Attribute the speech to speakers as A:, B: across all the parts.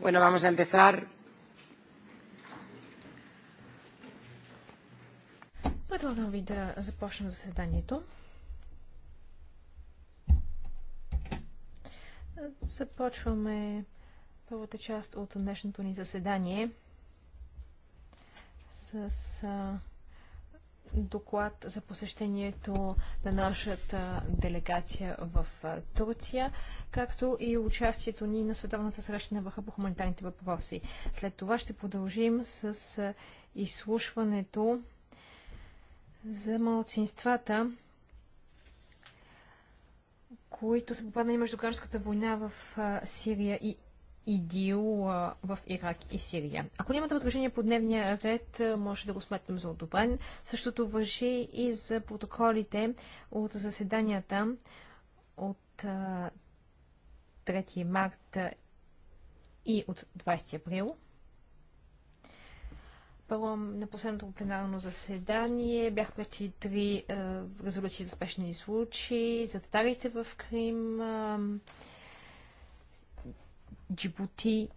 A: Bueno, vamos a empezar.
B: Предлагам ви да започнем заседанието. Започваме първата част от днешното ни заседание с доклад за посещението на нашата делегация в Турция, както и участието ни на Световната среща на върха по хуманитарните въпроси. След това ще продължим с изслушването за малцинствата, които са попаднали между гражданската война в Сирия и ИДИЛ в Ирак и Сирия. Ако нямате възражение по дневния ред, може да го сметнем за одобрен. Същото въжи и за протоколите от заседанията от 3 марта и от 20 април. Първо, на последното пленарно заседание бяха прети три е, резолюции за спешни случаи, за татарите в Крим, е, Джибути.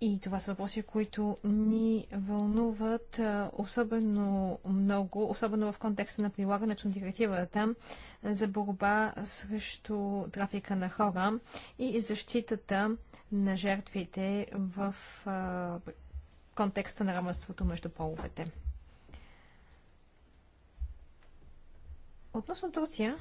B: И това са въпроси, които ни вълнуват особено много, особено в контекста на прилагането на директивата за борба срещу трафика на хора и защитата на жертвите в контекста на равенството между половете. Относно Турция,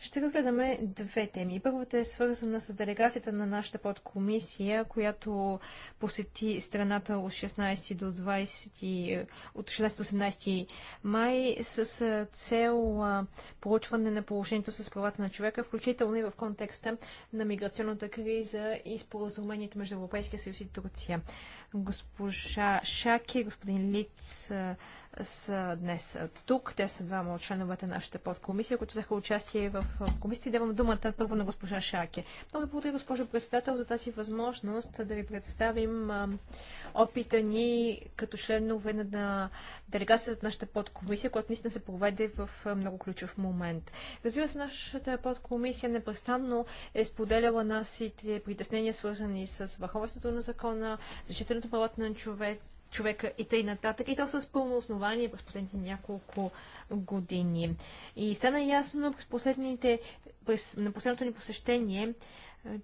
B: Ще разгледаме две теми. Първата е свързана с делегацията на нашата подкомисия, която посети страната от 16 до 20, от 16 до 18 май с цел проучване на положението с правата на човека, включително и в контекста на миграционната криза и споразумението между Европейския съюз и Турция. Госпожа Шаки, господин Лиц, са днес тук. Те са двама от членовете на нашата подкомисия, които взеха участие в комисията. Давам думата първо на госпожа Шаке. Много благодаря, госпожо председател, за тази възможност да ви представим опита ни като членове на делегацията на нашата подкомисия, която наистина се проведе в много ключов момент. Разбира се, нашата подкомисия непрестанно е споделяла нас и притеснения, свързани с върховенството на закона, защитането правата на човек, човека и тъй нататък, и то с пълно основание през последните няколко години. И стана ясно през последните, през, на последното ни посещение,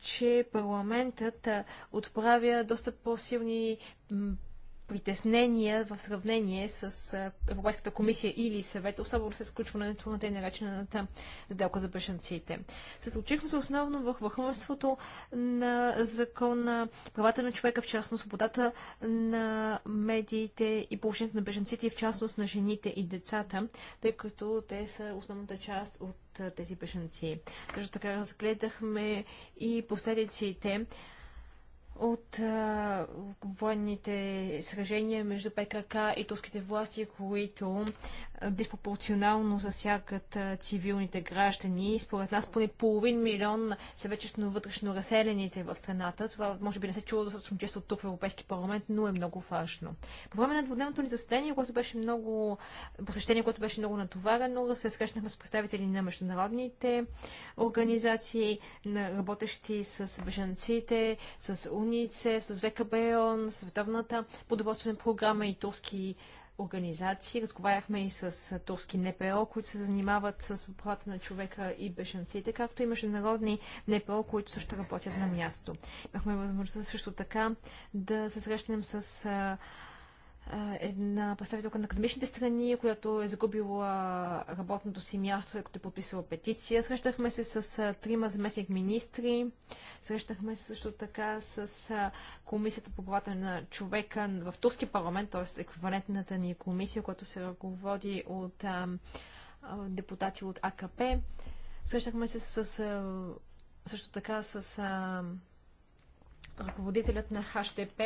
B: че парламентът отправя доста по-силни притеснения в сравнение с Европейската комисия или съвет, особено с включването на тъй наречената сделка за бешенците. Съсочихме се основно в върховенството на закона, правата на човека, в частност свободата на медиите и положението на беженците, в частност на жените и децата, тъй като те са основната част от тези беженци. Също така разгледахме и последиците от а, военните сражения между ПКК и турските власти, които а, диспропорционално засягат а, цивилните граждани. Според нас поне половин милион са вече вътрешно разселените в страната. Това може би не се чува достатъчно често тук в Европейски парламент, но е много важно. По време на двудневното ни заседание, което беше много посещение, което беше много натоварено, се срещнахме с представители на международните организации, на работещи с бежанците, с УНИЦЕФ, с ВКБ на Световната подоводствена програма и турски организации. Разговаряхме и с турски НПО, които се занимават с правата на човека и бешенците, както и международни НПО, които също работят на място. Имахме възможността също така да се срещнем с една представителка на академичните страни, която е загубила работното си място, след като е подписала петиция. Срещахме се с трима заместник министри, срещахме се също така с комисията по правата на човека в турски парламент, т.е. еквивалентната ни комисия, която се ръководи от депутати от АКП. Срещахме се с, също така с ръководителят на ХТП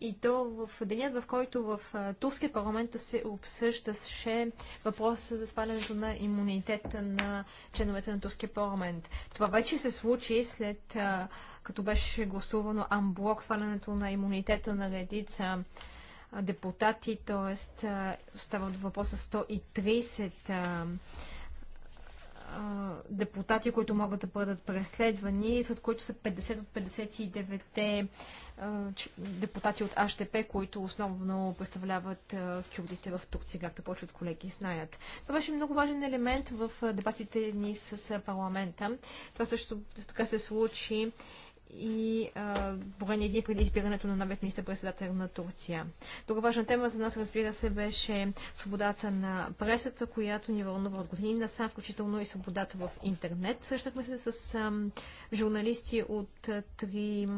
B: и то в денят, в който в Турския парламент се обсъждаше въпроса за свалянето на имунитета на членовете на Турския парламент. Това вече се случи след като беше гласувано амблок свалянето на имунитета на редица депутати, т.е. става въпроса 130 депутати депутати, които могат да бъдат преследвани, след които са 50 от 59 депутати от АЩП, които основно представляват кюрдите в Турция, както повече от колеги знаят. Това беше много важен елемент в дебатите ни с парламента. Това също така се случи и броени дни преди избирането на новият министър-председател на Турция. Друга важна тема за нас, разбира се, беше свободата на пресата, която ни вълнува от години насам, включително и свободата в интернет. Срещахме се с а, журналисти от три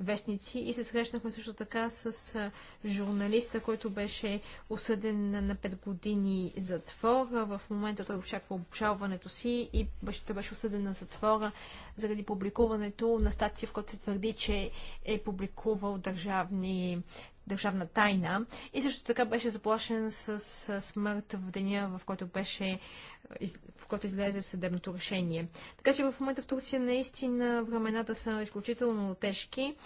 B: вестници и се срещнахме също така с а, журналиста, който беше осъден на 5 години затвор. В момента той очаква обжалването си и той беше осъден на затвора заради публикуването на статия, в която се твърди, че е публикувал държавни държавна тайна. И също така беше заплашен с, смърт в деня, в който беше в който излезе съдебното решение. Така че в момента в Турция наистина времената са изключително тежки.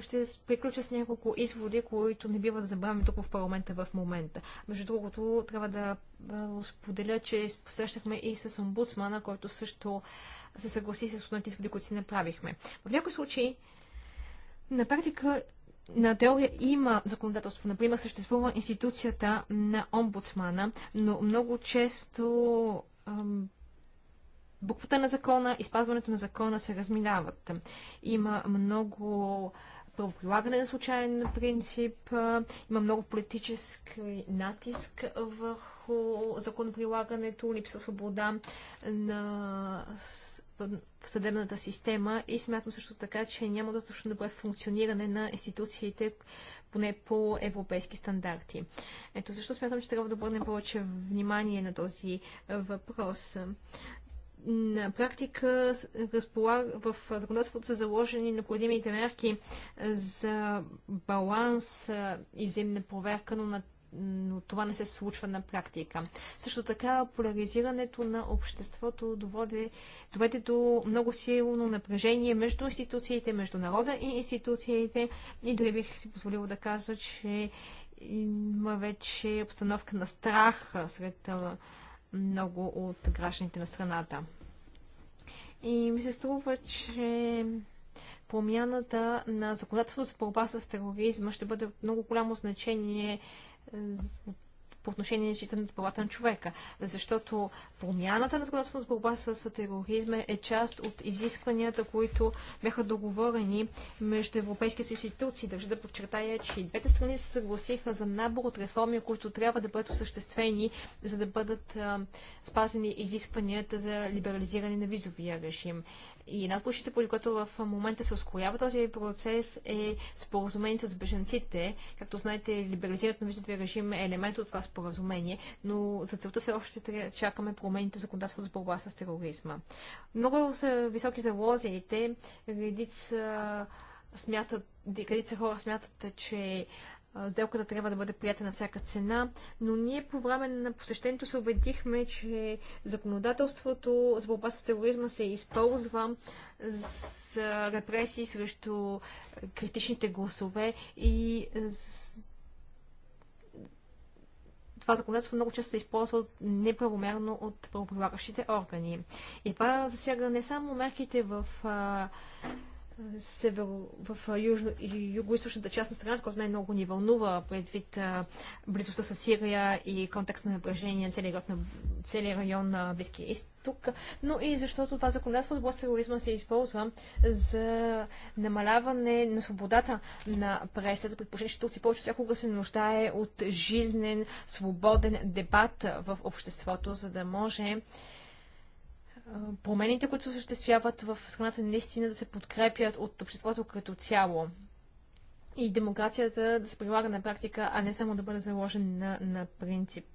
B: Ще приключа с няколко изводи, които не бива да забравяме тук в парламента в момента. Между другото, трябва да споделя, че срещахме и с омбудсмана, който също се съгласи с основните изводи, които си направихме. В някои случаи на практика на теория има законодателство. Например, съществува институцията на омбудсмана, но много често ам, буквата на закона и спазването на закона се разминават. Има много правоприлагане на случайен принцип, има много политически натиск върху законоприлагането, липса свобода на в съдебната система и смятам също така, че няма достатъчно добре функциониране на институциите, поне по европейски стандарти. Ето също смятам, че трябва да обърнем повече внимание на този е, въпрос. На практика в законодателството са заложени необходимите мерки е, за баланс е, и земна проверка, но на но това не се случва на практика. Също така, поляризирането на обществото доводи, доведе до много силно напрежение между институциите, между народа и институциите. И дори бих си позволила да кажа, че има вече обстановка на страх сред много от гражданите на страната. И ми се струва, че промяната на законодателството за борба с тероризма ще бъде много голямо значение по отношение на защитането правата на човека. Защото промяната на законодателството с борба с тероризма е част от изискванията, които бяха договорени между европейските институции. Държа да подчертая, че и двете страни се съгласиха за набор от реформи, които трябва да бъдат осъществени, за да бъдат спазени изискванията за либерализиране на визовия режим. И една от причините, поради което в момента се ускорява този процес е споразумението с беженците. Както знаете, либерализирането на визовия режим е елемент от това споразумение, но за целта все още чакаме промените в законодателството за борба с тероризма. Много са високи залозите, редица смятат, редица хора смятат, че сделката трябва да бъде прията на всяка цена, но ние по време на посещението се убедихме, че законодателството за борба с тероризма се използва за репресии срещу критичните гласове и това законодателство много често се използва неправомерно от правоприлагащите органи. И това засяга не само мерките в Северо, в южно и юго-источната част на страната, която най-много ни вълнува предвид близостта с Сирия и контекст на напрежение на целия, район на Близкия изток, но и защото това законодателство с тероризма се използва за намаляване на свободата на пресата, предположение, че Турци повече всякога се нуждае от жизнен, свободен дебат в обществото, за да може промените, които се осъществяват в страната, наистина да се подкрепят от обществото като цяло и демокрацията да се прилага на практика, а не само да бъде заложен на, на принцип.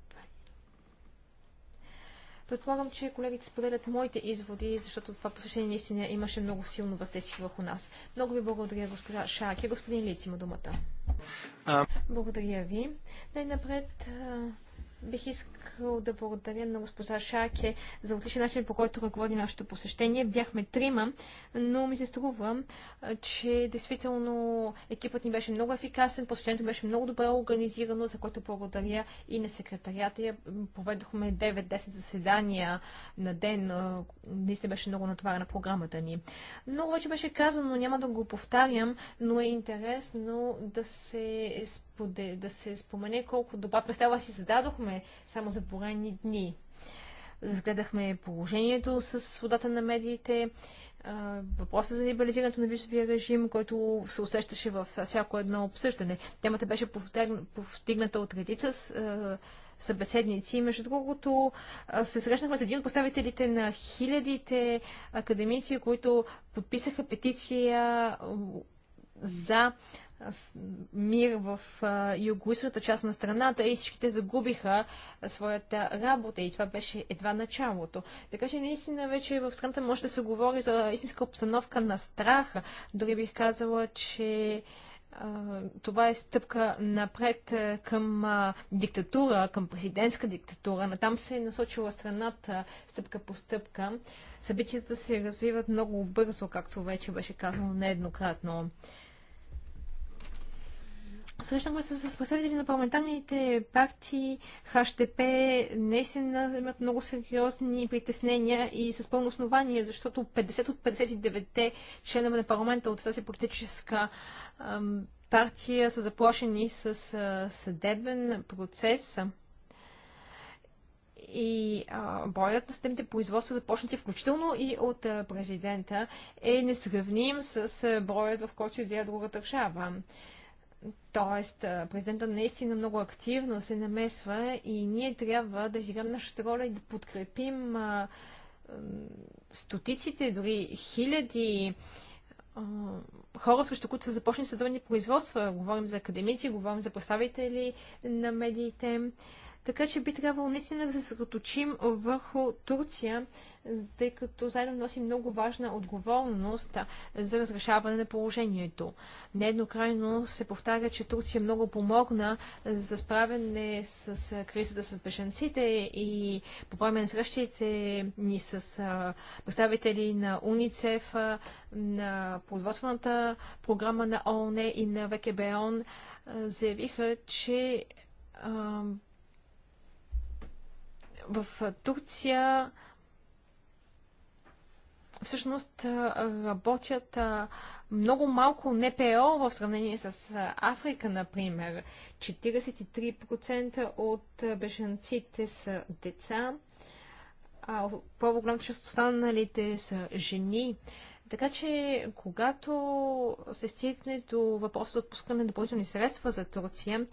B: Предполагам, че колегите споделят моите изводи, защото това посещение наистина имаше много силно въздействие върху нас. Много ви благодаря, госпожа Шаки. Господин Лиц има думата. А... Благодаря ви. Най-напред Бих искал да благодаря на госпожа Шаке за отличен начин, по който ръководи нашето посещение. Бяхме трима, но ми се струва, че действително екипът ни беше много ефикасен, посещението беше много добре организирано, за което благодаря и на секретарията. Поведохме 9-10 заседания на ден. Наистина беше много натоварена програмата ни. Много вече беше казано, няма да го повтарям, но е интересно да се споде, да се спомене колко добра представа си зададохме само за поредни дни. Разгледахме положението с водата на медиите, въпроса за либерализирането на визовия режим, който се усещаше във всяко едно обсъждане. Темата беше повдигната от редица с събеседници. Между другото, се срещнахме с един от представителите на хилядите академици, които подписаха петиция за мир в югоизточната част на страната и всичките загубиха своята работа и това беше едва началото. Така че наистина вече в страната може да се говори за истинска обстановка на страха. Дори бих казала, че това е стъпка напред към диктатура, към президентска диктатура. Натам се е насочила страната стъпка по стъпка. Събитията се развиват много бързо, както вече беше казано нееднократно. Срещнахме се с представители на парламентарните партии ХТП. Наистина имат много сериозни притеснения и с пълно основание, защото 50 от 59-те членове на парламента от тази политическа ам, партия са заплашени с а, съдебен процес. И а, броят на съдебните производства, започнати включително и от а, президента, е несравним с а, броят, в който идея друга държава. Тоест, президента наистина много активно се намесва и ние трябва да изиграем нашата роля и да подкрепим а, стотиците, дори хиляди а, хора, срещу които са започнали съдебни производства. Говорим за академици, говорим за представители на медиите. А, така че би трябвало наистина да се съсредоточим върху Турция, тъй като заедно носи много важна отговорност за разрешаване на положението. Нееднократно се повтаря, че Турция много помогна за справяне с кризата с бешенците и по време на срещите ни с представители на УНИЦЕФ, на производствената програма на ООН и на ВКБОН заявиха, че в Турция всъщност работят много малко НПО в сравнение с Африка, например. 43% от беженците са деца, а по-голямата част останалите са жени. Така че, когато се стигне до въпроса за отпускане на допълнителни средства за Турция,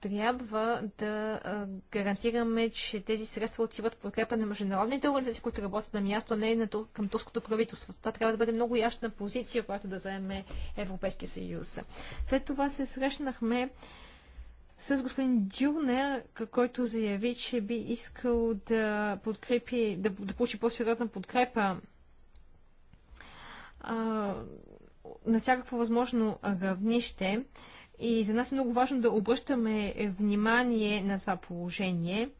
B: трябва да гарантираме, че тези средства отиват в подкрепа на международните организации, които работят на място, а не на, към турското правителство. Това трябва да бъде много ясна позиция, която да заеме Европейския съюз. След това се срещнахме с господин Дюрнер, който заяви, че би искал да подкрепи, да, да получи по-сериозна подкрепа на всякакво възможно равнище. И за нас е много важно да обръщаме внимание на това положение.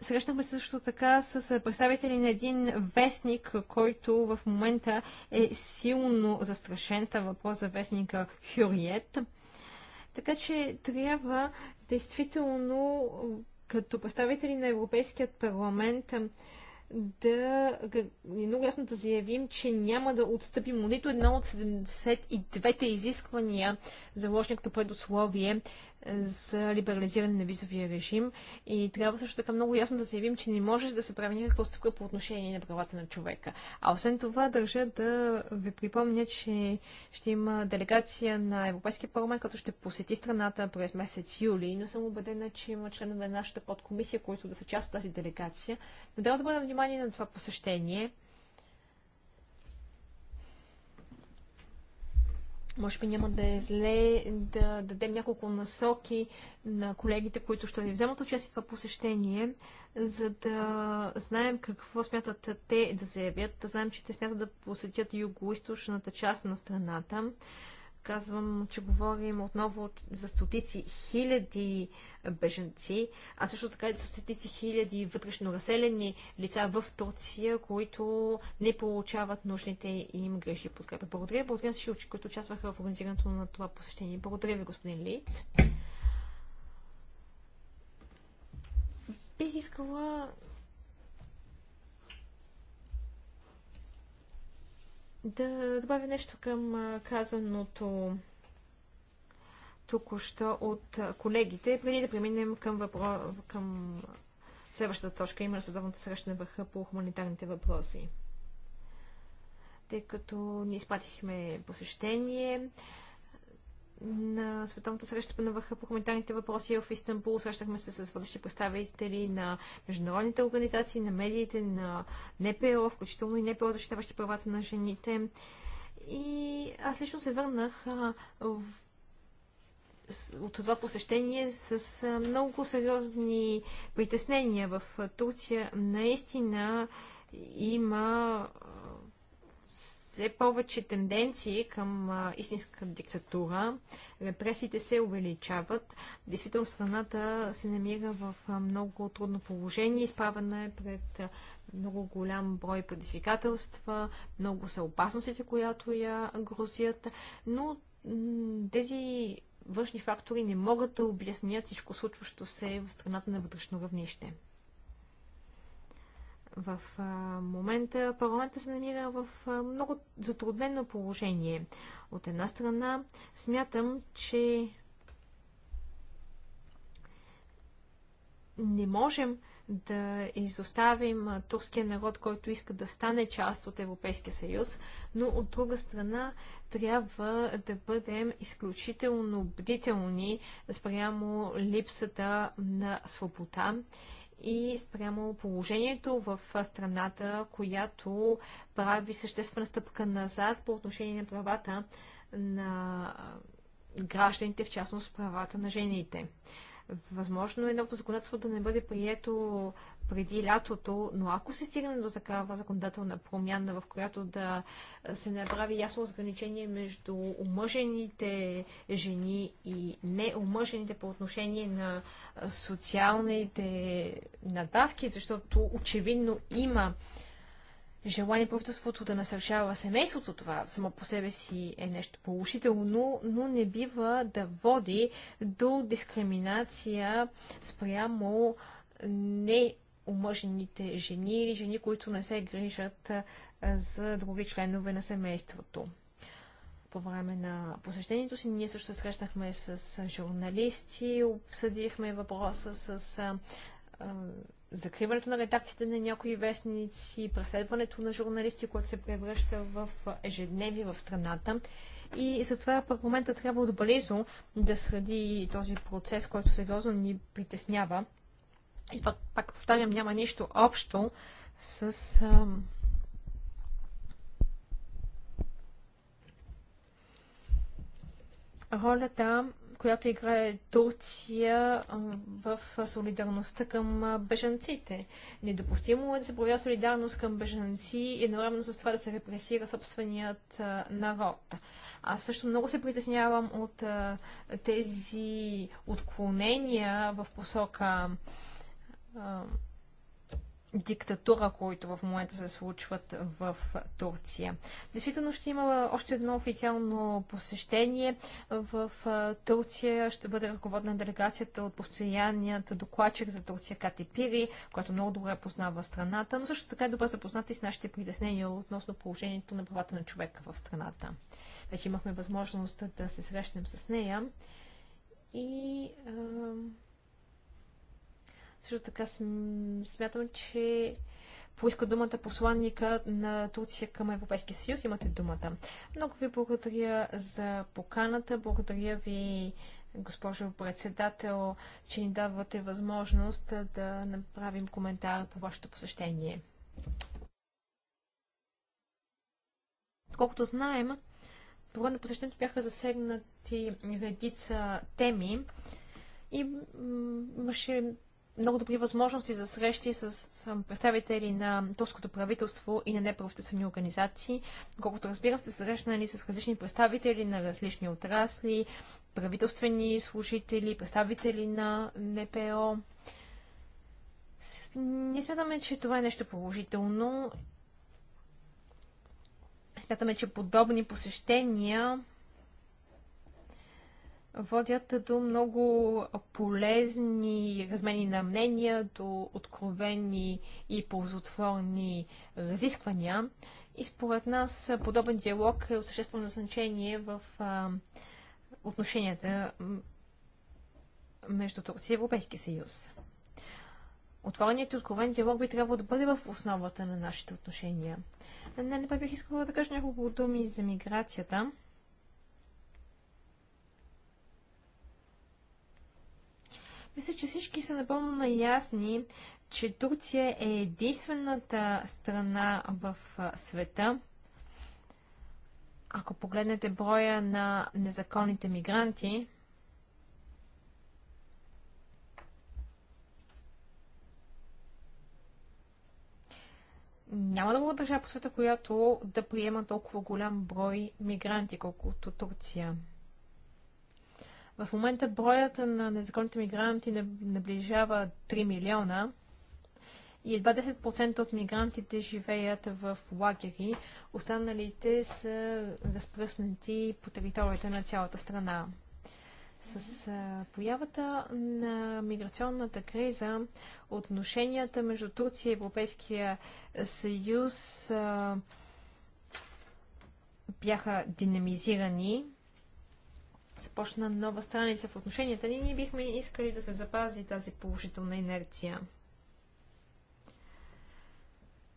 B: Срещнахме се също така с представители на един вестник, който в момента е силно застрашен. Става въпрос за вестника Хюриет. Така че трябва действително като представители на Европейският парламент да много ясно да заявим, че няма да отстъпим нито едно от 72-те изисквания, заложени като предусловие за либерализиране на визовия режим и трябва също така много ясно да заявим, че не може да се прави никаква стъпка по отношение на правата на човека. А освен това, държа да ви припомня, че ще има делегация на Европейския парламент, като ще посети страната през месец юли, но съм убедена, че има членове на нашата подкомисия, които да са част от тази делегация. Но трябва да бъдем внимание на това посещение. Може би няма да е зле да дадем няколко насоки на колегите, които ще ни вземат участие в това посещение, за да знаем какво смятат те да заявят, да знаем, че те смятат да посетят юго-источната част на страната. Казвам, че говорим отново за стотици хиляди беженци, а също така и за стотици хиляди вътрешно разселени лица в Турция, които не получават нужните им грижи подкрепа. Благодаря. Благодаря на всички, които участваха в организирането на това посещение. Благодаря ви, господин Лиц. Бих искала да добавя нещо към казаното току-що от колегите, преди да преминем към, въпро... към следващата точка, има Световната среща на върха по хуманитарните въпроси. Тъй като ни изпратихме посещение, на световната среща по навърха по хуманитарните въпроси в Истанбул. Срещахме се с водещи представители на международните организации, на медиите, на НПО, включително и НПО, защитаващи правата на жените. И аз лично се върнах а, в... от това посещение с а, много сериозни притеснения в Турция. Наистина има а, все повече тенденции към истинска диктатура. Репресиите се увеличават. Действително страната се намира в много трудно положение. Изправена е пред много голям брой предизвикателства. Много са опасностите, която я грозят. Но тези външни фактори не могат да обяснят всичко случващо се в страната на вътрешно равнище. В момента парламента се намира в много затруднено положение. От една страна смятам, че не можем да изоставим турския народ, който иска да стане част от Европейския съюз, но от друга страна трябва да бъдем изключително бдителни спрямо липсата на свобода и спрямо положението в страната, която прави съществена стъпка назад по отношение на правата на гражданите, в частност правата на жените. Възможно е новото законодателство да не бъде прието преди лятото, но ако се стигне до такава законодателна промяна, в която да се направи ясно разграничение между омъжените жени и неомъжените по отношение на социалните надавки, защото очевидно има желание правителството да насърчава семейството, това само по себе си е нещо положително, но не бива да води до дискриминация спрямо неумъжените жени или жени, които не се грижат за други членове на семейството. По време на посещението си ние също се срещнахме с журналисти, обсъдихме въпроса с закриването на редакциите на някои вестници, преследването на журналисти, което се превръща в ежедневие в страната. И затова парламента трябва отблизо да следи този процес, който сериозно ни притеснява. И пак, пак повтарям, няма нищо общо с ролята която играе Турция в солидарността към бежанците. Недопустимо е да се проявява солидарност към бежанци и едновременно с това да се репресира собственият народ. Аз също много се притеснявам от тези отклонения в посока диктатура, които в момента се случват в Турция. Действително ще има още едно официално посещение в Турция. Ще бъде ръководна делегацията от постоянният докладчик за Турция Кати Пири, която много добре познава страната, но също така е добре запозната и с нашите притеснения относно положението на правата на човека в страната. Вече имахме възможност да се срещнем с нея и също така смятам, че поиска думата посланника на Турция към Европейския съюз. Имате думата. Много ви благодаря за поканата. Благодаря ви, госпожо председател, че ни давате възможност да направим коментар по вашето посещение. Колкото знаем, по време на посещението бяха засегнати редица теми и имаше много добри възможности за срещи с представители на турското правителство и на неправителствени организации. Колкото разбирам, се срещнали с различни представители на различни отрасли, правителствени служители, представители на НПО. Ние смятаме, че това е нещо положително. Смятаме, че подобни посещения водят до много полезни размени на мнения, до откровени и ползотворни разисквания. И според нас подобен диалог е от съществено значение в отношенията между Турция и Европейския съюз. Отвореният и откровен диалог би трябвало да бъде в основата на нашите отношения. Не, нали не бих искала да кажа няколко думи за миграцията. Мисля, че всички са напълно наясни, че Турция е единствената страна в света, ако погледнете броя на незаконните мигранти, няма друга държава по света, която да приема толкова голям брой мигранти, колкото Турция. В момента броят на незаконните мигранти наближава 3 милиона и едва 10% от мигрантите живеят в лагери, останалите са разпръснати по територията на цялата страна. С появата на миграционната криза, отношенията между Турция и Европейския съюз бяха динамизирани започна нова страница в отношенията ни, ние бихме искали да се запази тази положителна инерция.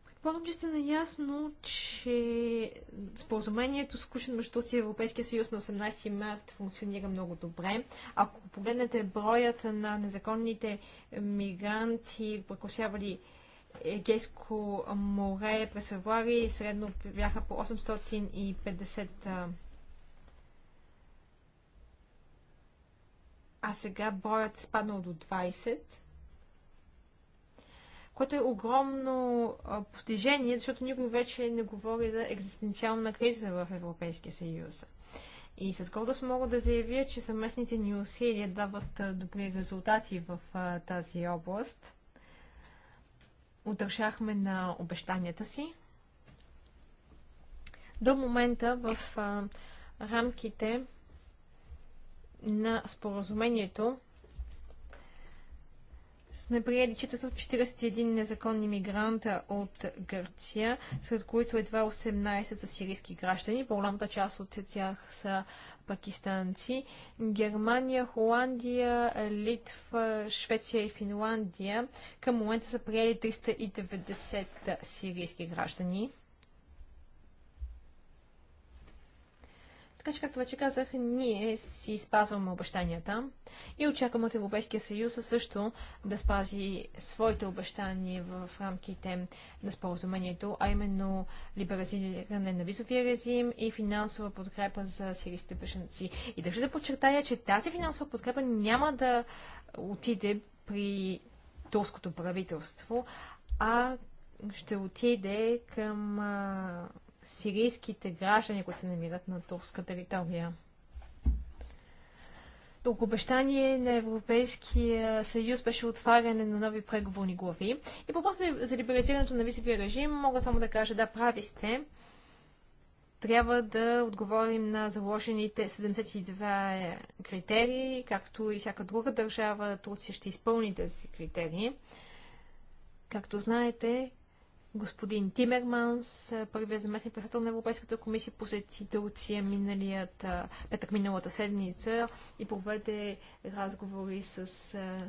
B: Предполагам, че сте наясно, че споразумението, с Кушен между Турция и Европейския съюз на 18 март, функционира много добре. Ако погледнете броят на незаконните мигранти, прекосявали Егейско море през февруари, средно бяха по 850 а сега броят е спаднал до 20, което е огромно постижение, защото никой вече не говори за екзистенциална криза в Европейския съюз. И с гордост мога да заявя, че съместните ни усилия дават добри резултати в тази област. Удържахме на обещанията си. До момента в а, рамките на споразумението сме приели 441 незаконни мигранта от Гърция, сред които едва 18 са сирийски граждани. По-голямата част от тях са пакистанци. Германия, Холандия, Литва, Швеция и Финландия към момента са приели 390 сирийски граждани. Така че, както вече казах, ние си спазваме обещанията и очакваме от Европейския съюз също да спази своите обещания в рамките на споразумението, а именно либерализиране на визовия режим и финансова подкрепа за сирийските бежанци. И държа да подчертая, че тази финансова подкрепа няма да отиде при турското правителство, а ще отиде към сирийските граждани, които се намират на турска територия. Тук обещание на Европейския съюз беше отваряне на нови преговорни глави. И по за либерализирането на визовия режим мога само да кажа да, прави сте. Трябва да отговорим на заложените 72 критерии, както и всяка друга държава, Турция ще изпълни тези критерии. Както знаете, господин Тимерманс, първия заместник председател на Европейската комисия, посети Турция миналият, петък миналата седмица и проведе разговори с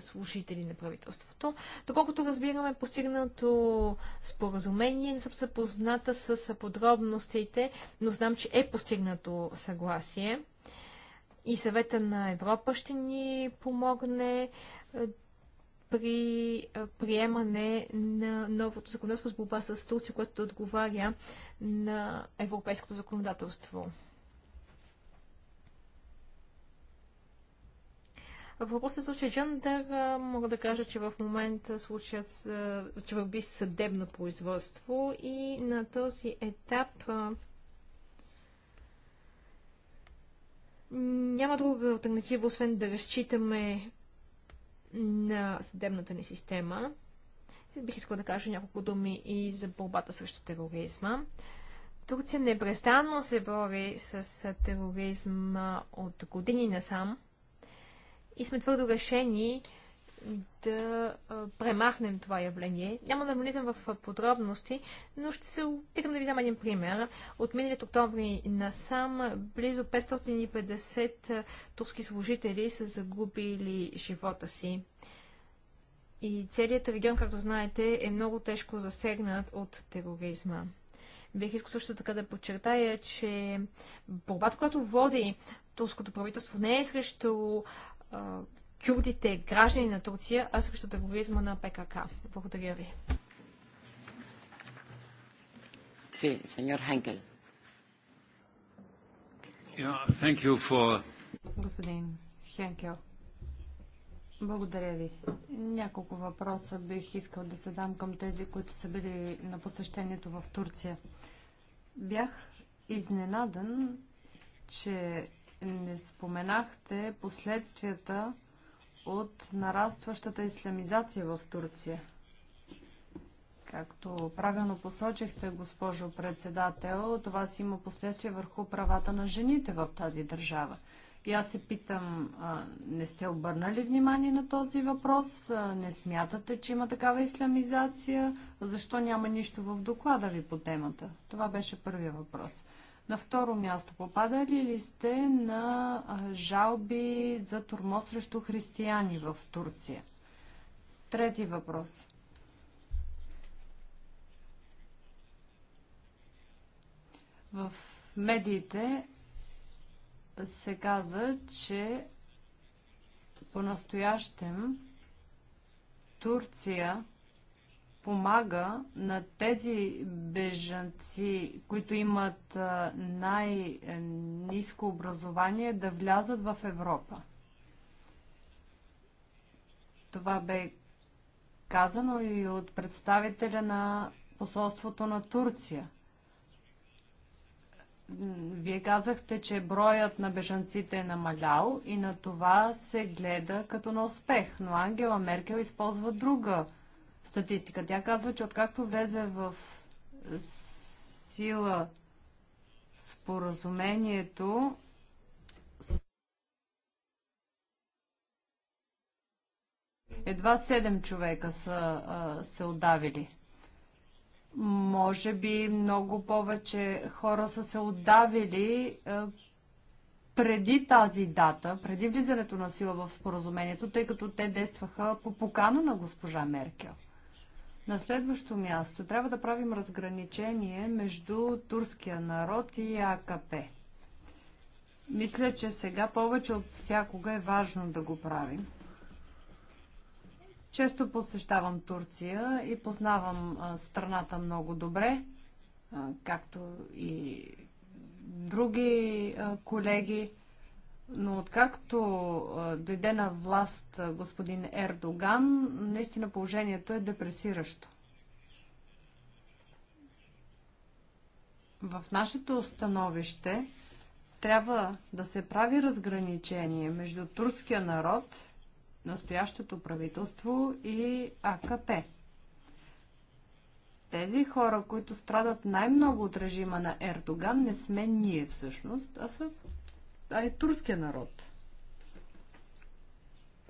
B: служители на правителството. Доколкото разбираме, постигнато споразумение, не съм съпозната с подробностите, но знам, че е постигнато съгласие. И съвета на Европа ще ни помогне при приемане на новото законодателство с борба с Турция, което да отговаря на европейското законодателство. Въпросът е случая Джандър, мога да кажа, че в момента случаят че върби съдебно производство и на този етап няма друга альтернатива, освен да разчитаме на съдебната ни система. Бих искала да кажа няколко думи и за борбата срещу тероризма. Турция непрестанно се бори с тероризма от години насам и сме твърдо решени да премахнем това явление. Няма да влизам в подробности, но ще се опитам да ви дам един пример. От миналият октомври насам близо 550 турски служители са загубили живота си. И целият регион, както знаете, е много тежко засегнат от тероризма. Бих искал също така да подчертая, че борбата, която води турското правителство, не е срещу кюрдите граждани на Турция, а срещу тероризма на ПКК. Благодаря ви.
A: Sí, señor Господин Хенкел, благодаря ви. Няколко въпроса бих искал да се дам към тези, които са били на посещението в Турция. Бях изненадан, че не споменахте последствията от нарастващата ислямизация в Турция. Както правилно посочихте, госпожо председател, това си има последствия върху правата на жените в тази държава. И аз се питам, не сте обърнали внимание на този въпрос? не смятате, че има такава исламизация? Защо няма нищо в доклада ви по темата? Това беше първия въпрос. На второ място, попадали ли сте на жалби за турмо срещу християни в Турция? Трети въпрос. В медиите се каза, че по-настоящем Турция помага на тези бежанци, които имат най-низко образование, да влязат в Европа. Това бе казано и от представителя на посолството на Турция. Вие казахте, че броят на бежанците е намалял и на това се гледа като на успех, но Ангела Меркел използва друга статистика. Тя казва, че откакто влезе в сила споразумението, едва 7 човека са а, се отдавили. Може би много повече хора са се отдавили а, преди тази дата, преди влизането на сила в споразумението, тъй като те действаха по покана на госпожа Меркел. На следващо място трябва да правим разграничение между турския народ и АКП. Мисля, че сега повече от всякога е важно да го правим. Често посещавам Турция и познавам страната много добре, както и други колеги. Но откакто дойде на власт господин Ердоган, наистина положението е депресиращо. В нашето становище трябва да се прави разграничение между турския народ, настоящото правителство и АКП. Тези хора, които страдат най-много от режима на Ердоган, не сме ние всъщност, а са а и турския народ.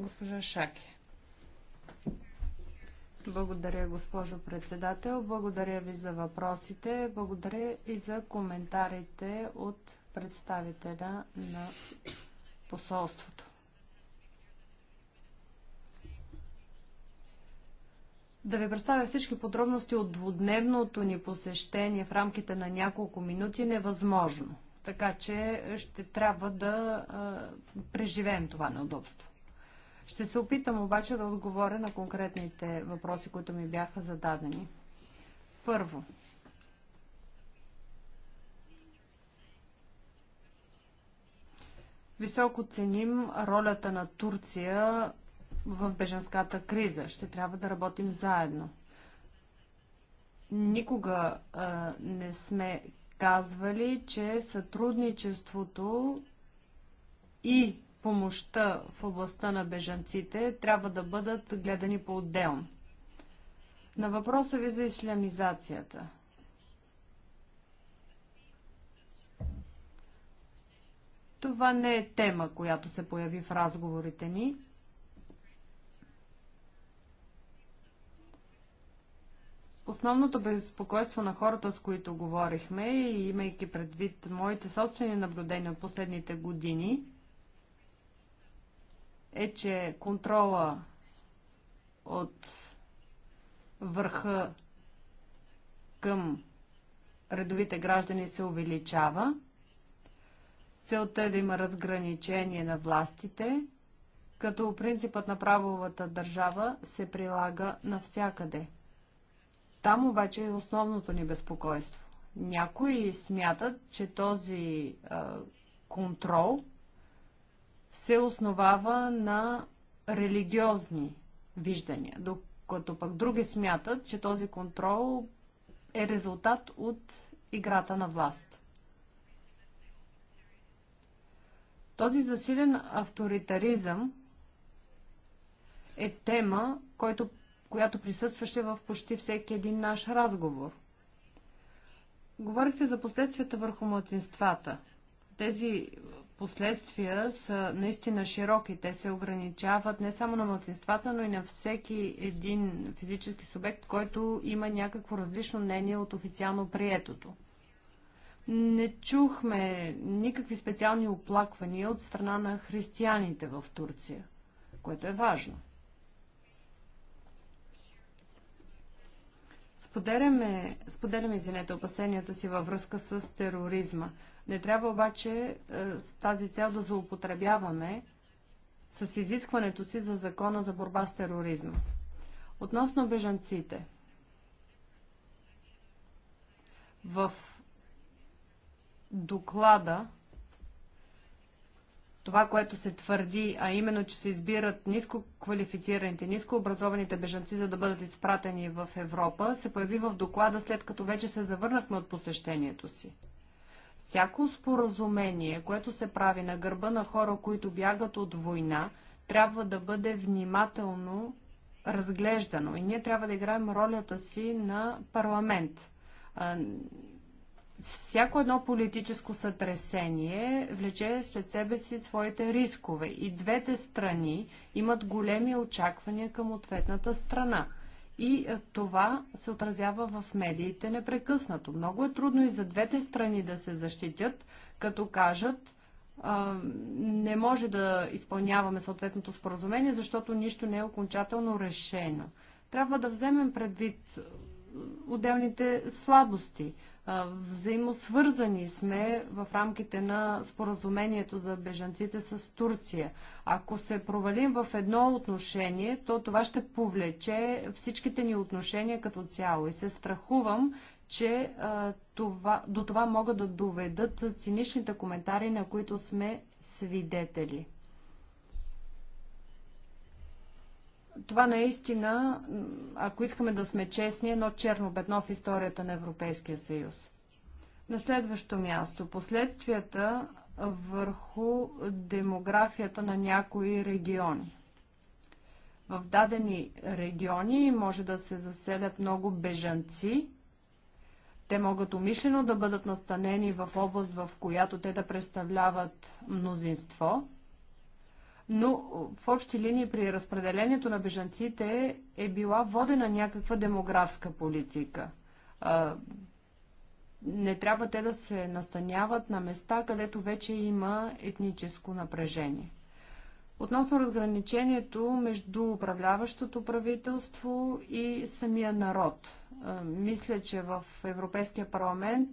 A: Госпожа Шаки. Благодаря, госпожо председател. Благодаря ви за въпросите. Благодаря и за коментарите от представителя на посолството. Да ви представя всички подробности от двудневното ни посещение в рамките на няколко минути е невъзможно. Така че ще трябва да преживеем това неудобство. Ще се опитам обаче да отговоря на конкретните въпроси, които ми бяха зададени. Първо, високо ценим ролята на Турция в беженската криза. Ще трябва да работим заедно. Никога а, не сме казвали, че сътрудничеството и помощта в областта на бежанците трябва да бъдат гледани по-отделно. На въпроса ви за ислямизацията. Това не е тема, която се появи в разговорите ни. Основното безпокойство на хората, с които говорихме, и имайки предвид моите собствени наблюдения от последните години, е, че контрола от върха към редовите граждани се увеличава. Целта е да има разграничение на властите, като принципът на правовата държава се прилага навсякъде – там обаче е основното ни безпокойство. Някои смятат, че този а, контрол се основава на религиозни виждания, докато пък други смятат, че този контрол е резултат от играта на власт. Този засилен авторитаризъм е тема, който която присъстваше в почти всеки един наш разговор. Говорихте за последствията върху младсинствата. Тези последствия са наистина широки. Те се ограничават не само на младсинствата, но и на всеки един физически субект, който има някакво различно мнение от официално приетото. Не чухме никакви специални оплаквания от страна на християните в Турция, което е важно. Споделяме, споделяме извинете, опасенията си във връзка с тероризма. Не трябва обаче е, с тази цел да злоупотребяваме с изискването си за закона за борба с тероризма. Относно бежанците, в доклада това, което се твърди, а именно, че се избират ниско квалифицираните, ниско образованите бежанци, за да бъдат изпратени в Европа, се появи в доклада след като вече се завърнахме от посещението си. Всяко споразумение, което се прави на гърба на хора, които бягат от война, трябва да бъде внимателно разглеждано. И ние трябва да играем ролята си на парламент. Всяко едно политическо сътресение влече след себе си своите рискове и двете страни имат големи очаквания към ответната страна. И е, това се отразява в медиите непрекъснато. Много е трудно и за двете страни да се защитят, като кажат, не може да изпълняваме съответното споразумение, защото нищо не е окончателно решено. Трябва да вземем предвид е, отделните слабости. Взаимосвързани сме в рамките на споразумението за бежанците с Турция. Ако се провалим в едно отношение, то това ще повлече всичките ни отношения като цяло. И се страхувам, че а, това, до това могат да доведат циничните коментари, на които сме свидетели. Това наистина, ако искаме да сме честни, е едно черно бедно в историята на Европейския съюз. На следващо място, последствията върху демографията на някои региони. В дадени региони може да се заселят много бежанци. Те могат умишлено да бъдат настанени в област, в която те да представляват мнозинство – но в общи линии при разпределението на бежанците е била водена някаква демографска политика. Не трябва те да се настаняват на места, където вече има етническо напрежение. Относно разграничението между управляващото правителство и самия народ. Мисля, че в Европейския парламент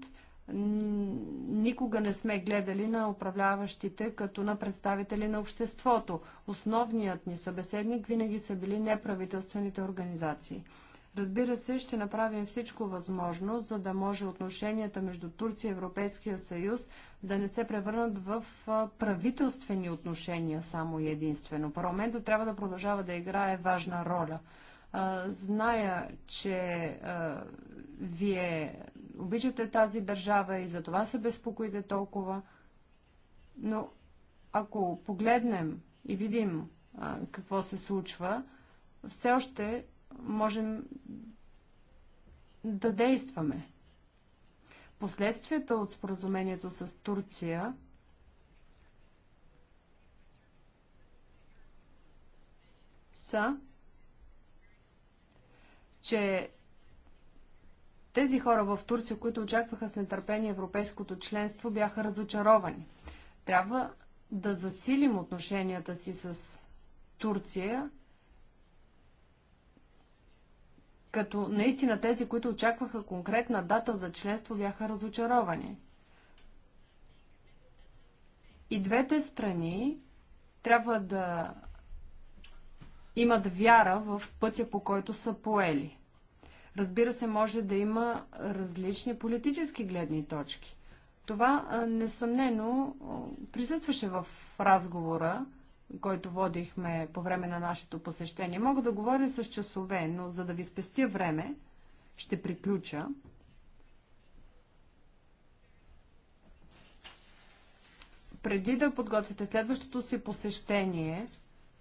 A: никога не сме гледали на управляващите като на представители на обществото. Основният ни събеседник винаги са били неправителствените организации. Разбира се, ще направим всичко възможно, за да може отношенията между Турция и Европейския съюз да не се превърнат в правителствени отношения само и единствено. Парламентът трябва да продължава да играе важна роля. Зная, че вие обичате тази държава и за това се безпокоите толкова. Но ако погледнем и видим а, какво се случва, все още можем да действаме. Последствията от споразумението с Турция са, че тези хора в Турция, които очакваха с нетърпение европейското членство, бяха разочаровани. Трябва да засилим отношенията си с Турция, като наистина тези, които очакваха конкретна дата за членство, бяха разочаровани. И двете страни трябва да имат вяра в пътя, по който са поели. Разбира се, може да има различни политически гледни точки. Това несъмнено присъстваше в разговора, който водихме по време на нашето посещение. Мога да говоря с часове, но за да ви спестя време, ще приключа. Преди да подготвите следващото си посещение,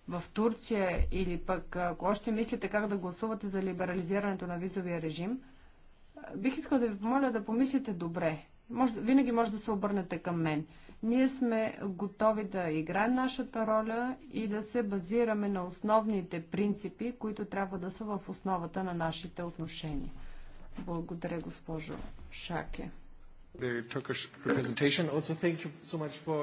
A: в Турция или пък ако още мислите как да гласувате за либерализирането на визовия режим, бих искал да ви помоля да помислите добре. Може, винаги може да се обърнете към мен. Ние сме готови да играем нашата роля и да се базираме на основните принципи, които трябва да са в основата на нашите отношения. Благодаря, госпожо Шаке.
B: The Turkish representation also thank you so much for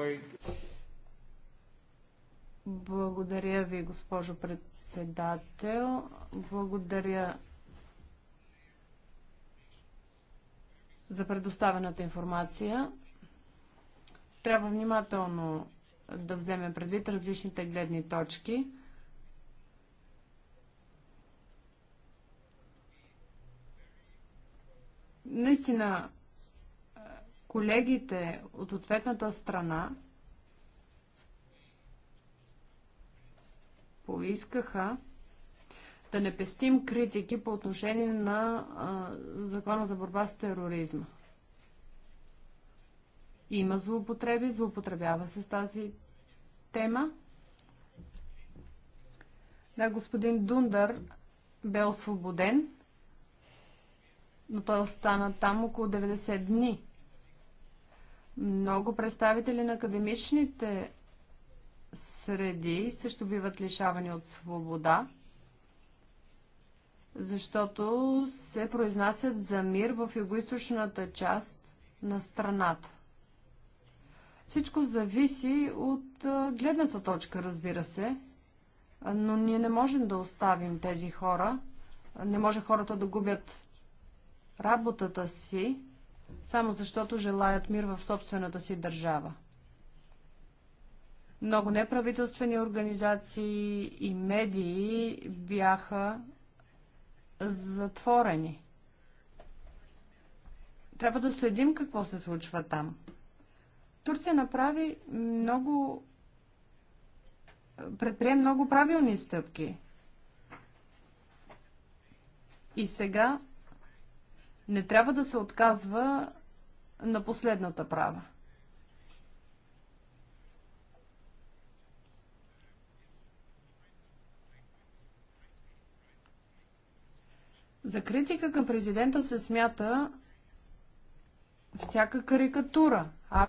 A: благодаря ви, госпожо председател. Благодаря за предоставената информация. Трябва внимателно да вземем предвид различните гледни точки. Наистина, колегите от ответната страна поискаха да не пестим критики по отношение на а, закона за борба с тероризма. Има злоупотреби, злоупотребява се с тази тема. Да, господин Дундър бе освободен, но той остана там около 90 дни. Много представители на академичните среди също биват лишавани от свобода, защото се произнасят за мир в югоизточната част на страната. Всичко зависи от гледната точка, разбира се, но ние не можем да оставим тези хора. Не може хората да губят работата си, само защото желаят мир в собствената си държава. Много неправителствени организации и медии бяха затворени. Трябва да следим какво се случва там. Турция направи много предприе много правилни стъпки. И сега не трябва да се отказва на последната права. За критика към президента се смята всяка карикатура. А...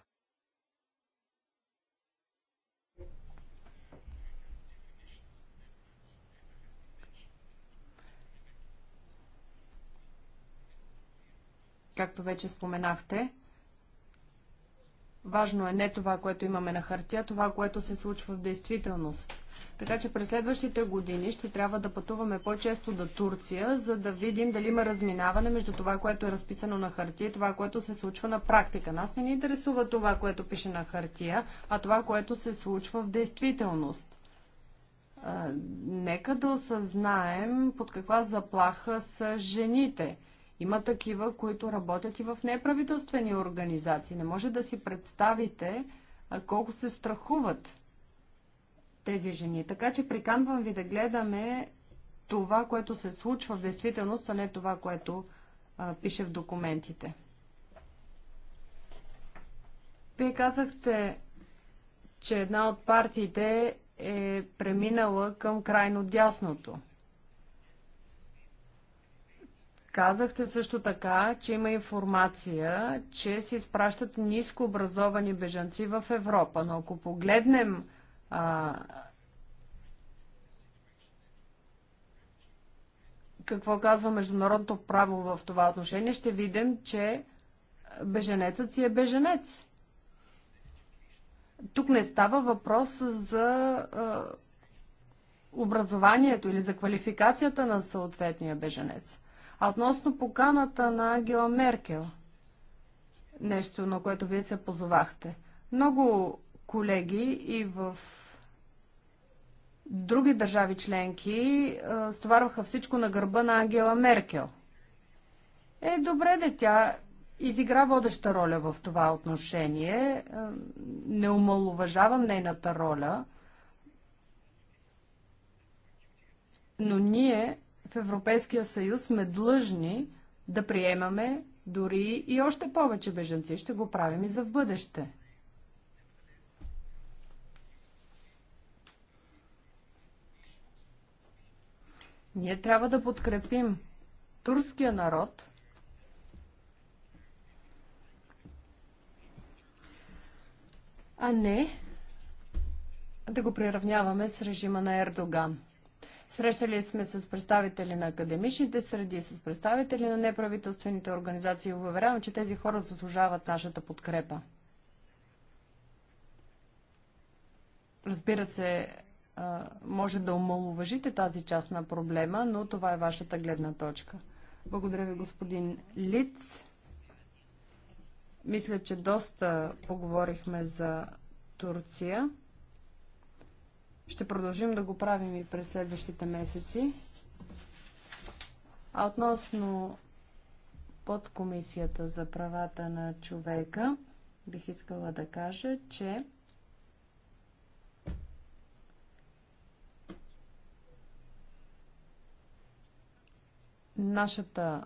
A: Както вече споменахте, Важно е не това, което имаме на хартия, това, което се случва в действителност. Така че през следващите години ще трябва да пътуваме по-често до Турция, за да видим дали има разминаване между това, което е разписано на хартия и това, което се случва на практика. Нас не ни интересува това, което пише на хартия, а това, което се случва в действителност. нека да осъзнаем под каква заплаха са жените – има такива, които работят и в неправителствени организации. Не може да си представите колко се страхуват тези жени. Така че приканвам ви да гледаме това, което се случва в действителност, а не това, което а, пише в документите. Вие казахте, че една от партиите е преминала към крайно дясното. Казахте също така, че има информация, че се изпращат ниско образовани бежанци в Европа. Но ако погледнем а, какво казва международното право в това отношение, ще видим, че беженецът си е беженец. Тук не става въпрос за а, образованието или за квалификацията на съответния беженец. А относно поканата на Ангела Меркел, нещо на което вие се позовахте. Много колеги и в други държави членки е, стоварваха всичко на гърба на Ангела Меркел. Е, добре де, тя изигра водеща роля в това отношение. Е, не омалуважавам нейната роля, но ние в Европейския съюз сме длъжни да приемаме дори и още повече беженци. Ще го правим и за в бъдеще. Ние трябва да подкрепим турския народ, а не да го приравняваме с режима на Ердоган. Срещали сме с представители на академичните среди, с представители на неправителствените организации. Уверявам, че тези хора заслужават нашата подкрепа. Разбира се, може да умалуважите тази част на проблема, но това е вашата гледна точка. Благодаря ви, господин Лиц. Мисля, че доста поговорихме за Турция. Ще продължим да го правим и през следващите месеци. А относно подкомисията за правата на човека, бих искала да кажа, че нашата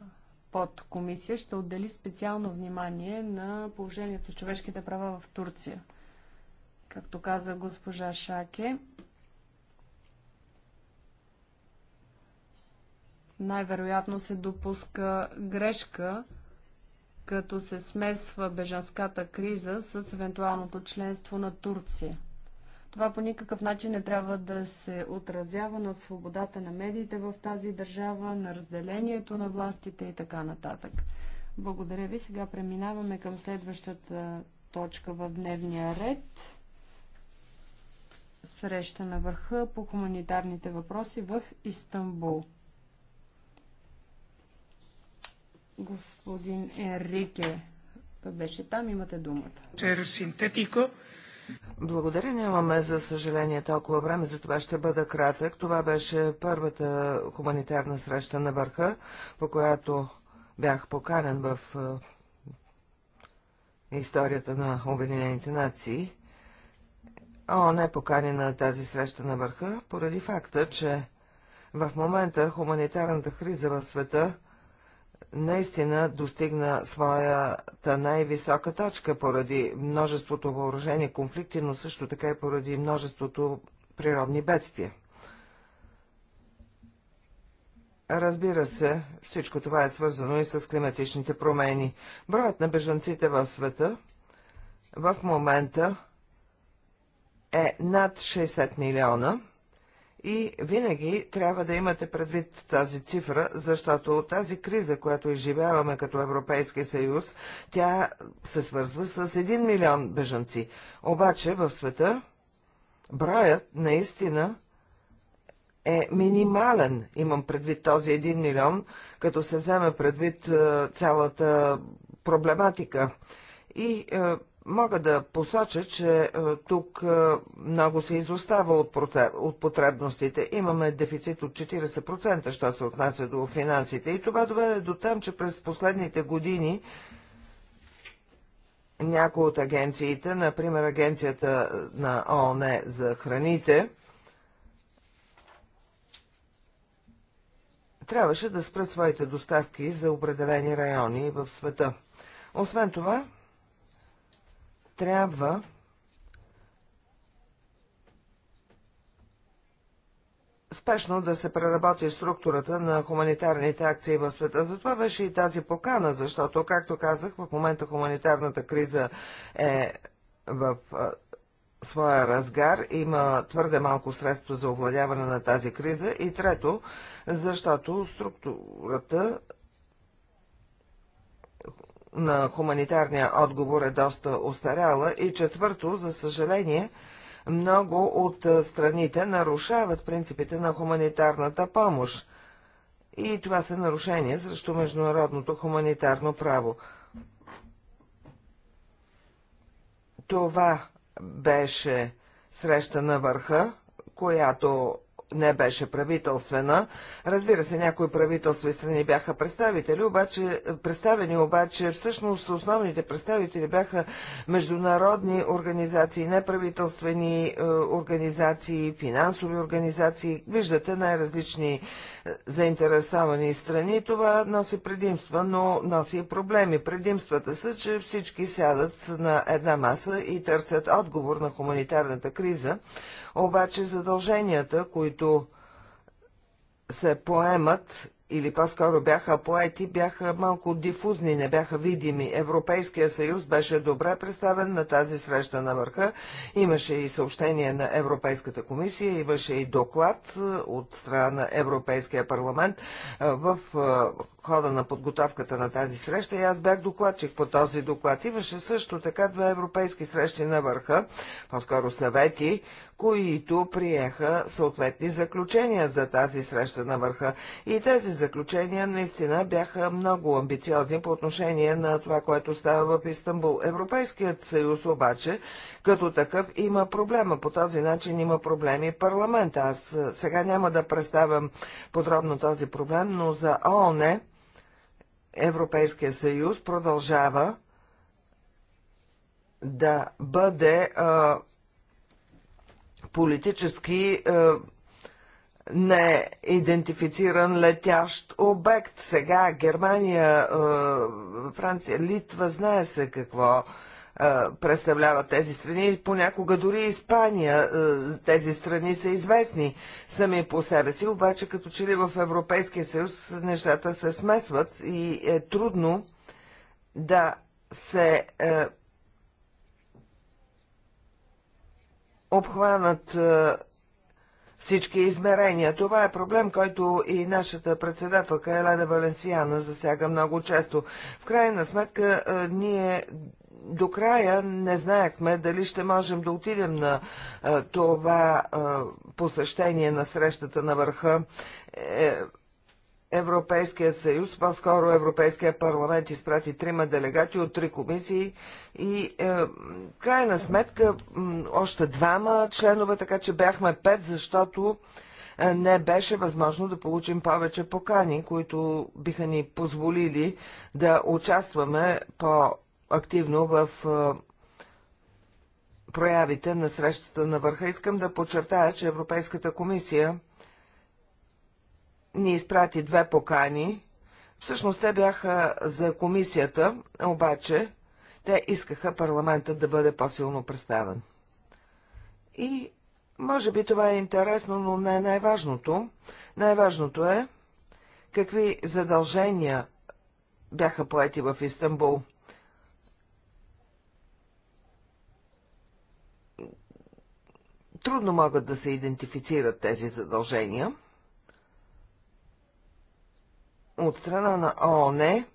A: подкомисия ще отдели специално внимание на положението с човешките права в Турция. Както каза госпожа Шаке, най-вероятно се допуска грешка, като се смесва бежанската криза с евентуалното членство на Турция. Това по никакъв начин не трябва да се отразява на свободата на медиите в тази държава, на разделението на властите и така нататък. Благодаря ви. Сега преминаваме към следващата точка в дневния ред. Среща на върха по хуманитарните въпроси в Истанбул. Господин Енрике беше
C: там, имате думата. Благодаря, нямаме за съжаление толкова време, за това ще бъда кратък. Това беше първата хуманитарна среща на върха, по която бях поканен в е, историята на Обединените нации. О, не покани на тази среща на върха поради факта, че в момента хуманитарната криза в света – наистина достигна своята най-висока точка поради множеството въоръжени конфликти, но също така и поради множеството природни бедствия. Разбира се, всичко това е свързано и с климатичните промени. Броят на бежанците в света в момента е над 60 милиона – и винаги трябва да имате предвид тази цифра, защото тази криза, която изживяваме като Европейски съюз, тя се свързва с 1 милион бежанци. Обаче в света броят наистина е минимален, имам предвид този 1 милион, като се вземе предвид е, цялата проблематика. И е, Мога да посоча, че е, тук е, много се изостава от, потребностите. Имаме дефицит от 40%, що се отнася до финансите. И това доведе до там, че през последните години някои от агенциите, например агенцията на ООН за храните, трябваше да спрат своите доставки за определени райони в света. Освен това, трябва спешно да се преработи структурата на хуманитарните акции в света. Затова беше и тази покана, защото, както казах, в момента хуманитарната криза е в своя разгар, има твърде малко средства за овладяване на тази криза и трето, защото структурата на хуманитарния отговор е доста остаряла. И четвърто, за съжаление, много от страните нарушават принципите на хуманитарната помощ. И това са нарушения срещу международното хуманитарно право. Това беше среща на върха, която не беше правителствена. Разбира се, някои правителства и страни бяха представители, обаче, представени обаче всъщност основните представители бяха международни организации, неправителствени е, организации, финансови организации. Виждате най-различни заинтересовани страни. Това носи предимства, но носи и проблеми. Предимствата са, че всички сядат на една маса и търсят отговор на хуманитарната криза, обаче задълженията, които се поемат или по-скоро бяха поети, бяха малко дифузни, не бяха видими. Европейския съюз беше добре представен на тази среща на върха. Имаше и съобщение на Европейската комисия, имаше и доклад е, от страна на Европейския парламент е, в е, хода на подготовката на тази среща и аз бях докладчик по този доклад. Имаше също така две европейски срещи на върха, по-скоро съвети, които приеха съответни заключения за тази среща на върха. И тези заключения наистина бяха много амбициозни по отношение на това, което става в Истанбул. Европейският съюз обаче като такъв има проблема. По този начин има проблеми парламента. Аз сега няма да представям подробно този проблем, но за ООН Европейския съюз продължава да бъде а, политически е, не идентифициран летящ обект. Сега Германия, е, Франция, Литва, знае се какво е, представляват тези страни. Понякога дори Испания, е, тези страни са известни сами по себе си, обаче като че ли в Европейския съюз нещата се смесват и е трудно да се е, обхванат е, всички измерения. Това е проблем, който и нашата председателка Елена Валенсияна засяга много често. В крайна сметка, е, ние до края не знаехме дали ще можем да отидем на е, това посещение на срещата на върха. Европейският съюз, по-скоро Европейския парламент изпрати трима делегати от три комисии и е, крайна сметка още двама членове, така че бяхме пет, защото е, не беше възможно да получим повече покани, които биха ни позволили да участваме по-активно в е, проявите на срещата на върха. Искам да подчертая, че Европейската комисия ни изпрати две покани. Всъщност те бяха за комисията, обаче те искаха парламентът да бъде по-силно представен. И може би това е интересно, но не е най-важното. Най-важното е какви задължения бяха поети в Истанбул. Трудно могат да се идентифицират тези задължения – от страна на ООН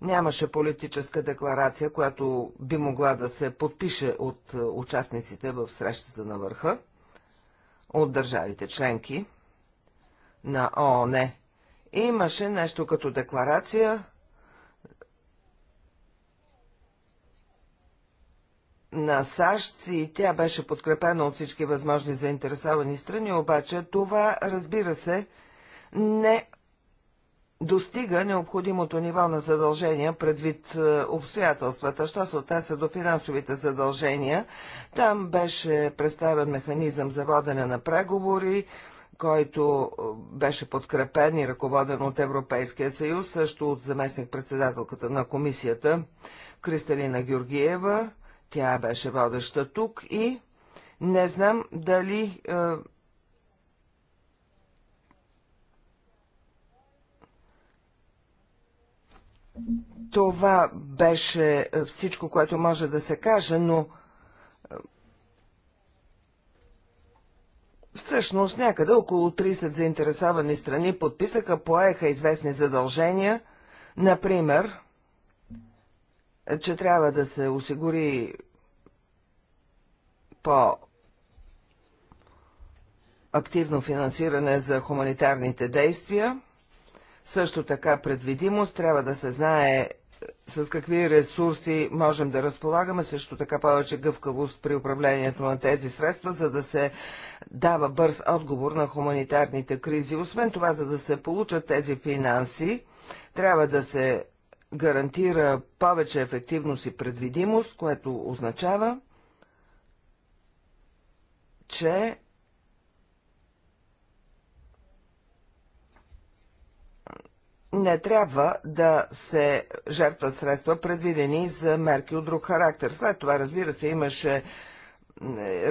C: нямаше политическа декларация, която би могла да се подпише от е, участниците в срещата на върха, от държавите членки на ООН. Имаше нещо като декларация на САЩ и тя беше подкрепена от всички възможни заинтересовани страни, обаче това, разбира се, не достига необходимото ниво на задължения предвид е, обстоятелствата. Що се отнася до финансовите задължения, там беше представен механизъм за водене на преговори, който е, беше подкрепен и ръководен от Европейския съюз, също от заместник-председателката на комисията Кристалина Георгиева. Тя беше водеща тук и не знам дали е, Това беше е, всичко, което може да се каже, но е, всъщност някъде около 30 заинтересовани страни подписаха, поеха известни задължения, например, е, че трябва да се осигури по активно финансиране за хуманитарните действия. Също така предвидимост трябва да се знае е, с какви ресурси можем да разполагаме, също така повече гъвкавост при управлението на тези средства, за да се дава бърз отговор на хуманитарните кризи. Освен това, за да се получат тези финанси, трябва да се гарантира повече ефективност и предвидимост, което означава, че не трябва да се жертват средства, предвидени за мерки от друг характер. След това, разбира се, имаше е,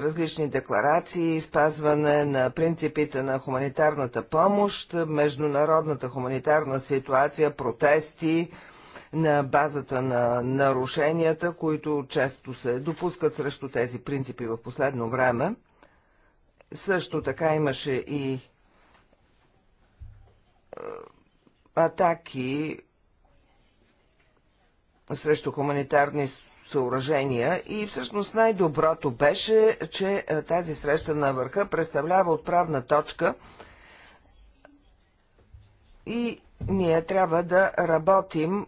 C: различни декларации, спазване на принципите на хуманитарната помощ, международната хуманитарна ситуация, протести на базата на нарушенията, които често се допускат срещу тези принципи в последно време. Също така имаше и е, атаки срещу хуманитарни съоръжения и всъщност най-доброто беше, че е, тази среща на върха представлява отправна точка и ние трябва да работим е,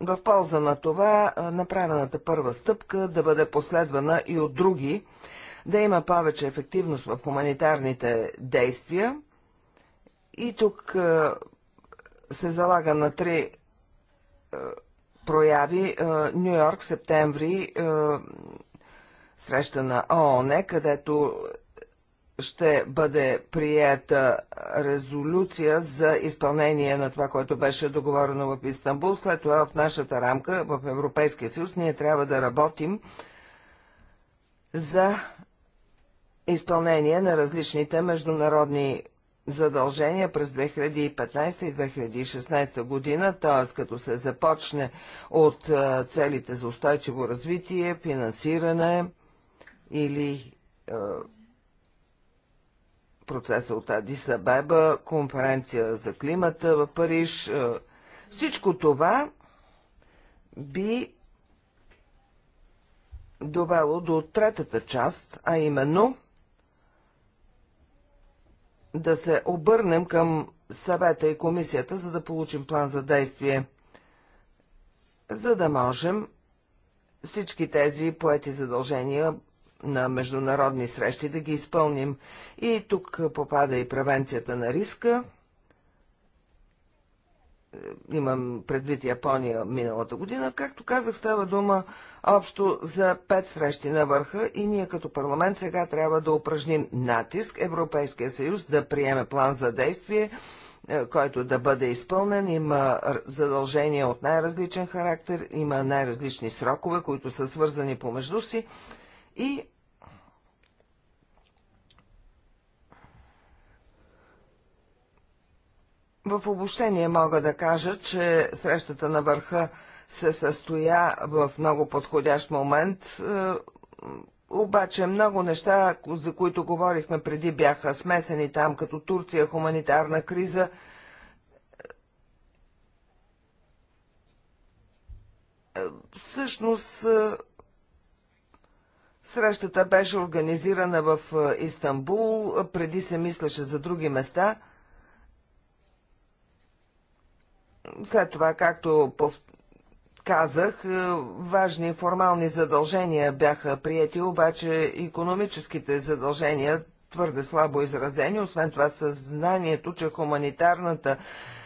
C: в полза на това е, направената първа стъпка да бъде последвана и от други, да има повече ефективност в хуманитарните действия. И тук се залага на три е, прояви. Е, Нью Йорк, септември, е, среща на ООН, където ще бъде приета резолюция за изпълнение на това, което беше договорено в Истанбул. След това в нашата рамка, в Европейския съюз, ние трябва да работим за изпълнение на различните международни задължения през 2015 и 2016 година, т.е. като се започне от целите за устойчиво развитие, финансиране или е, процеса от Адис Абеба, конференция за климата в Париж. Е, всичко това би довело до третата част, а именно – да се обърнем към съвета и комисията, за да получим план за действие, за да можем всички тези поети задължения на международни срещи да ги изпълним. И тук попада и превенцията на риска, е, имам предвид Япония миналата година. Както казах, става дума общо за пет срещи на върха и ние като парламент сега трябва да упражним натиск Европейския съюз да приеме план за действие, е, който да бъде изпълнен. Има задължения от най-различен характер, има най-различни срокове, които са свързани помежду си и В обобщение мога да кажа, че срещата на върха се състоя в много подходящ момент. Е, обаче много неща, за които говорихме преди, бяха смесени там, като Турция, хуманитарна криза. Е, всъщност, е, срещата беше организирана в Истанбул, преди се мислеше за други места – След това, както казах, е, важни формални задължения бяха прияти, обаче економическите задължения твърде слабо изразени, освен това съзнанието, че хуманитарната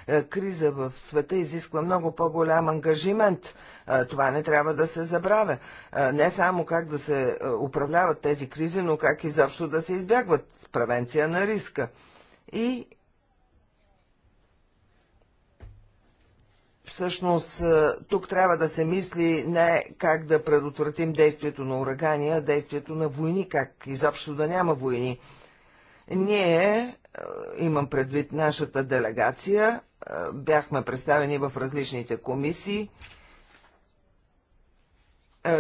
C: е, криза в света изисква много по-голям ангажимент. Е, това не трябва да се забравя. Не само как да се управляват тези кризи, но как изобщо да се избягват превенция на риска. И Всъщност, е, тук трябва да се мисли не как да предотвратим действието на урагани, а действието на войни, как изобщо да няма войни. Ние, е, имам предвид нашата делегация, е, бяхме представени в различните комисии.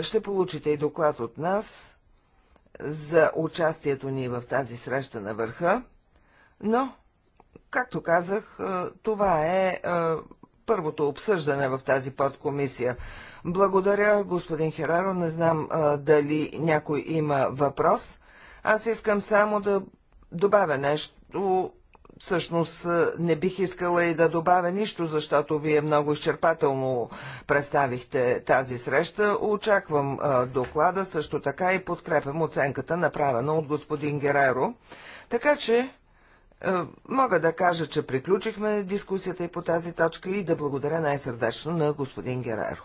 C: Ще получите и доклад от нас за участието ни в тази среща на върха, но, както казах, това е първото обсъждане в тази подкомисия. Благодаря, господин Хераро. Не знам а, дали някой има въпрос. Аз искам само да добавя нещо. Всъщност не бих искала и да добавя нищо, защото вие много изчерпателно представихте тази среща. Очаквам а, доклада, също така и подкрепям оценката, направена от господин Гереро. Така че е, мога да кажа, че приключихме дискусията и по тази точка и да благодаря най-сърдечно на господин Гераро.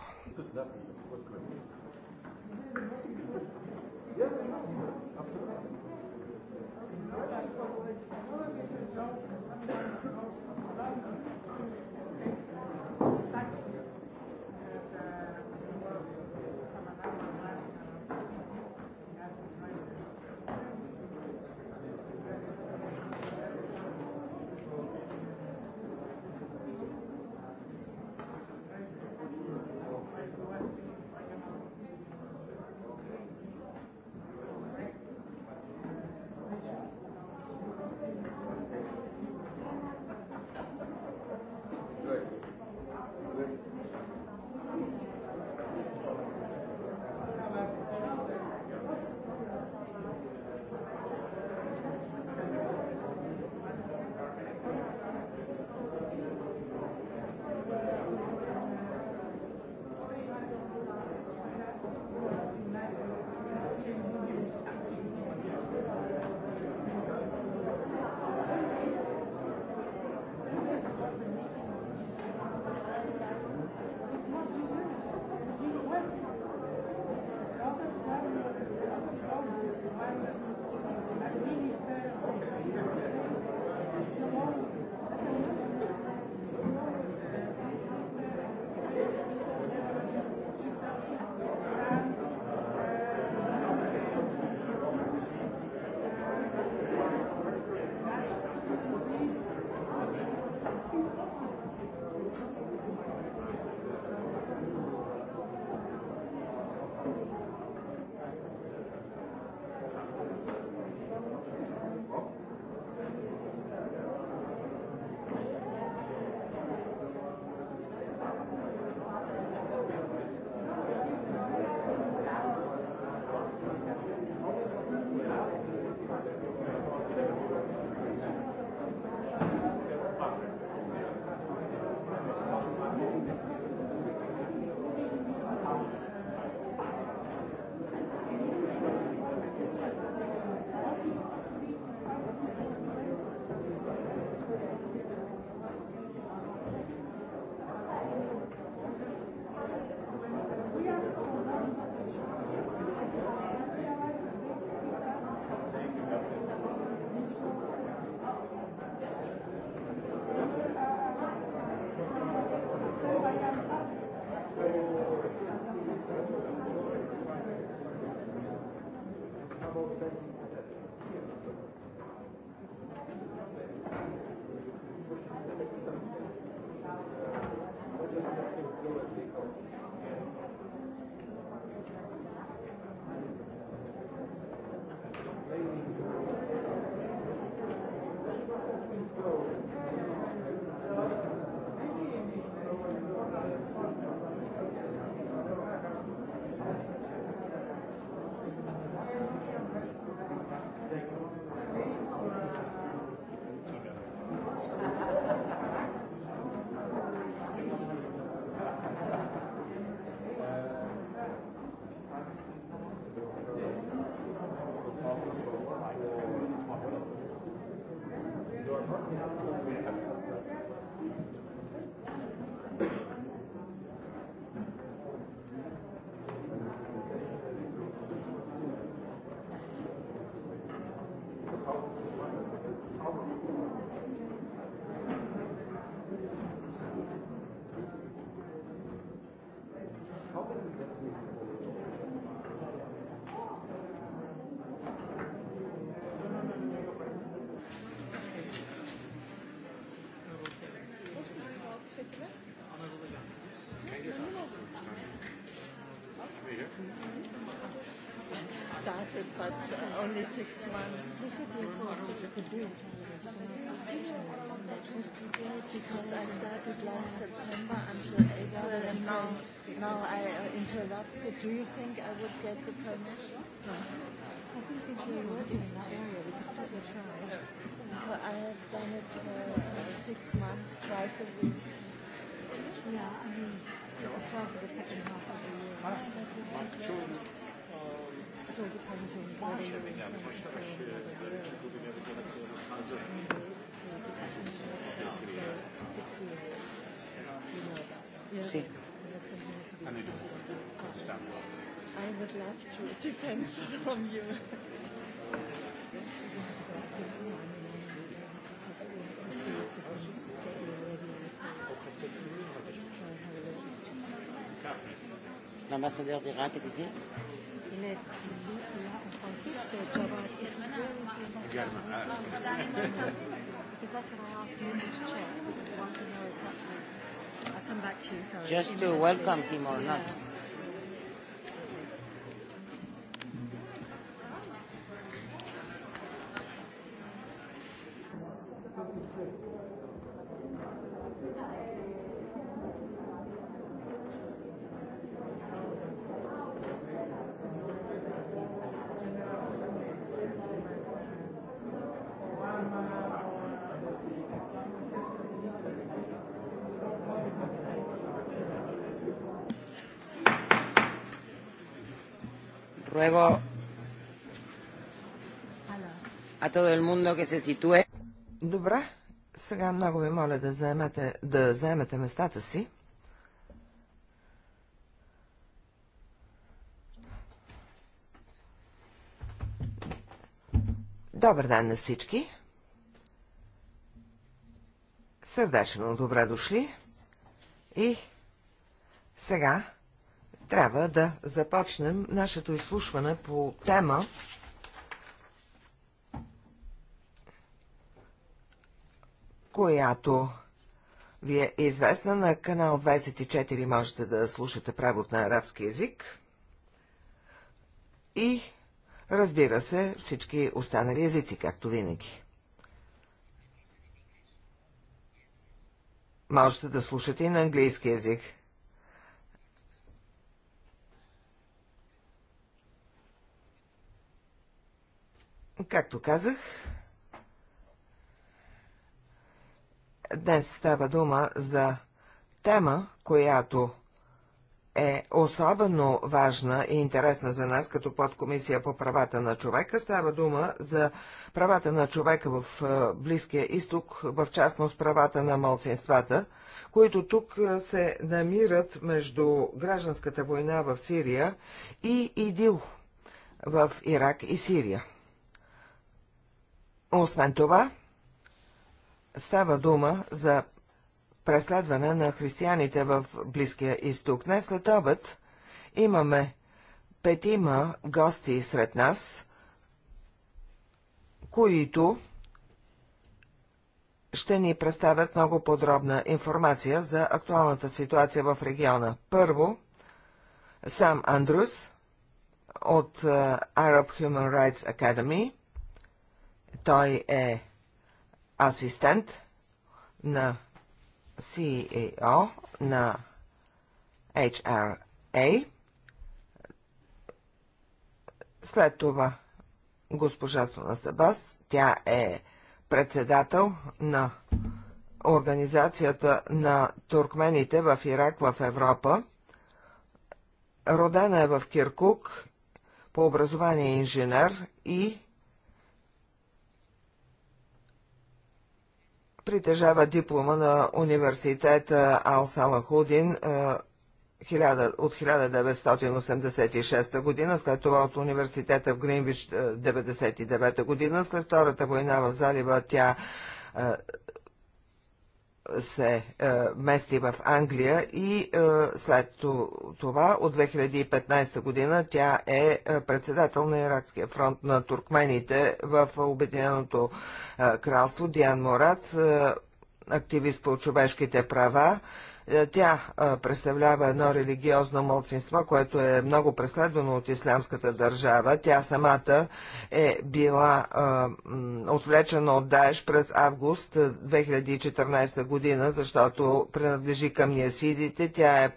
D: started, but only six months. Because I started last September until April, and now, now I interrupted. Do you think I would get the permission? I have done it for uh, six months, twice a week. Yeah, I mean, sort of the second half of the year. Yeah, but Sì. I would love to. It on you. L'ambassadeur d'Irak est ici Just to welcome him or not. Thank you.
C: Ruego a todo el mundo que se sitúe. Добре, сега много ви моля да заемете, да заемете местата си. Добър ден на всички! Сърдечно добре дошли! И сега трябва да започнем нашето изслушване по тема, която ви е известна на канал 24, можете да слушате превод на арабски язик и, разбира се, всички останали езици, както винаги. Можете да слушате и на английски язик – Както казах, днес става дума за тема, която е особено важна и интересна за нас като подкомисия по правата на човека. Става дума за правата на човека в е, Близкия изток, в частност правата на малцинствата, които тук е, се намират между гражданската война в Сирия и ИДИЛ в Ирак и Сирия. Освен това, става дума за преследване на християните в Близкия изток. Днес след обед имаме петима гости сред нас, които ще ни представят много подробна информация за актуалната ситуация в региона. Първо, сам Андрус, от Arab Human Rights Academy, той е асистент на CEO на HRA. След това госпожа Сона Сабас, тя е председател на Организацията на туркмените в Ирак в Европа. Родена е в Киркук, по образование инженер и притежава диплома на университета Ал-Салахудин е, от 1986 година, след това от университета в Гринвич 1999 е, година. След Втората война в залива тя е, се е, мести в Англия и е, след това от 2015 година тя е, е председател на Иракския фронт на туркмените в Обединеното е, кралство Диан Морат, е, активист по човешките права е, тя е, представлява едно религиозно младсинство, което е много преследвано от ислямската държава. Тя самата е била е, отвлечена от Даеш през август 2014 година, защото принадлежи към ясидите. Тя е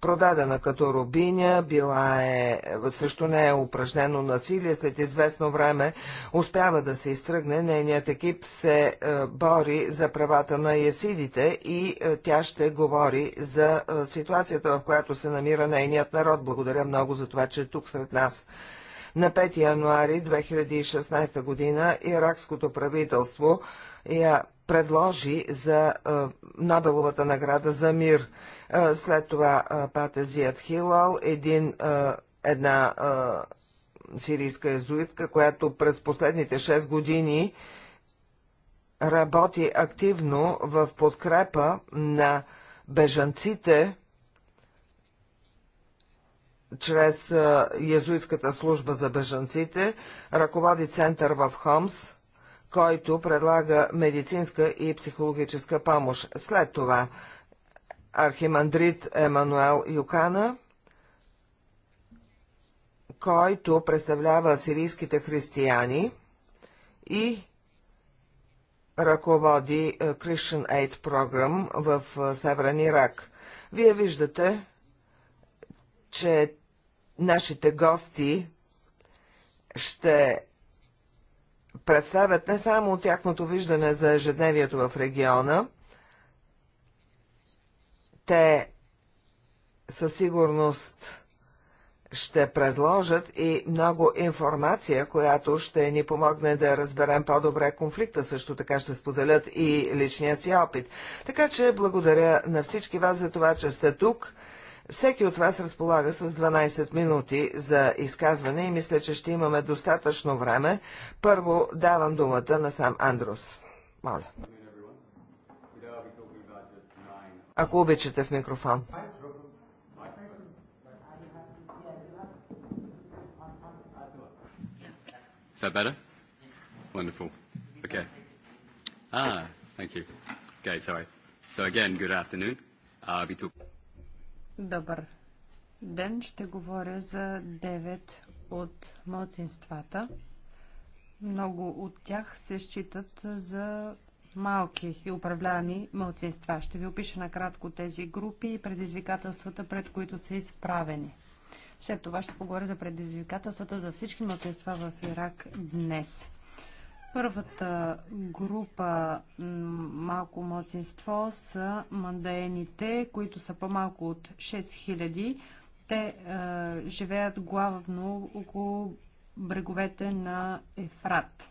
C: продадена като рубиня, била е, също не е упражнено насилие. След известно време успява да се изтръгне. Нейният екип се бори за правата на ясидите и тя ще го говори за ситуацията, в която се намира нейният народ. Благодаря много за това, че е тук сред нас. На 5 януари 2016 година иракското правителство я предложи за Нобеловата награда за мир. След това Патезият Хилал, един, една сирийска езуитка, която през последните 6 години работи активно в подкрепа на бежанците чрез Язуитската служба за бежанците, ръководи център в Хомс, който предлага медицинска и психологическа помощ. След това архимандрит Емануел Юкана, който представлява сирийските християни и ръководи е, Christian Aid Program в е, Северен Ирак. Вие виждате, че нашите гости ще представят не само тяхното виждане за ежедневието в региона, те със сигурност ще предложат и много информация, която ще ни помогне да разберем по-добре конфликта. Също така ще споделят и личния си опит. Така че благодаря на всички вас за това, че сте тук. Всеки от вас разполага с 12 минути за изказване и мисля, че ще имаме достатъчно време. Първо давам думата на сам Андрус. Моля. Ако обичате в микрофон.
D: Is that better? Wonderful. Okay. Ah, thank you. Okay, sorry. So again, good afternoon. I'll uh, be took...
A: Добър ден. Ще говоря за девет от младсинствата. Много от тях се считат за малки и управляеми младсинства. Ще ви опиша накратко тези групи и предизвикателствата, пред които са изправени. След това ще поговоря за предизвикателствата за всички младенства в Ирак днес. Първата група малко младсинство са мандаените, които са по-малко от 6000. Те е, живеят главно около бреговете на Ефрат.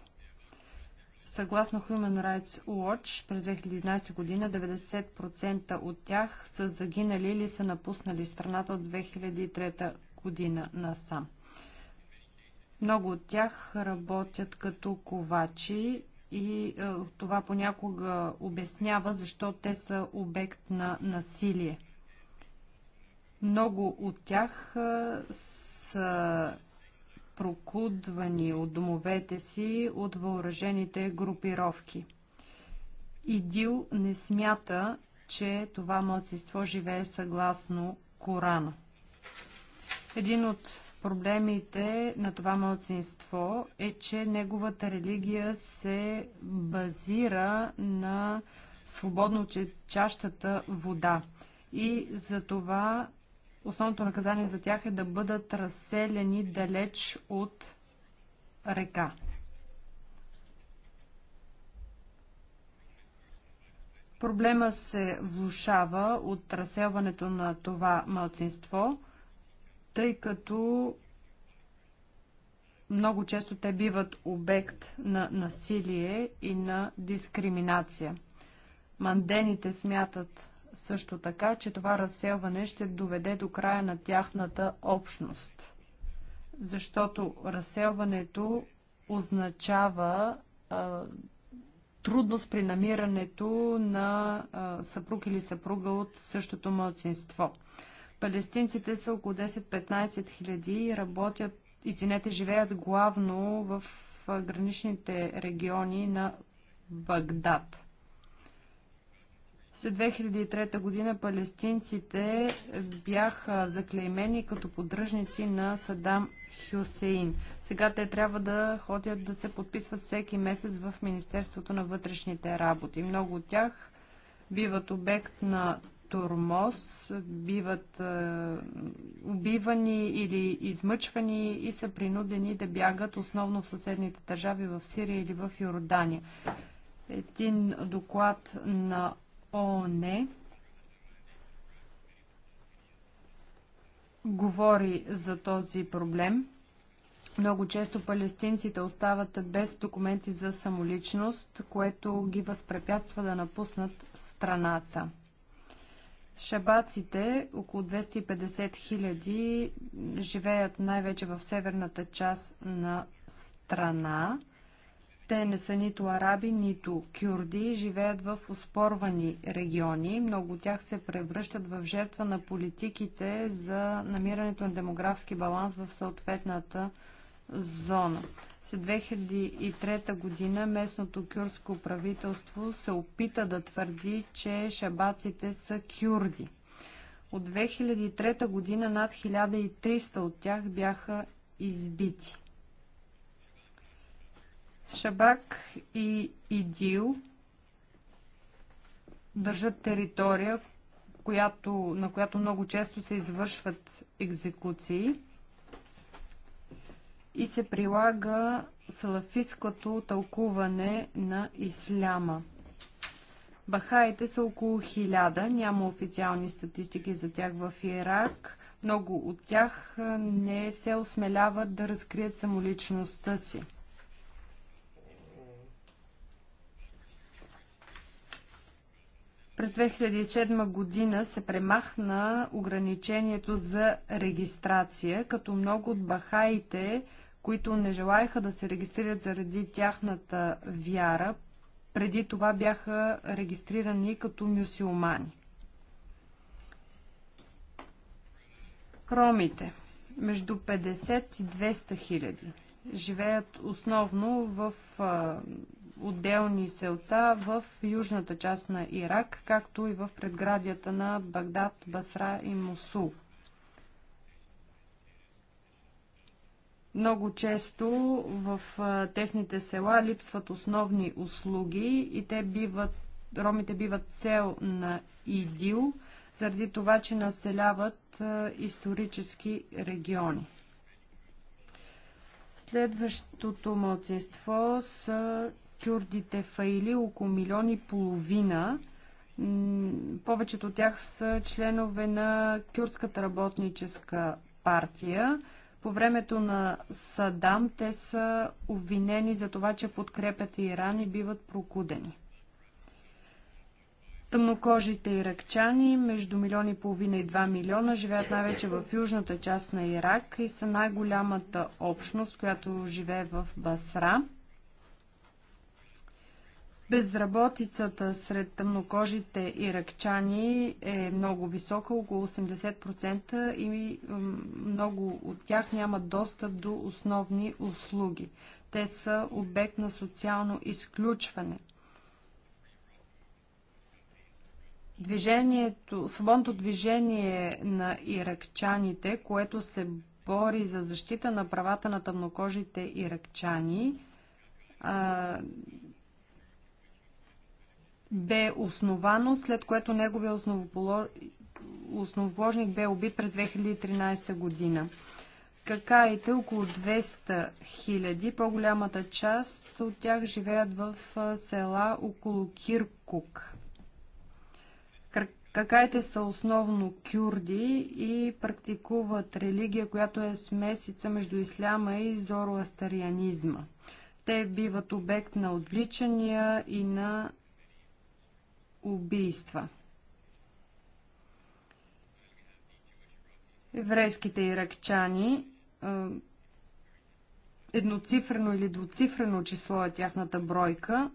A: Съгласно Human Rights Watch, през 2011 година 90% от тях са загинали или са напуснали страната от 2003 година насам. Много от тях работят като ковачи и е, това понякога обяснява защо те са обект на насилие. Много от тях е, са прокудвани от домовете си от въоръжените групировки. Идил не смята, че това младсинство живее съгласно Корана. Един от проблемите на това младсинство е, че неговата религия се базира на свободно чащата вода. И за това основното наказание за тях е да бъдат разселени далеч от река. Проблема се влушава от разселването на това малцинство – тъй като много често те биват обект на насилие и на дискриминация. Мандените смятат също така, че това разселване ще доведе до края на тяхната общност, защото разселването означава а, трудност при намирането на а, съпруг или съпруга от същото младсинство. Палестинците са около 10-15 хиляди и работят, извинете, живеят главно в граничните региони на Багдад. След 2003 година палестинците бяха заклеймени като поддръжници на Садам Хюсейн. Сега те трябва да ходят да се подписват всеки месец в Министерството на вътрешните работи. Много от тях биват обект на тормоз, биват е, убивани или измъчвани и са принудени да бягат основно в съседните държави в Сирия или в Йордания. Един доклад на ООН говори за този проблем. Много често палестинците остават без документи за самоличност, което ги възпрепятства да напуснат страната. Шабаците, около 250 хиляди, живеят най-вече в северната част на страна. Те не са нито араби, нито кюрди, живеят в успорвани региони. Много от тях се превръщат в жертва на политиките за намирането на демографски баланс в съответната зона. След 2003 година местното кюрдско правителство се опита да твърди, че шабаците са кюрди. От 2003 година над 1300 от тях бяха избити. Шабак и Идил държат територия, която, на която много често се извършват екзекуции и се прилага салафистското тълкуване на исляма. Бахаите са около хиляда, няма официални статистики за тях в Ирак. Много от тях не се осмеляват да разкрият самоличността си. През 2007 година се премахна ограничението за регистрация, като много от бахаите които не желаяха да се регистрират заради тяхната вяра. Преди това бяха регистрирани като мюсюлмани. Ромите между 50 и 200 хиляди живеят основно в отделни селца в южната част на Ирак, както и в предградията на Багдад, Басра и Мусул. Много често в техните села липсват основни услуги и те биват, ромите биват цел на ИДИЛ, заради това, че населяват исторически региони. Следващото младсинство са кюрдите фаили, около милион и половина. Повечето от тях са членове на Кюрдската работническа партия. По времето на Садам те са обвинени за това, че подкрепят Иран и биват прокудени. Тъмнокожите иракчани, между милион и половина и 2 милиона, живеят най-вече в южната част на Ирак и са най-голямата общност, която живее в Басра. Безработицата сред тъмнокожите иракчани е много висока, около 80% и много от тях нямат достъп до основни услуги. Те са обект на социално изключване. Движението, свободното движение на иракчаните, което се бори за защита на правата на тъмнокожите иракчани, бе основано, след което неговия основополож... основоположник бе убит през 2013 година. Какаите, около 200 хиляди, по-голямата част от тях живеят в села около Киркук. Какаите са основно кюрди и практикуват религия, която е смесица между исляма и зороастарианизма. Те биват обект на отвличания и на убийства. Еврейските иракчани едноцифрено или двуцифрено число е тяхната бройка.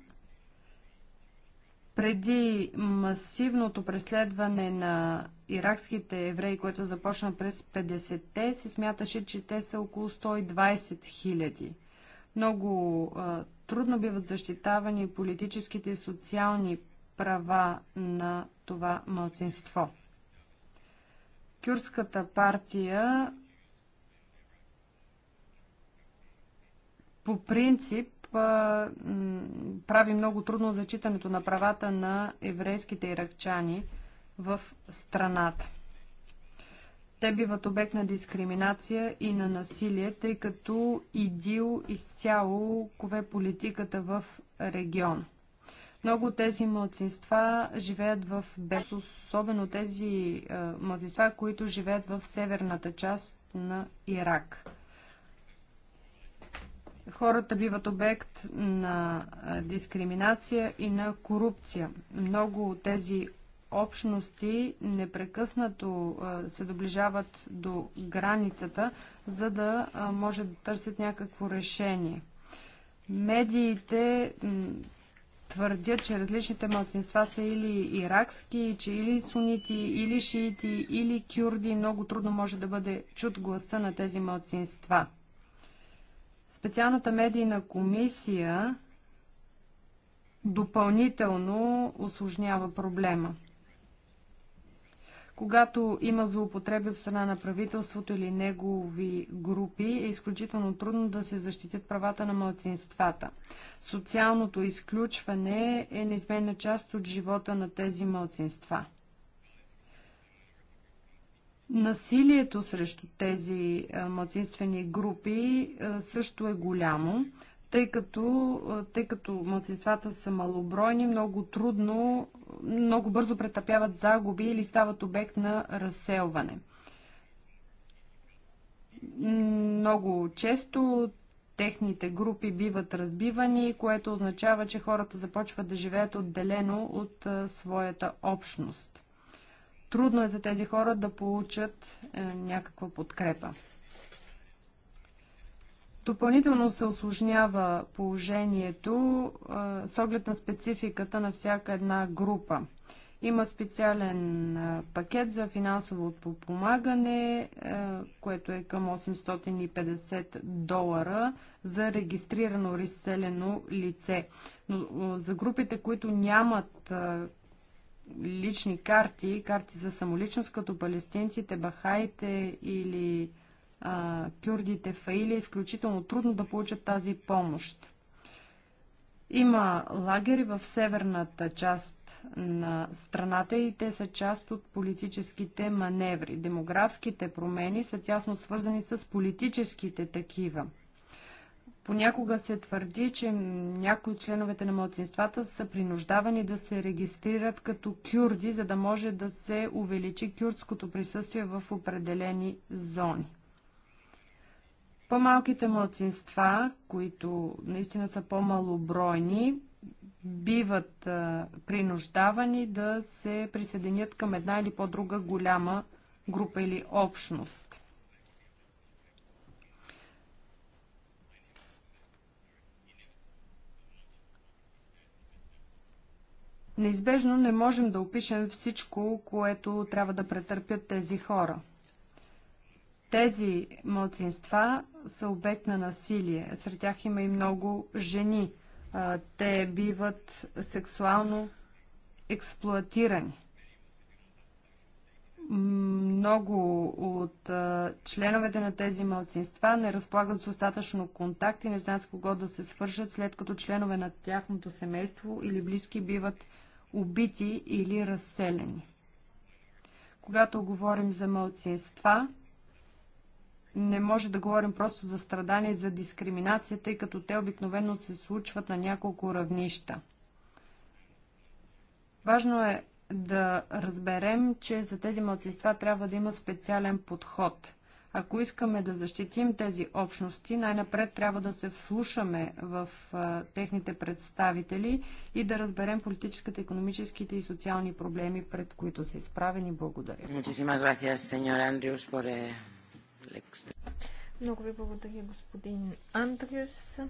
A: Преди масивното преследване на иракските евреи, което започна през 50-те, се смяташе, че те са около 120 хиляди. Много а, трудно биват защитавани политическите и социални права на това мълцинство. Кюрската партия по принцип прави много трудно зачитането на правата на еврейските иракчани в страната. Те биват обект на дискриминация и на насилие, тъй като ИДИЛ изцяло кове политиката в региона. Много от тези младсинства живеят в без, особено тези младсинства, които живеят в северната част на Ирак. Хората биват обект на дискриминация и на корупция. Много от тези общности непрекъснато се доближават до границата, за да може да търсят някакво решение. Медиите твърдят, че различните младсинства са или иракски, че или сунити, или шиити, или кюрди. Много трудно може да бъде чут гласа на тези младсинства. Специалната медийна комисия допълнително осложнява проблема. Когато има злоупотреби от страна на правителството или негови групи, е изключително трудно да се защитят правата на младсинствата. Социалното изключване е неизменна част от живота на тези младсинства. Насилието срещу тези младсинствени групи също е голямо тъй като, тъй като младсинствата са малобройни, много трудно, много бързо претъпяват загуби или стават обект на разселване. Много често техните групи биват разбивани, което означава, че хората започват да живеят отделено от своята общност. Трудно е за тези хора да получат някаква подкрепа. Допълнително се осложнява положението а, с оглед на спецификата на всяка една група. Има специален а, пакет за финансово подпомагане, а, което е към 850 долара за регистрирано разселено лице. Но за групите, които нямат лични карти, карти за самоличност, като палестинците, бахаите или кюрдите в Аили е изключително трудно да получат тази помощ. Има лагери в северната част на страната и те са част от политическите маневри. Демографските промени са тясно свързани с политическите такива. Понякога се твърди, че някои членовете на младсинствата са принуждавани да се регистрират като кюрди, за да може да се увеличи кюрдското присъствие в определени зони. По-малките младсинства, които наистина са по-малобройни, биват а, принуждавани да се присъединят към една или по-друга голяма група или общност. Неизбежно не можем да опишем всичко, което трябва да претърпят тези хора – тези младсинства са обект на насилие. Сред тях има и много жени. Те биват сексуално експлуатирани. Много от членовете на тези младсинства не разполагат с достатъчно контакт и не знаят с кого да се свържат, след като членове на тяхното семейство или близки биват убити или разселени. Когато говорим за младсинства, не може да говорим просто за страдания и за дискриминация, тъй като те обикновено се случват на няколко равнища. Важно е да разберем, че за тези младсинства трябва да има специален подход. Ако искаме да защитим тези общности, най-напред трябва да се вслушаме в а, техните представители и да разберем политическите, економическите и социални проблеми, пред които са изправени. Благодаря.
B: Много ви благодаря, господин Андрюс.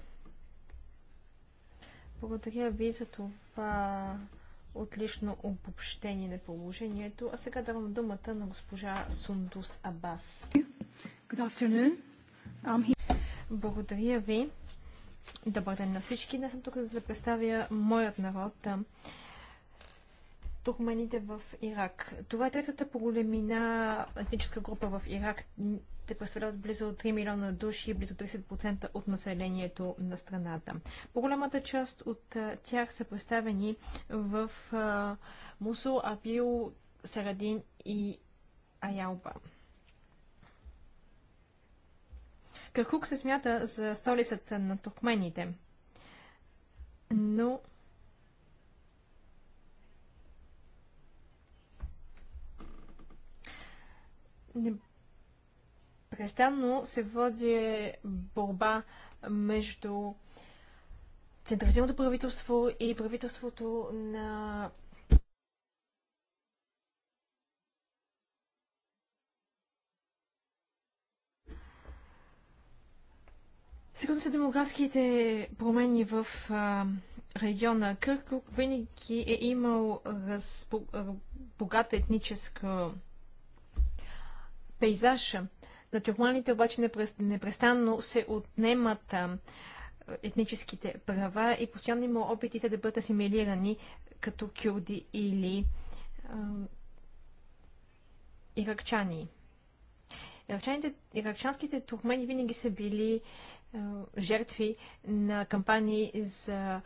B: Благодаря ви за това отлично обобщение на положението. А сега давам думата на госпожа Сундус Абас. Благодаря ви. Добър ден на всички. Днес съм тук за да представя моят народ Туркмените в Ирак. Това е третата по големина етническа група в Ирак. Те представляват близо 3 милиона души и близо 30% от населението на страната. По-голямата част от тях са представени в Мусул, Абил, Сарадин и Аялба. Какук се смята за столицата на туркмените, но непрестанно се води борба между централизираното правителство и правителството на Сигурно са демографските промени в а, региона Кърков винаги е имал богата етническа на Натюрмалите обаче непрестанно се отнемат етническите права и постоянно има опитите да бъдат асимилирани като кюрди или а, иракчани. Иракчанските турмени винаги са били а, жертви на кампании за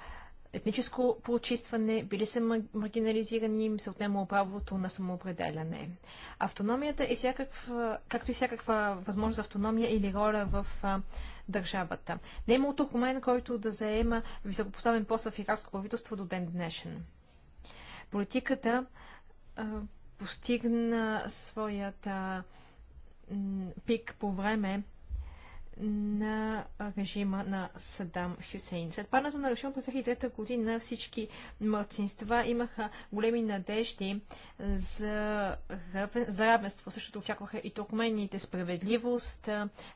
B: етническо прочистване, били са маргинализирани, им се отнема правото на самоопределяне. Автономията е всякаква, както и всякаква възможност за автономия или роля в държавата. Не е имало документ, който да заема високопоставен пост в иракско правителство до ден днешен. Политиката постигна своята пик по време на режима на Садам Хюсейн. След падането на режима през 2003 година всички младсинства имаха големи надежди за, равен, за равенство. Същото очакваха и туркмените справедливост,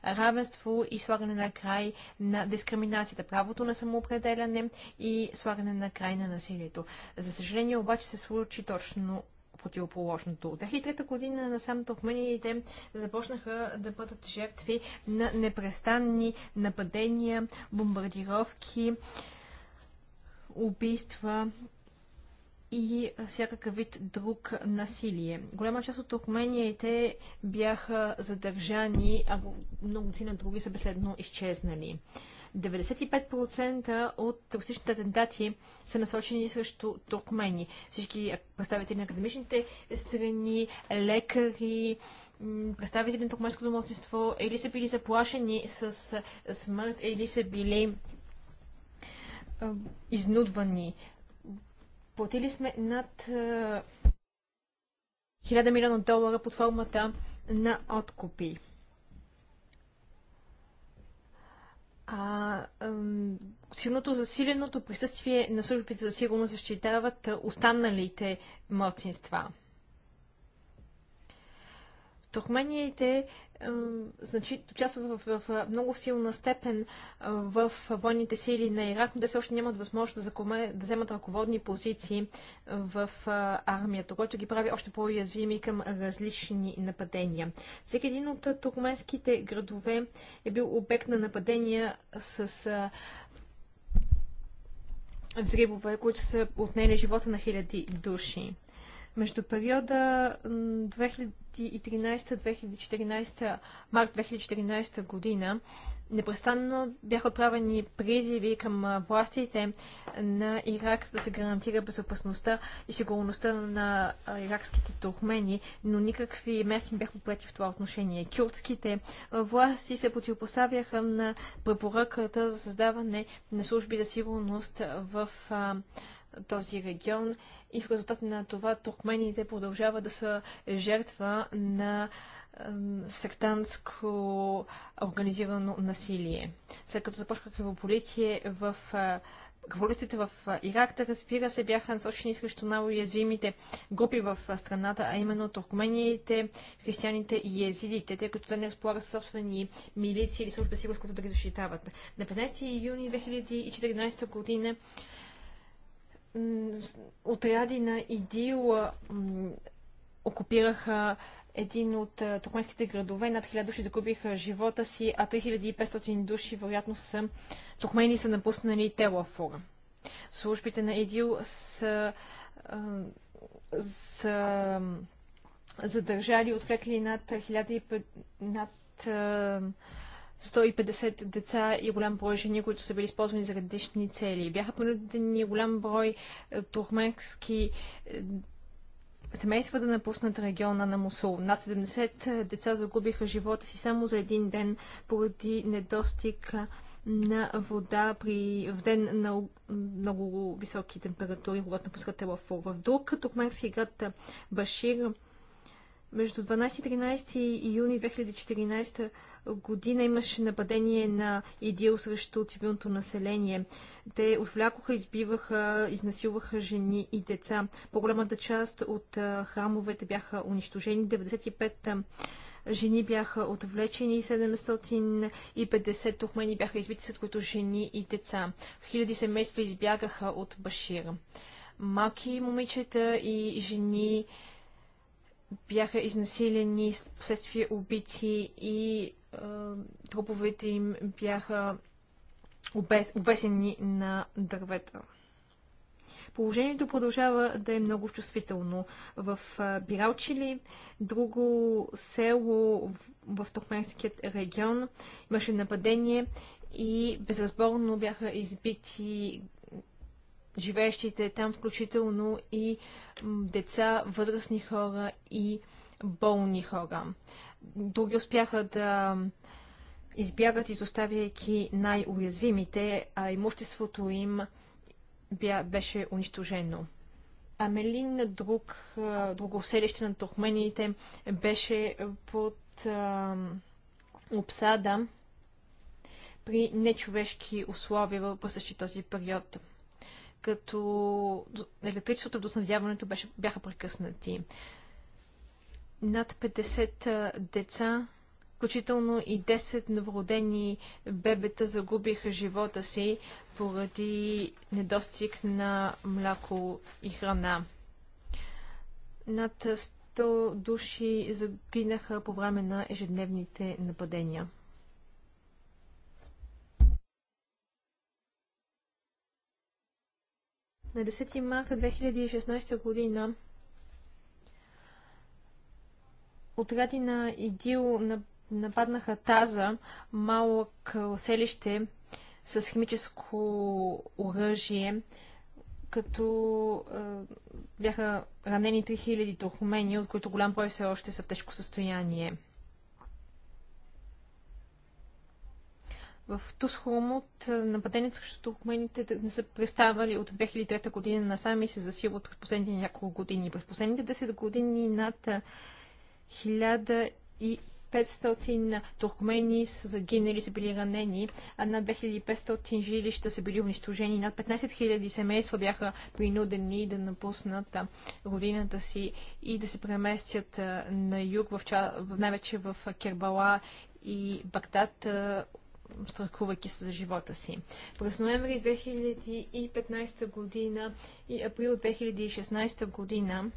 B: равенство и слагане на край на дискриминацията, правото на самоопределяне и слагане на край на насилието. За съжаление обаче се случи точно противоположното. От 2003 година насам туркмените започнаха да бъдат жертви на непрестанни нападения, бомбардировки, убийства и всякакъв вид друг насилие. Голяма част от туркмениите бяха задържани, а много на други са безследно изчезнали. 95% от терористичните атентати са насочени срещу туркмени. Всички представители на академичните страни, лекари, представители на туркменското младсинство или са били заплашени с смърт, или са били изнудвани. Платили сме над 1000 милиона долара под формата на откупи. а, силното засиленото присъствие на службите за сигурност защитават останалите младсинства. Туркмениите значи, участват в, в, в много силна степен в военните сили на Ирак, но те все още нямат възможност да, закоме, да вземат ръководни позиции в а, армията, което ги прави още по-уязвими към различни нападения. Всеки един от туркменските градове е бил обект на нападения с а, взривове, които са отнели живота на хиляди души. Между периода 2013-2014, март 2014 година, непрестанно бяха отправени призиви към властите на Ирак, да се гарантира безопасността и сигурността на иракските туркмени, но никакви мерки не бяха поети в това отношение. Кюртските власти се противопоставяха на препоръката за създаване на служби за сигурност в този регион и в резултат на това туркмените продължават да са жертва на сектантско организирано насилие. След като започва кръвополитие в Кръвополитите в Ирак, да разбира се, бяха насочени срещу най-уязвимите групи в страната, а именно туркмениите, християните и езидите, тъй като те не разполагат собствени милиции или служби сигурност, които да ги защитават. На 15 юни 2014 година отряди на ИДИЛ окупираха един от туркменските градове. Над 1000 души загубиха живота си, а 3500 души вероятно са туркмени са напуснали Телафора. Службите на ИДИЛ са, са задържали, отвлекли над 1500 над 150 деца и голям брой жени, които са били използвани за различни цели. Бяха понудени голям брой е, турменски е, семейства да напуснат региона на Мусул. Над 70 е, деца загубиха живота си само за един ден поради недостиг на вода при, в ден на много високи температури, когато напускат Телафур. В друг турменски град Башир между 12 и 13 юни 2014 година имаше нападение на идил срещу цивилното население. Те отвлякоха, избиваха, изнасилваха жени и деца. По-голямата част от храмовете бяха унищожени. 95 жени бяха отвлечени, 750 тухмени бяха избити, след които жени и деца. Хиляди семейства избягаха от Башир. Малки момичета и жени бяха изнасилени, последствие убити и е, труповете им бяха обес, обесени на дървета. Положението продължава да е много чувствително. В е, Биралчили, друго село в, в Туркменският регион, имаше нападение и безразборно бяха избити живеещите там, включително и деца, възрастни хора и болни хора други успяха да избягат, изоставяйки най-уязвимите, а имуществото им бя, беше унищожено. Амелин, друг, друго селище на Тухмените беше под а, обсада при нечовешки условия в същи този период като електричеството и доснадяването беше, бяха прекъснати над 50 деца, включително и 10 новородени бебета загубиха живота си поради недостиг на мляко и храна. Над 100 души загинаха по време на ежедневните нападения. На 10 марта 2016 година отряди на ИДИЛ нападнаха Таза, малък селище с химическо оръжие, като е, бяха ранени 3000 туркмени, от които голям брой все още са в тежко състояние. В Тусхормут нападенията срещу тухмените не са представали от 2003 година насам и се засилват през последните няколко години. През последните 10 години над 1500 туркмени са загинали, са били ранени, а над 2500 жилища са били унищожени. Над 15 000 семейства бяха принудени да напуснат родината си и да се преместят на юг, в, най-вече в Кербала и Багдад, страхувайки се за живота си. През ноември 2015 година и април 2016 година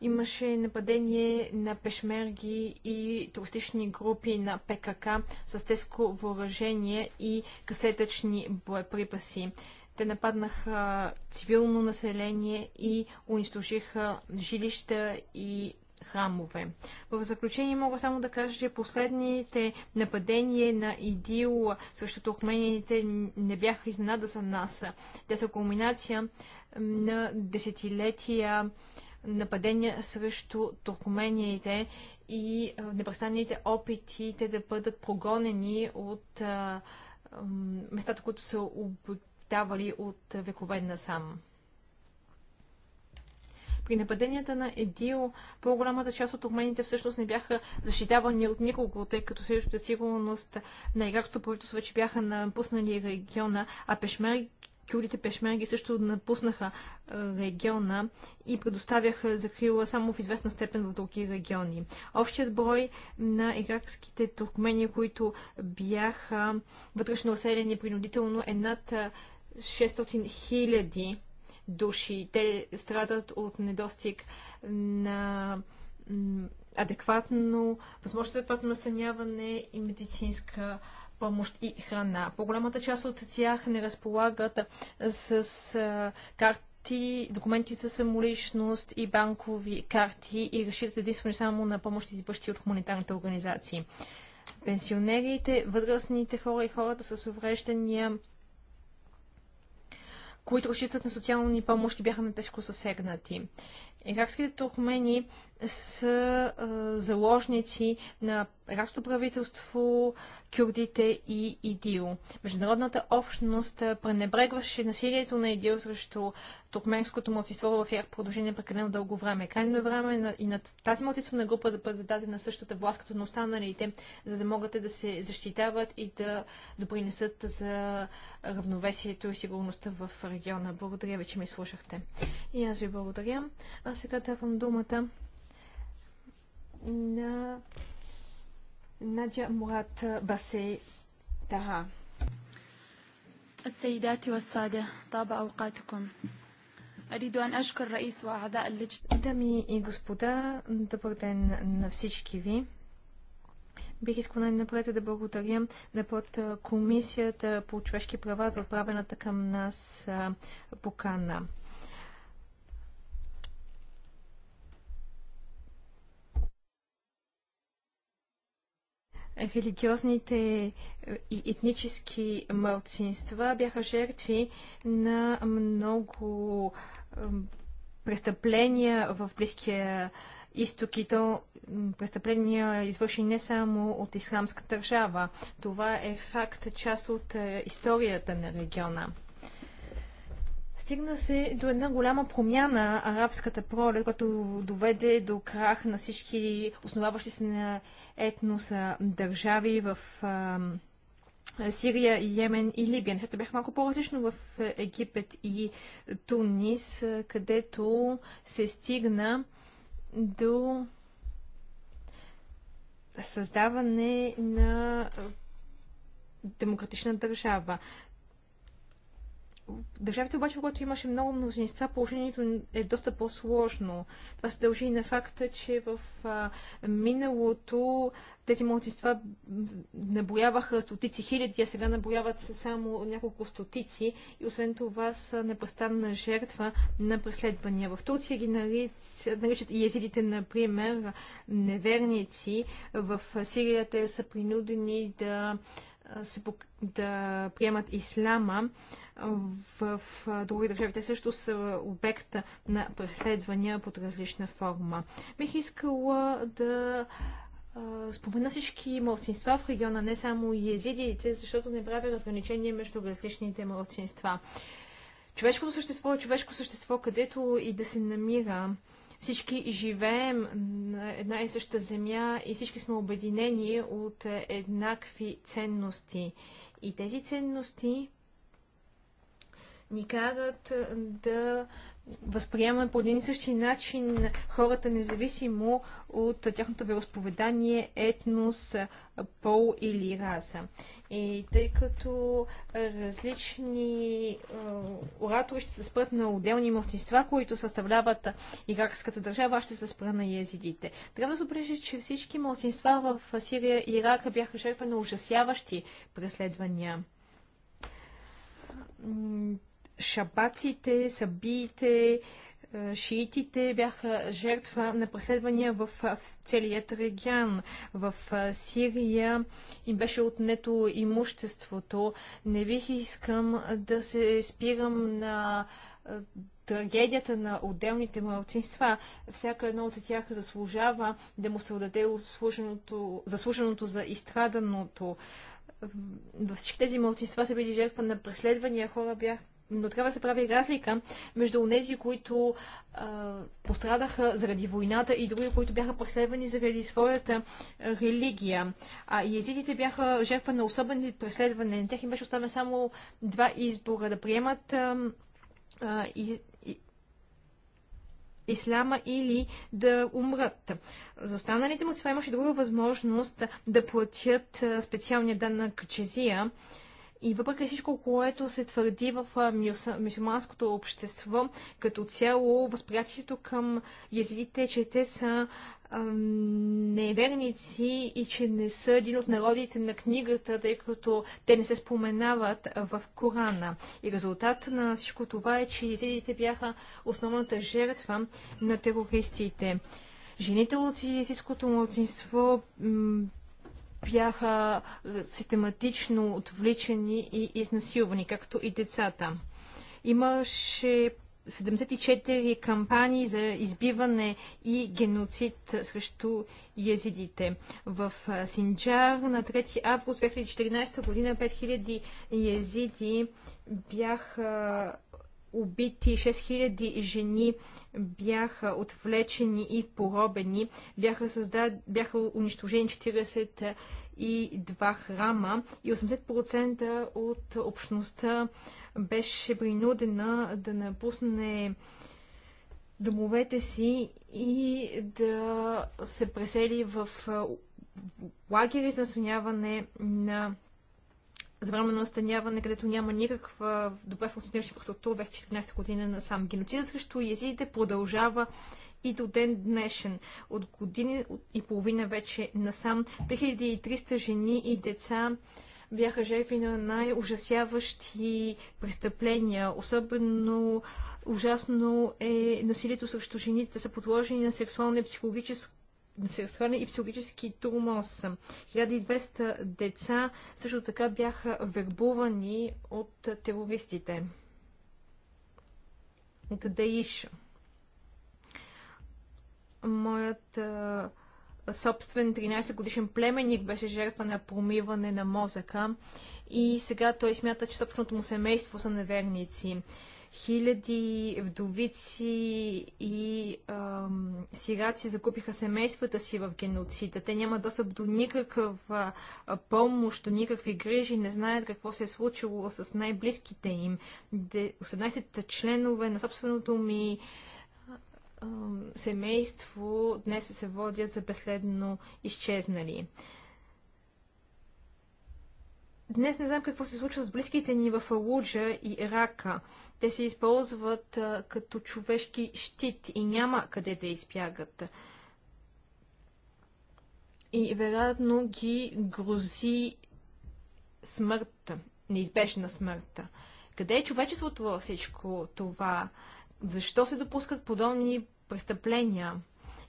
B: имаше нападение на пешмерги и туристични групи на ПКК с теско въоръжение и касетъчни боеприпаси. Те нападнаха цивилно население и унищожиха жилища и храмове. В заключение мога само да кажа, че последните нападения на ИДИЛ срещу туркмените не бяха изненада за нас. Те са кулминация на десетилетия нападения срещу туркомениите и непрестанните опити те да бъдат прогонени от местата, които са обитавали от векове насам. При нападенията на ЕДИЛ по-голямата част от турмените всъщност не бяха защитавани от никого, тъй като срещу сигурност на иракското правителство вече бяха напуснали региона, а пешмерите Кюрите пешменги също напуснаха региона и предоставяха закрила само в известна степен в други региони. Общият брой на иракските туркмени, които бяха вътрешно оселени принудително е над 600 хиляди души. Те страдат от недостиг на адекватно, възможност за адекватно настаняване и медицинска помощ и храна. По-голямата част от тях не разполагат с карта карти, документи за самоличност и банкови карти и разчитат единствено само на помощ идващи от хуманитарните организации. Пенсионерите, възрастните хора и хората с увреждания, които разчитат на социални помощи, бяха на тежко съсегнати. Иракските туркмени са а, заложници на арабското правителство, кюрдите и ИДИЛ. Международната общност пренебрегваше насилието на ИДИЛ срещу туркменското младсинство в Ирак продължение прекалено дълго време. Крайно е време на, и на тази младсинствена група да бъде дадена същата власт като на останалите, за да могат да се защитават и да допринесат за равновесието и сигурността в региона. Благодаря ви, че ме слушахте. И аз ви благодаря. А сега давам думата на Надя Мурат Басе Таха. السيدات والسادة طاب أوقاتكم أريد أن أشكر رئيس وأعضاء اللجنة Дами и господа, добър ден на всички ви. Бих искал най-напред да благодаря на под Комисията по човешки права за отправената към нас покана. религиозните е, и етнически мълцинства бяха жертви на много престъпления в Близкия изток и то престъпления извършени не само от исламска държава. Това е факт, част от е, историята на региона. Стигна се до една голяма промяна арабската пролет, която доведе до крах на всички основаващи се на етноса държави в а, Сирия, Йемен и Либия. Нещата бяха малко по-различно в Египет и Тунис, където се стигна до създаване на демократична държава държавите обаче, когато имаше много мнозинства, положението е доста по-сложно. Това се дължи и на факта, че в а, миналото тези мнозинства набояваха стотици хиляди, а сега набояват само няколко стотици и освен това са непрестанна жертва на преследвания. В Турция ги наричат, и езидите, например, неверници. В Сирия те са принудени да, да приемат ислама в други държави. Те също са обект на преследвания под различна форма. Бих искала да спомена всички младсинства в региона, не само и езидиите, защото не правя разграничение между различните младсинства. Човешкото същество е човешко същество, където и да се намира. Всички живеем на една и съща земя и всички сме обединени от еднакви ценности. И тези ценности ни карат да възприемаме по един и същи начин хората, независимо от тяхното вероисповедание, етнос, пол или раса. И тъй като различни оратори ще се спрат на отделни мълчинства, които съставляват иракската държава, ще се спра на езидите. Трябва да се че всички мълтинства в Сирия и Ирака бяха жертва на ужасяващи преследвания шабаците, сабиите, е, шиитите бяха жертва на преследвания в целият регион. В Сирия им беше отнето имуществото. Не бих искам да се спирам на трагедията на отделните малцинства. Всяка една от тях заслужава да му се отдаде заслуженото, заслуженото за изстраданото във всички тези младсинства са били жертва на преследвания, хора бяха но трябва да се прави разлика между тези, които а, пострадаха заради войната и други, които бяха преследвани заради своята религия. А езидите бяха жертва на особени преследване. На тях им беше оставен само два избора да приемат а, а, и, исляма или да умрат. За останалите му това имаше друга възможност да платят специалния дан на Качезия, и въпреки всичко, което се твърди в мюсюлманското общество, като цяло възприятието към езидите, че те са неверници и че не са един от народите на книгата, тъй като те не се споменават в Корана. И резултат на всичко това е, че езидите бяха основната жертва на терористите. Жените от езидското младсинство бяха е, систематично отвличани и изнасилвани, както и децата. Имаше 74 кампании за избиване и геноцид срещу езидите. В е, Синджар на 3 август 2014 година 5000 езиди бяха убити, 6000 жени бяха отвлечени и поробени, бяха, създад... бяха унищожени 42 храма и 80% от общността беше принудена да напусне домовете си и да се пресели в лагери за съняване на за време на настаняване, където няма никаква добре функционираща инфраструктура та година на сам. Геноцидът срещу езидите продължава и до ден днешен. От години и половина вече насам 3300 жени и деца бяха жертви на най-ужасяващи престъпления. Особено ужасно е насилието срещу жените. Са подложени на сексуално и психологическо сексуален и психологически турмоз. 1200 деца също така бяха вербувани от терористите. От Даиш. Моят а, собствен 13 годишен племенник беше жертва на промиване на мозъка и сега той смята, че собственото му семейство са неверници. Хиляди вдовици и ам, сираци закупиха семействата си в геноцида. Те нямат достъп до никаква помощ, до никакви грижи, не знаят какво се е случило с най-близките им. 18-те членове на собственото ми ам, семейство днес се водят за безследно изчезнали. Днес не знам какво се случва с близките ни в Алуджа и Ирака. Те се използват а, като човешки щит и няма къде да избягат. И вероятно ги грози смърт, неизбежна смърт. Къде е човечеството във всичко това? Защо се допускат подобни престъпления?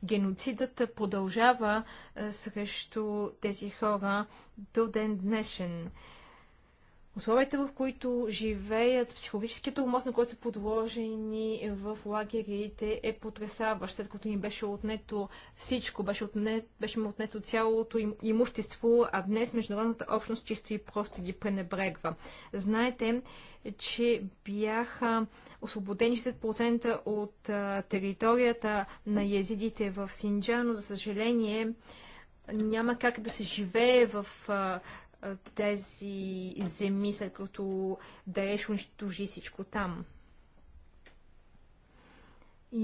B: Геноцидът продължава а, срещу тези хора до ден днешен условията, в които живеят, психологическите умос, на които са подложени в лагерите, е потрясаващ, след като им беше отнето всичко, беше, отнет, беше му отнето цялото им имущество, а днес международната общност чисто и просто ги пренебрегва. Знаете, че бяха освободени 60% от а, територията на езидите в Синджа, но за съжаление няма как да се живее в а, тези земи, след като Даеш унищожи всичко там.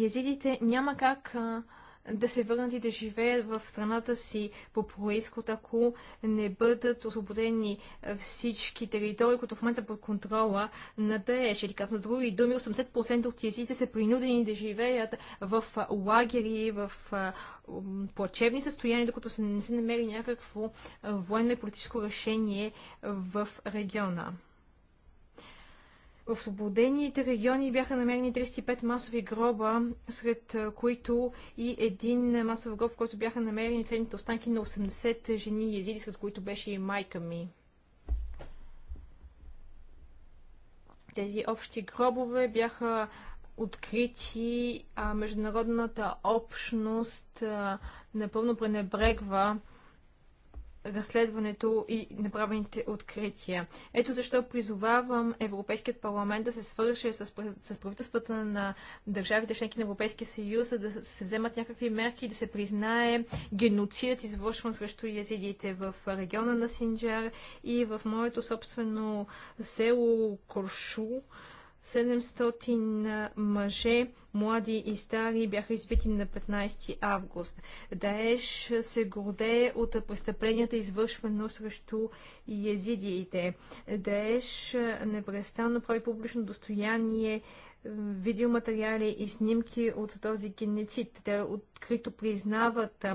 B: Езидите няма как а, да се върнат и да живеят в страната си по происход, ако не бъдат освободени всички територии, които в момента са под контрола на ДАЕШ. Или казано други думи, 80% от езите са принудени да живеят в лагери, в плачевни състояния, докато не се намери някакво военно и политическо решение в региона. В освободените региони бяха намерени 35 масови гроба, сред които и един масов гроб, в който бяха намерени следните останки на 80 жени и езиди, сред които беше и майка ми. Тези общи гробове бяха открити, а международната общност напълно пренебрегва разследването и направените открития. Ето защо призовавам Европейският парламент да се свърши с, с правителствата на държавите членки на Европейския съюз, за да се вземат някакви мерки и да се признае геноцидът, извършван срещу язидите в региона на Синджар и в моето собствено село Коршу 700 мъже, млади и стари, бяха избити на 15 август. Даеш се гордее от престъпленията, извършвано срещу езидиите. Даеш непрестанно прави публично достояние видеоматериали и снимки от този геноцид. Те открито признават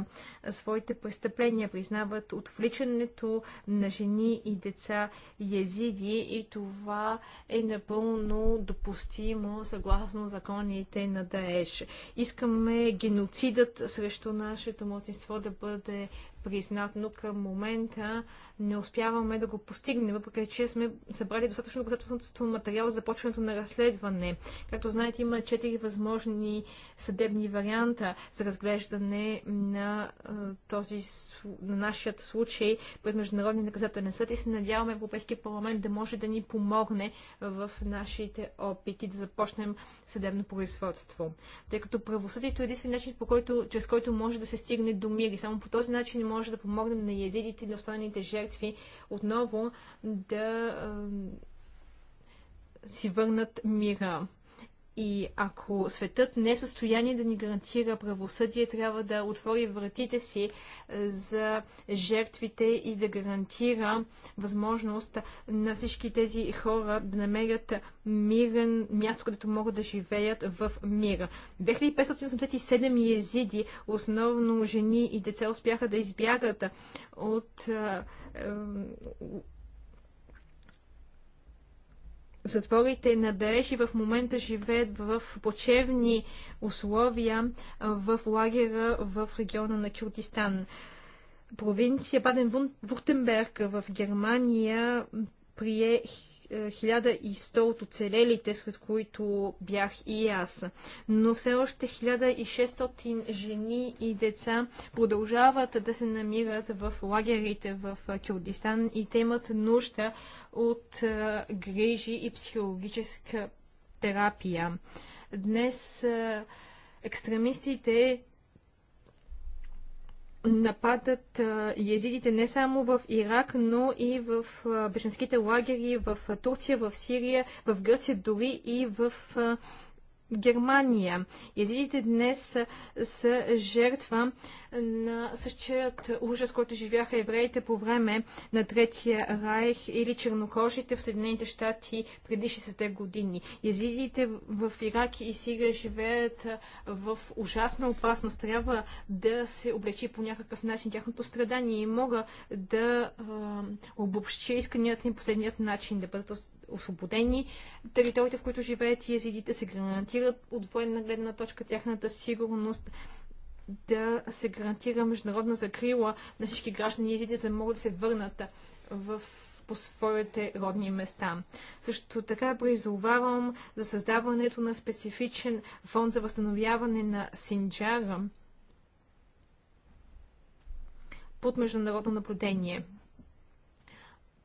B: своите престъпления, признават отвличането на жени и деца езиди и това е напълно допустимо съгласно законите на Даеш. Искаме геноцидът срещу нашето младсинство да бъде признат, но към момента не успяваме да го постигнем, въпреки че сме събрали достатъчно доказателство материал за започването на разследване. Както знаете, има четири възможни съдебни варианта за разглеждане на този, на нашия случай пред Международния наказателен съд и се надяваме Европейския парламент да може да ни помогне в нашите опити да започнем съдебно производство. Тъй като правосъдието е единствен начин, по който, чрез който може да се стигне до мир и само по този начин може може да помогнем на язидите и на останалите жертви отново да си върнат мира. И ако светът не е в състояние да ни гарантира правосъдие, трябва да отвори вратите си е, за жертвите и да гарантира възможност на всички тези хора да намерят мирен място, където могат да живеят в мира. 2587 езиди, основно жени и деца, успяха да избягат от е, е, затворите на Даеш и в момента живеят в почевни условия в лагера в региона на Кюртистан. Провинция баден вуртенберг в Германия прие 1100 от оцелелите, сред които бях и аз. Но все още 1600 жени и деца продължават да се намират в лагерите в Кюрдистан и те имат нужда от грижи и психологическа терапия. Днес екстремистите нападат езидите не само в Ирак, но и в беженските лагери в Турция, в Сирия, в Гърция, дори и в Германия. Езидите днес са жертва на същият ужас, който живяха евреите по време на Третия райх или чернокожите в Съединените щати преди 60-те години. Езидите в Ирак и Сирия живеят в ужасна опасност. Трябва да се облечи по някакъв начин тяхното страдание и мога да а, обобщя исканията им последният начин да бъдат освободени. Териториите, в които живеят езидите, се гарантират от военна гледна точка тяхната сигурност да се гарантира международна закрила на всички граждани езиди, за да могат да се върнат в по своите родни места. Също така призовавам за създаването на специфичен фонд за възстановяване на Синджара под международно наблюдение.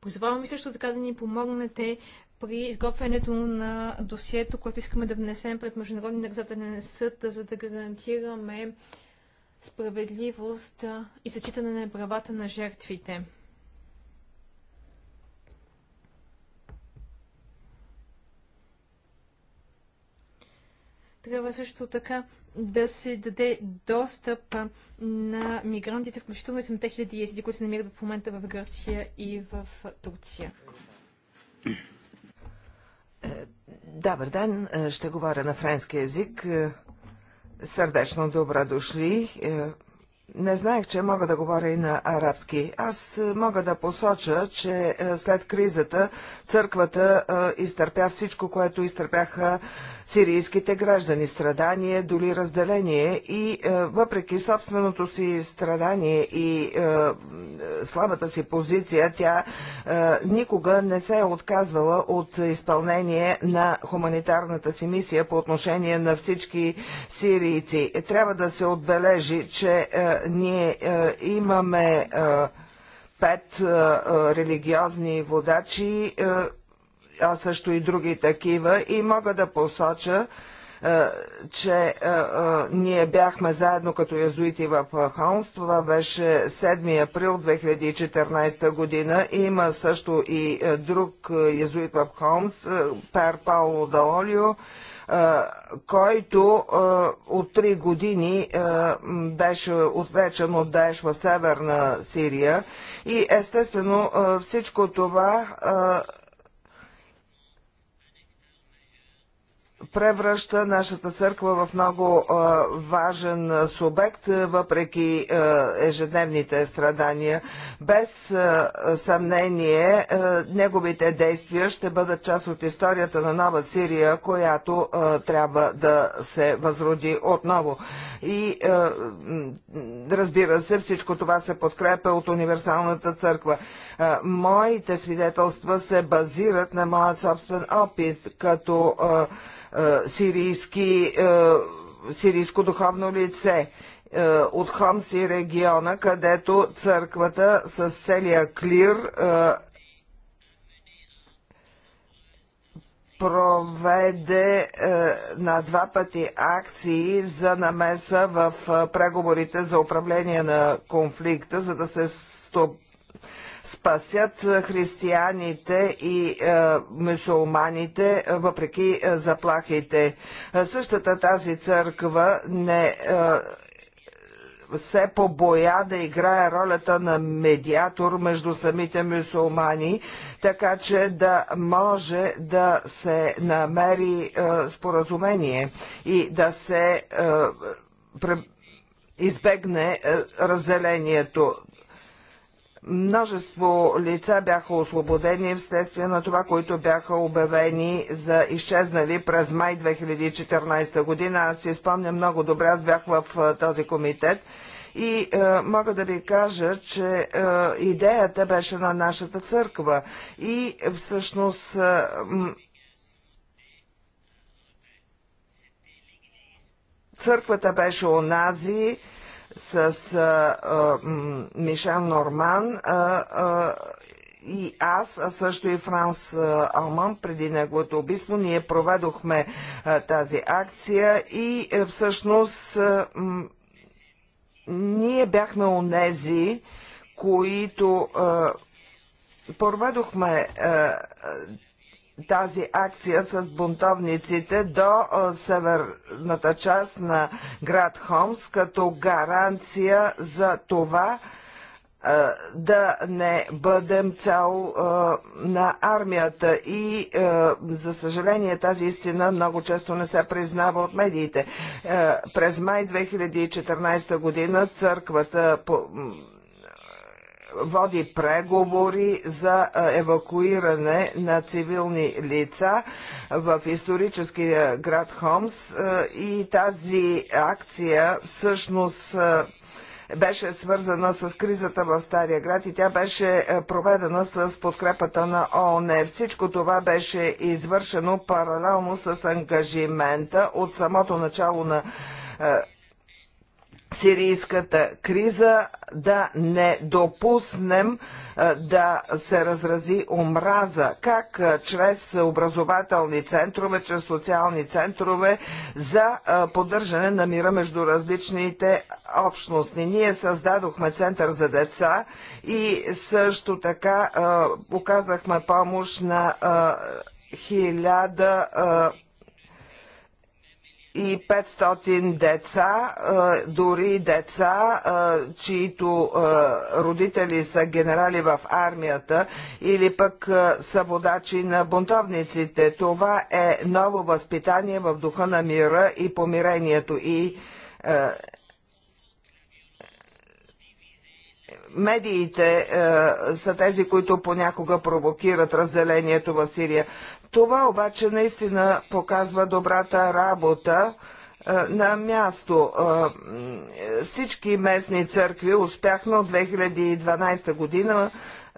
B: Позволявам ви също така да ни помогнете при изготвянето на досието, което искаме да внесем пред Международния наказателен съд, за да гарантираме справедливост и зачитане на правата на жертвите. Трябва също така да се даде достъп на мигрантите, включително и 7 хиляди езиди, които се намират в момента в Гърция и в Турция.
C: Е, добър ден, е, ще говоря на френски язик. Е, сърдечно добре дошли. Не знаех, че мога да говоря и на арабски. Аз е, мога да посоча, че е, след кризата църквата е, изтърпя всичко, което изтърпяха сирийските граждани. Страдание, доли разделение и въпреки собственото си страдание и слабата си позиция, тя никога не се е отказвала от изпълнение на хуманитарната си мисия по отношение на всички сирийци. Трябва да се отбележи, че ние е, имаме е, пет е, религиозни водачи, а също и други такива, и мога да посоча, че а, а, ние бяхме заедно като язуити в Холмс. Това беше 7 април 2014 година. Има също и друг язуит в Холмс, Пер Пауло Далолио който от три години беше отвлечен от Даеш в Северна Сирия. И естествено всичко това превръща нашата църква в много а, важен субект, въпреки а, ежедневните страдания. Без а, съмнение, а, неговите действия ще бъдат част от историята на нова Сирия, която а, трябва да се възроди отново. И а, разбира се, всичко това се подкрепя от универсалната църква моите свидетелства се базират на моят собствен опит, като а, е, сирийски, е, сирийско духовно лице е, от Хомс и региона, където църквата с целия клир проведе на два пъти акции за намеса в преговорите за управление на конфликта, за да се стоп спасят е, християните и е, мусулманите, е, въпреки заплахите. Същата тази църква не се побоя да играе ролята на медиатор между самите мусулмани, така че да може да се намери е, споразумение и да се е, избегне е, разделението. Множество лица бяха освободени вследствие на това, които бяха обявени за изчезнали през май 2014 година. Аз си спомня много добре, аз бях в този комитет. И е, мога да ви кажа, че е, идеята беше на нашата църква. И всъщност. Е, църквата беше онази, с Мишел Норман и аз, а също и Франс Алман преди неговото убийство, ние проведохме а, тази акция и а, е, всъщност а, ние бяхме онези, които а, проведохме тази акция с бунтовниците до северната част на град Холмс като гаранция за това да не бъдем цел на армията. И, за съжаление, тази истина много често не се признава от медиите. През май 2014 година църквата води преговори за евакуиране на цивилни лица в историческия град Хомс и тази акция всъщност беше свързана с кризата в Стария град и тя беше проведена с подкрепата на ООН. Всичко това беше извършено паралелно с ангажимента от самото начало на сирийската криза, да не допуснем да се разрази омраза. Как чрез образователни центрове, чрез социални центрове за поддържане на мира между различните общности. Ние създадохме център за деца и също така оказахме помощ на хиляда и 500 деца, дори деца, чието родители са генерали в армията или пък са водачи на бунтовниците. Това е ново възпитание в духа на мира и помирението и медиите е, са тези, които понякога провокират разделението в Сирия. Това обаче наистина показва добрата работа е, на място. Е, всички местни църкви успяхме от 2012 година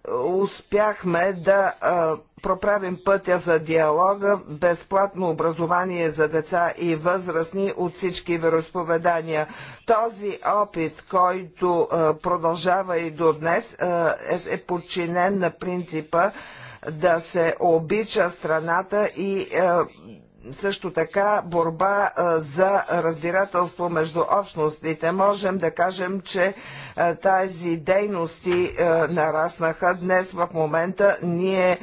C: е, успяхме да проправим пътя за диалога, безплатно образование за деца и възрастни от всички вероисповедания. Този опит, който продължава и до днес, е подчинен на принципа да се обича страната и е, също така борба е, за разбирателство между общностите. Можем да кажем, че е, тази дейности нараснаха. Днес в момента ние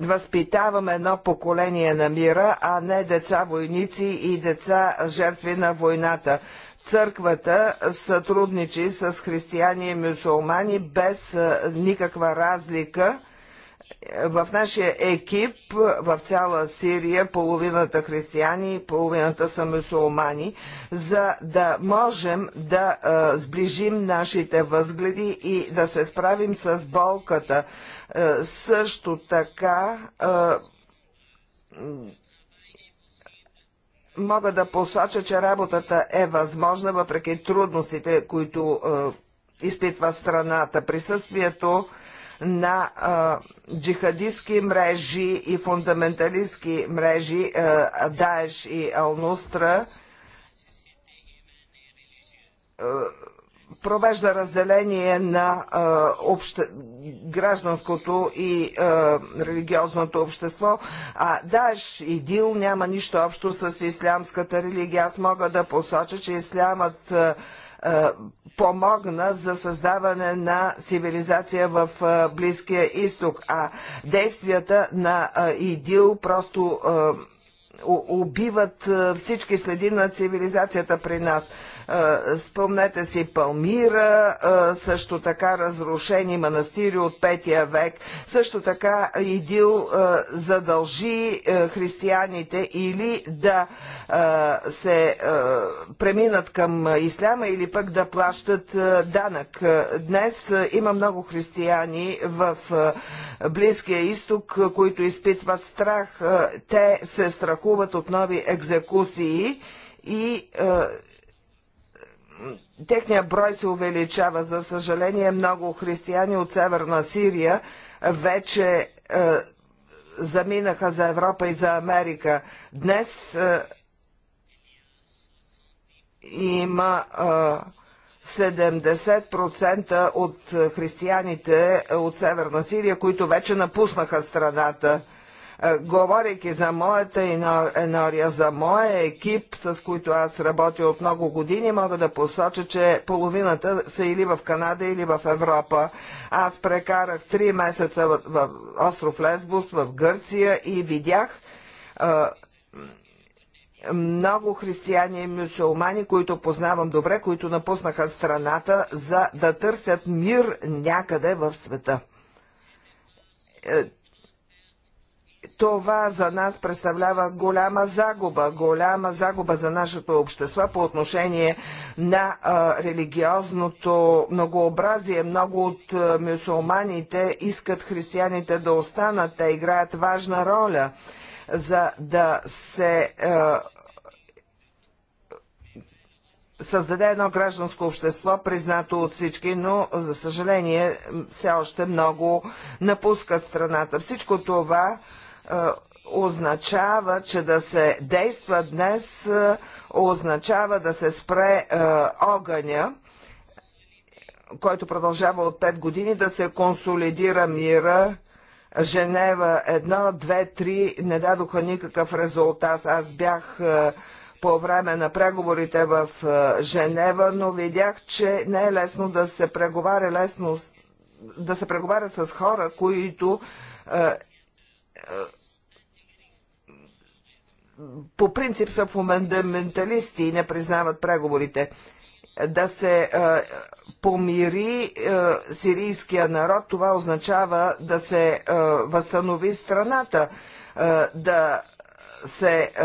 C: възпитаваме едно поколение на мира, а не деца войници и деца жертви на войната църквата сътрудничи с християни и мюсулмани без никаква разлика. В нашия екип в цяла Сирия половината християни, половината са мусулмани, за да можем да е, сближим нашите възгледи и да се справим с болката. Е, също така е, мога да посоча, че работата е възможна, въпреки трудностите, които е, изпитва страната. Присъствието на е, джихадистски мрежи и фундаменталистски мрежи, е, Даеш и Алнустра, е, провежда разделение на а, обще... гражданското и а, религиозното общество. А Даш и Дил няма нищо общо с ислямската религия. Аз мога да посоча, че ислямът а, помогна за създаване на цивилизация в Близкия изток, а действията на ИДИЛ просто убиват всички следи на цивилизацията при нас. Спомнете си Палмира, също така разрушени манастири от 5 век. Също така Идил задължи християните или да се преминат към исляма или пък да плащат данък. Днес има много християни в Близкия изток, които изпитват страх. Те се страхуват от нови екзекуции и Техният брой се увеличава. За съжаление, много християни от Северна Сирия вече е, заминаха за Европа и за Америка. Днес е, има е, 70% от християните от Северна Сирия, които вече напуснаха страната. Е, говорейки за моята енория, за моя екип, с които аз работя от много години, мога да посоча, че половината са или в Канада, или в Европа. Аз прекарах три месеца в, в остров Лесбус, в Гърция и видях е, много християни и мюсулмани, които познавам добре, които напуснаха страната, за да търсят мир някъде в света. Е, това за нас представлява голяма загуба, голяма загуба за нашето общество по отношение на а, религиозното многообразие. Много от а, мюсулманите искат християните да останат, те играят важна роля за да се а, създаде едно гражданско общество, признато от всички, но за съжаление все още много напускат страната. Всичко това е, означава, че да се действа днес, е, означава да се спре е, огъня, който продължава от 5 години, да се консолидира мира, Женева 1, 2, 3 не дадоха никакъв резултат. Аз бях по време на преговорите в Женева, но видях, че не е лесно да се преговаря лесно да се преговаря с хора, които по принцип са фундаменталисти и не признават преговорите. Да се е, помири е, сирийския народ, това означава да се е, възстанови страната, е, да се е,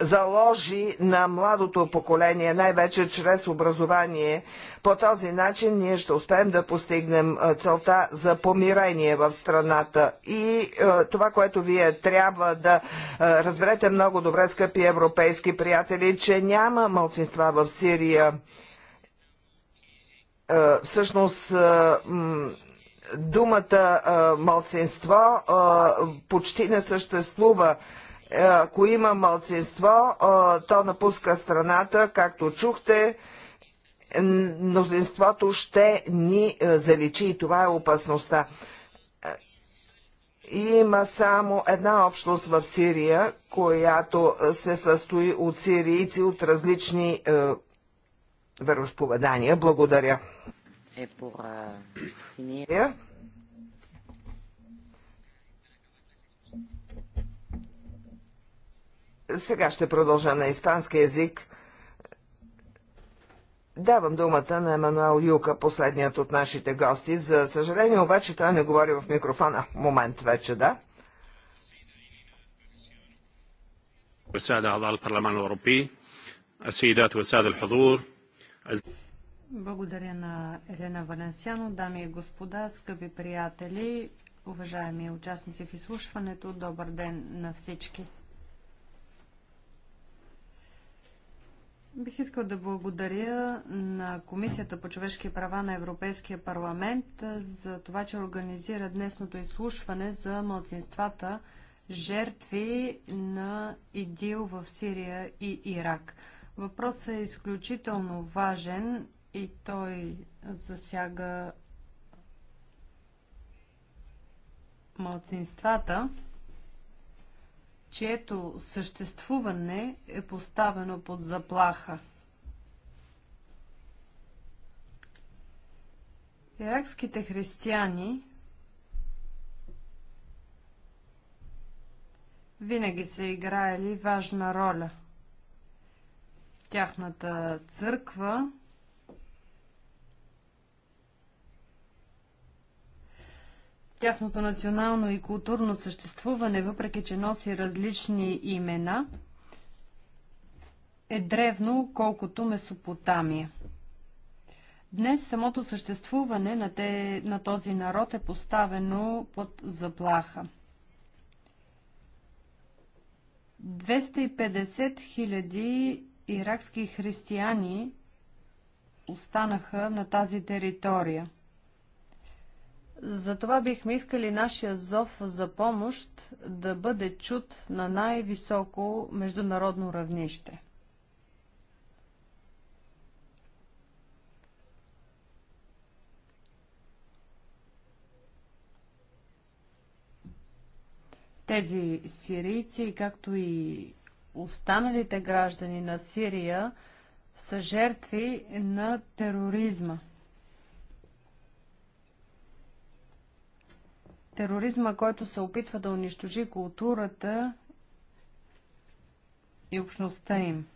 C: заложи на младото поколение, най-вече чрез образование. По този начин ние ще успеем да постигнем целта за помирение в страната. И това, което вие трябва да разберете много добре, скъпи европейски приятели, че няма малцинства в Сирия. всъщност, думата малцинство почти не съществува. Е, ако има мълцинство, е, то напуска страната, както чухте, мнозинството ще ни е, заличи и това е опасността. Има само една общност в Сирия, която се състои от сирийци от различни е, вероисповедания. Благодаря. Е, пора... Сега ще продължа на испански язик. Давам думата на Емануел Юка, последният от нашите гости. За съжаление, обаче той не говори в микрофона. Момент вече, да.
A: Благодаря на Елена Валенсиано, дами и господа, скъпи приятели, уважаеми участници в изслушването. Добър ден на всички. Бих искал да благодаря на Комисията по човешки права на Европейския парламент за това, че организира днесното изслушване за младсинствата жертви на ИДИЛ в Сирия и Ирак. Въпросът е изключително важен и той засяга младсинствата чието съществуване е поставено под заплаха. Иракските християни винаги са играели важна роля. Тяхната църква – тяхното национално и културно съществуване, въпреки че носи различни имена, е древно колкото Месопотамия. Днес самото съществуване на, те, на този народ е поставено под заплаха. 250 хиляди иракски християни останаха на тази територия. Затова бихме искали нашия зов за помощ да бъде чут на най-високо международно равнище. Тези сирийци, както и останалите граждани на Сирия, са жертви на тероризма. Тероризма, който се опитва да унищожи културата и общността им.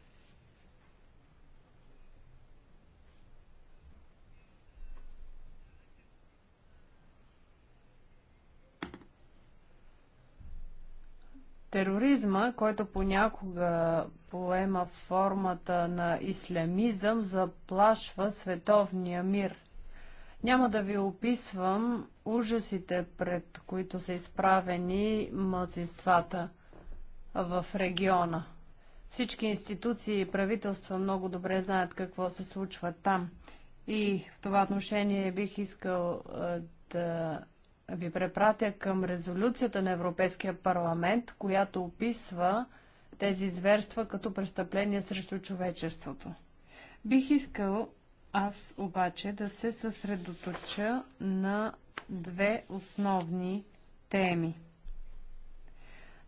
A: Тероризма, който понякога поема формата на ислямизъм, заплашва световния мир – няма да ви описвам ужасите, пред които са изправени мълцинствата в региона. Всички институции и правителства много добре знаят какво се случва там. И в това отношение бих искал да ви препратя към резолюцията на Европейския парламент, която описва тези зверства като престъпления срещу човечеството. Бих искал аз обаче да се съсредоточа на две основни теми.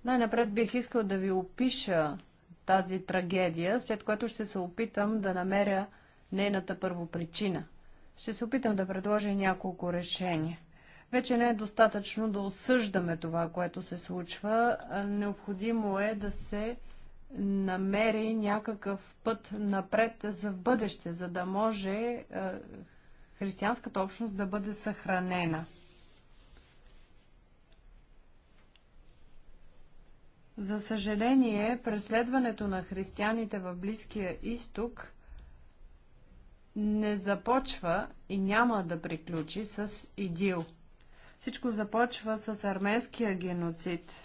A: Най-напред бих искал да ви опиша тази трагедия, след което ще се опитам да намеря нейната първопричина. Ще се опитам да предложа няколко решения. Вече не е достатъчно да осъждаме това, което се случва. Необходимо е да се намери някакъв път напред за в бъдеще, за да може е, християнската общност да бъде съхранена. За съжаление, преследването на християните в Близкия изток не започва и няма да приключи с идил. Всичко започва с арменския геноцид –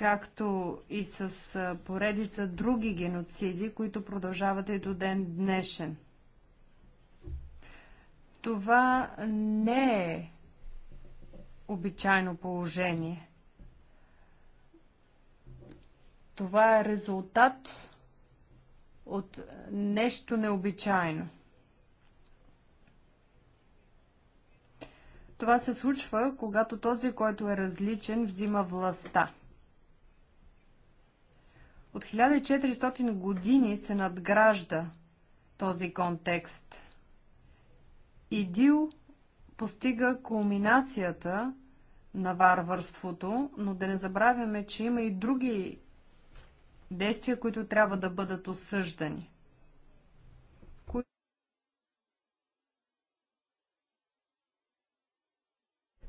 A: както и с поредица други геноциди, които продължават и до ден днешен. Това не е обичайно положение. Това е резултат от нещо необичайно. Това се случва, когато този, който е различен, взима властта. От 1400 години се надгражда този контекст. Идил постига кулминацията на варварството, но да не забравяме, че има и други действия, които трябва да бъдат осъждани.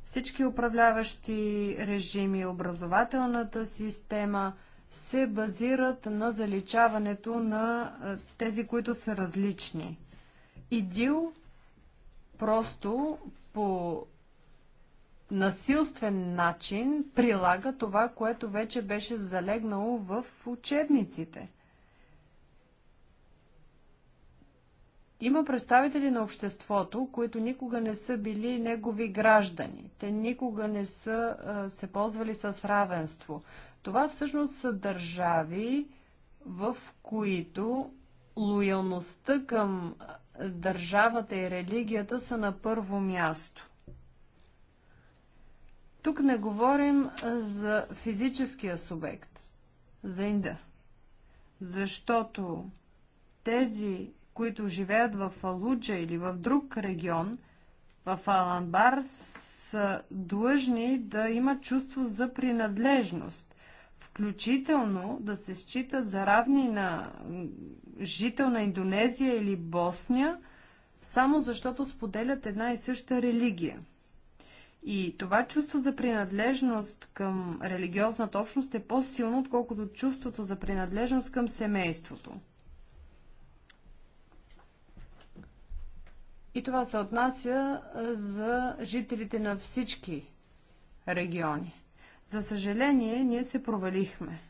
A: Всички управляващи режими, образователната система – се базират на заличаването на тези, които са различни. ИДИЛ просто по насилствен начин прилага това, което вече беше залегнало в учебниците. Има представители на обществото, които никога не са били негови граждани. Те никога не са а, се ползвали с равенство. Това всъщност са държави, в които лоялността към държавата и религията са на първо място. Тук не говорим за физическия субект, за Инда, защото тези, които живеят в Алуджа или в друг регион, в Аланбар, са длъжни да имат чувство за принадлежност включително да се считат за равни на жител на Индонезия или Босния, само защото споделят една и съща религия. И това чувство за принадлежност към религиозната общност е по-силно, отколкото чувството за принадлежност към семейството. И това се отнася за жителите на всички региони. За съжаление, ние се провалихме.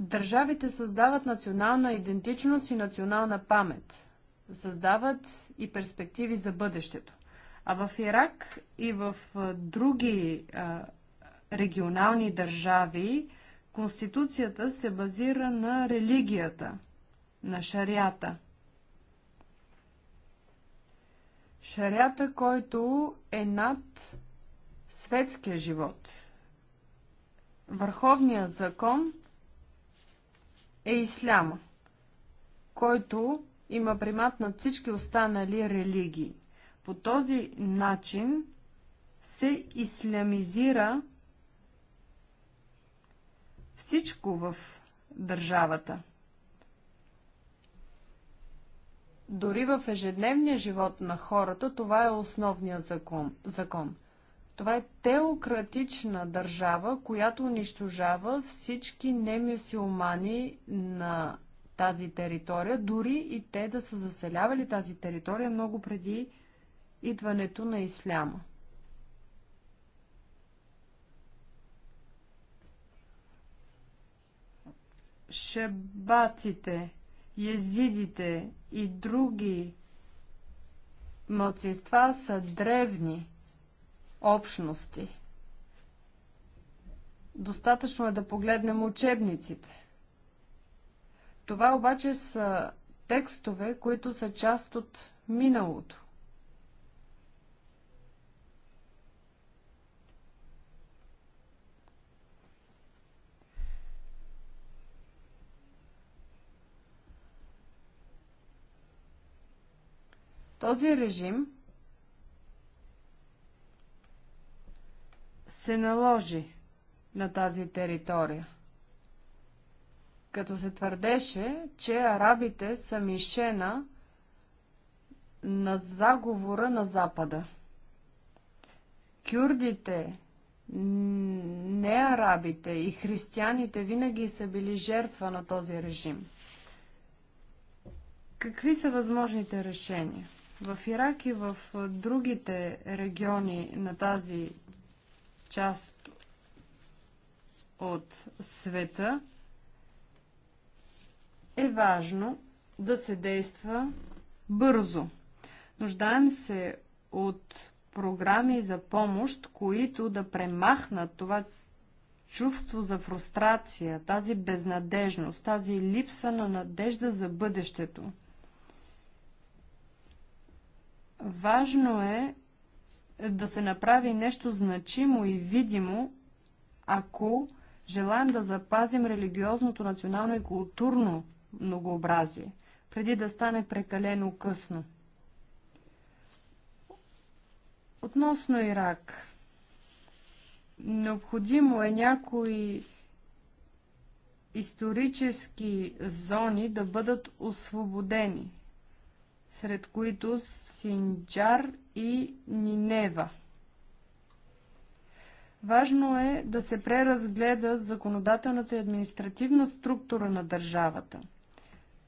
A: Държавите създават национална идентичност и национална памет. Създават и перспективи за бъдещето. А в Ирак и в други а, регионални държави Конституцията се базира на религията, на шарията – Шарята, който е над светския живот. Върховният закон е исляма, който има примат над всички останали религии. По този начин се ислямизира всичко в държавата. Дори в ежедневния живот на хората това е основният закон. закон. Това е теократична държава, която унищожава всички немюсюлмани на тази територия, дори и те да са заселявали тази територия много преди идването на исляма. Шебаците, езидите, и други мълцинства са древни общности. Достатъчно е да погледнем учебниците. Това обаче са текстове, които са част от миналото. Този режим се наложи на тази територия, като се твърдеше, че арабите са мишена на заговора на Запада. Кюрдите, не арабите и християните винаги са били жертва на този режим. Какви са възможните решения? В Ирак и в другите региони на тази част от света е важно да се действа бързо. Нуждаем се от програми за помощ, които да премахнат това чувство за фрустрация, тази безнадежност, тази липса на надежда за бъдещето. Важно е да се направи нещо значимо и видимо, ако желаем да запазим религиозното, национално и културно многообразие, преди да стане прекалено късно. Относно Ирак, необходимо е някои исторически зони да бъдат освободени – сред които Синджар и Нинева. Важно е да се преразгледа законодателната и административна структура на държавата,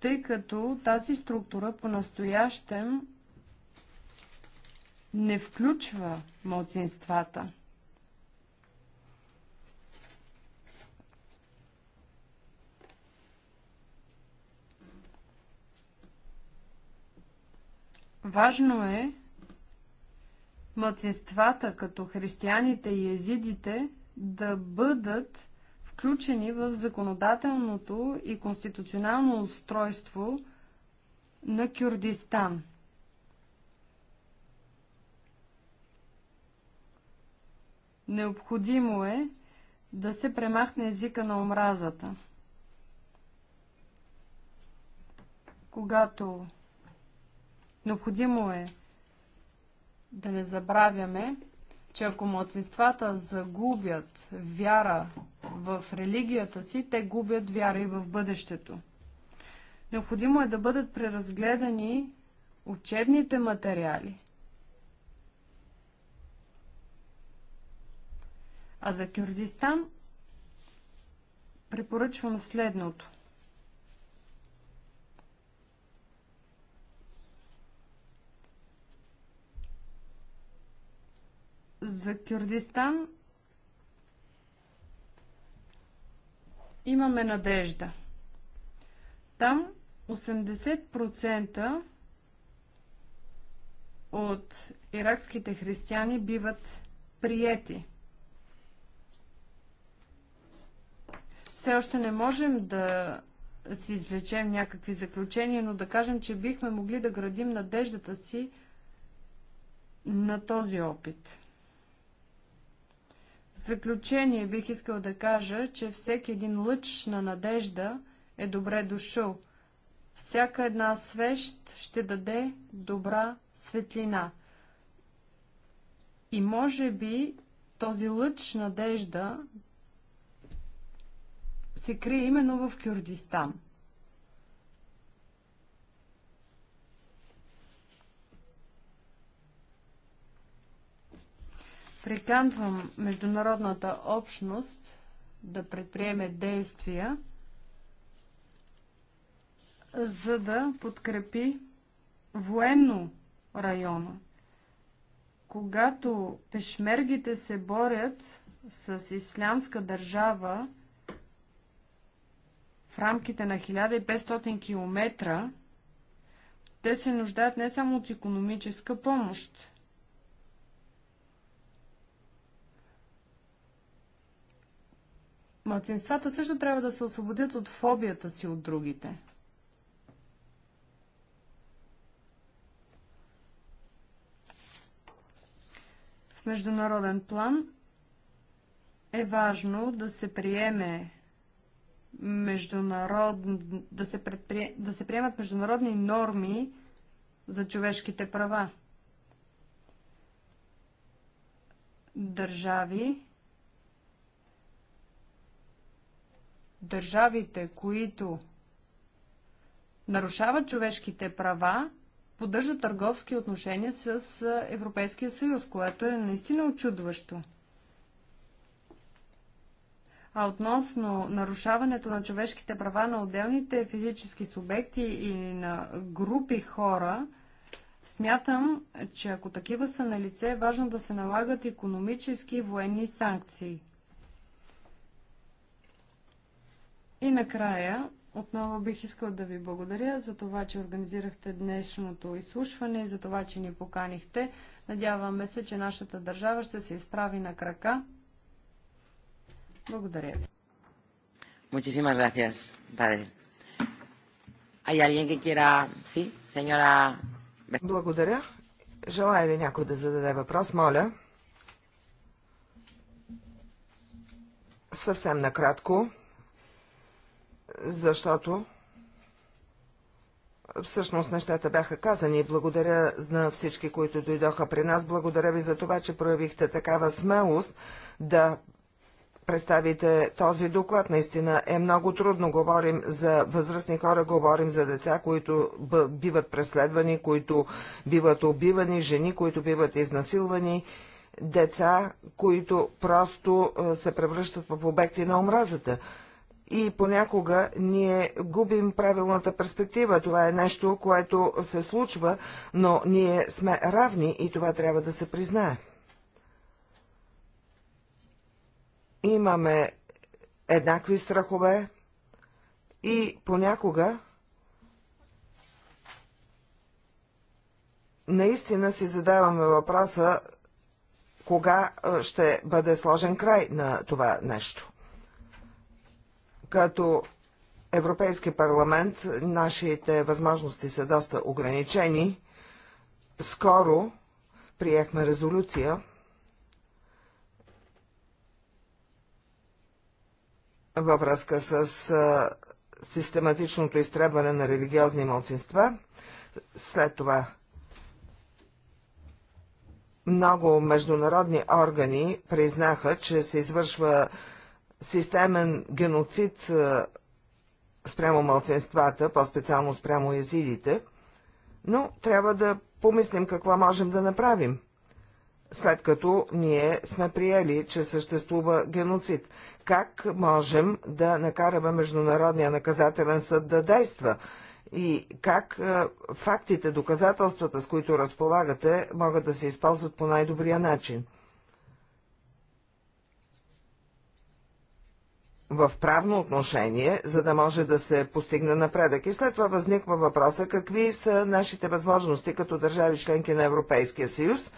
A: тъй като тази структура по-настоящем не включва младсинствата. Важно е младсинствата, като християните и езидите, да бъдат включени в законодателното и конституционално устройство на Кюрдистан. Необходимо е да се премахне езика на омразата. Когато Необходимо е да не забравяме, че ако младсинствата загубят вяра в религията си, те губят вяра и в бъдещето. Необходимо е да бъдат преразгледани учебните материали. А за Кюрдистан препоръчвам следното. За Кюрдистан имаме надежда. Там 80% от иракските християни биват приети. Все още не можем да си извлечем някакви заключения, но да кажем, че бихме могли да градим надеждата си на този опит. В заключение бих искал да кажа, че всеки един лъч на надежда е добре дошъл. Всяка една свещ ще даде добра светлина. И може би този лъч надежда се крие именно в Кюрдистан. приканвам международната общност да предприеме действия, за да подкрепи военно района. Когато пешмергите се борят с ислямска държава в рамките на 1500 км, те се нуждаят не само от економическа помощ, Малцинствата също трябва да се освободят от фобията си от другите. В международен план е важно да се приеме международ... да се, предприе, да се приемат международни норми за човешките права. Държави, държавите, които нарушават човешките права, поддържат търговски отношения с Европейския съюз, което е наистина очудващо. А относно нарушаването на човешките права на отделните физически субекти или на групи хора, смятам, че ако такива са на лице, е важно да се налагат економически и военни санкции. И накрая, отново бих искал да ви благодаря за това, че организирахте днешното изслушване и за това, че ни поканихте. Надяваме се, че нашата държава ще се изправи на крака. Благодаря ви. Muchísimas gracias, padre.
C: ¿Hay alguien que quiera? Sí, señora. Благодаря. Желая ли някой да зададе въпрос? Моля. Съвсем накратко защото всъщност нещата бяха казани. Благодаря на всички, които дойдоха при нас. Благодаря ви за това, че проявихте такава смелост да представите този доклад. Наистина е много трудно. Говорим за възрастни хора, говорим за деца, които биват преследвани, които биват убивани, жени, които биват изнасилвани, деца, които просто се превръщат в обекти на омразата и понякога ние губим правилната перспектива. Това е нещо, което се случва, но ние сме равни и това трябва да се признае. Имаме еднакви страхове и понякога наистина си задаваме въпроса кога ще бъде сложен край на това нещо като Европейски парламент нашите възможности са доста ограничени. Скоро приехме резолюция във връзка с систематичното изтребване на религиозни младсинства. След това много международни органи признаха, че се извършва системен геноцид спрямо мълценствата, по-специално спрямо езидите, но трябва да помислим какво можем да направим, след като ние сме приели, че съществува геноцид. Как можем да накараме Международния наказателен съд да действа? и как фактите, доказателствата, с които разполагате, могат да се използват по най-добрия начин. в правно отношение, за да може да се постигне напредък. И след това възниква въпроса какви са нашите възможности като държави членки на Европейския съюз.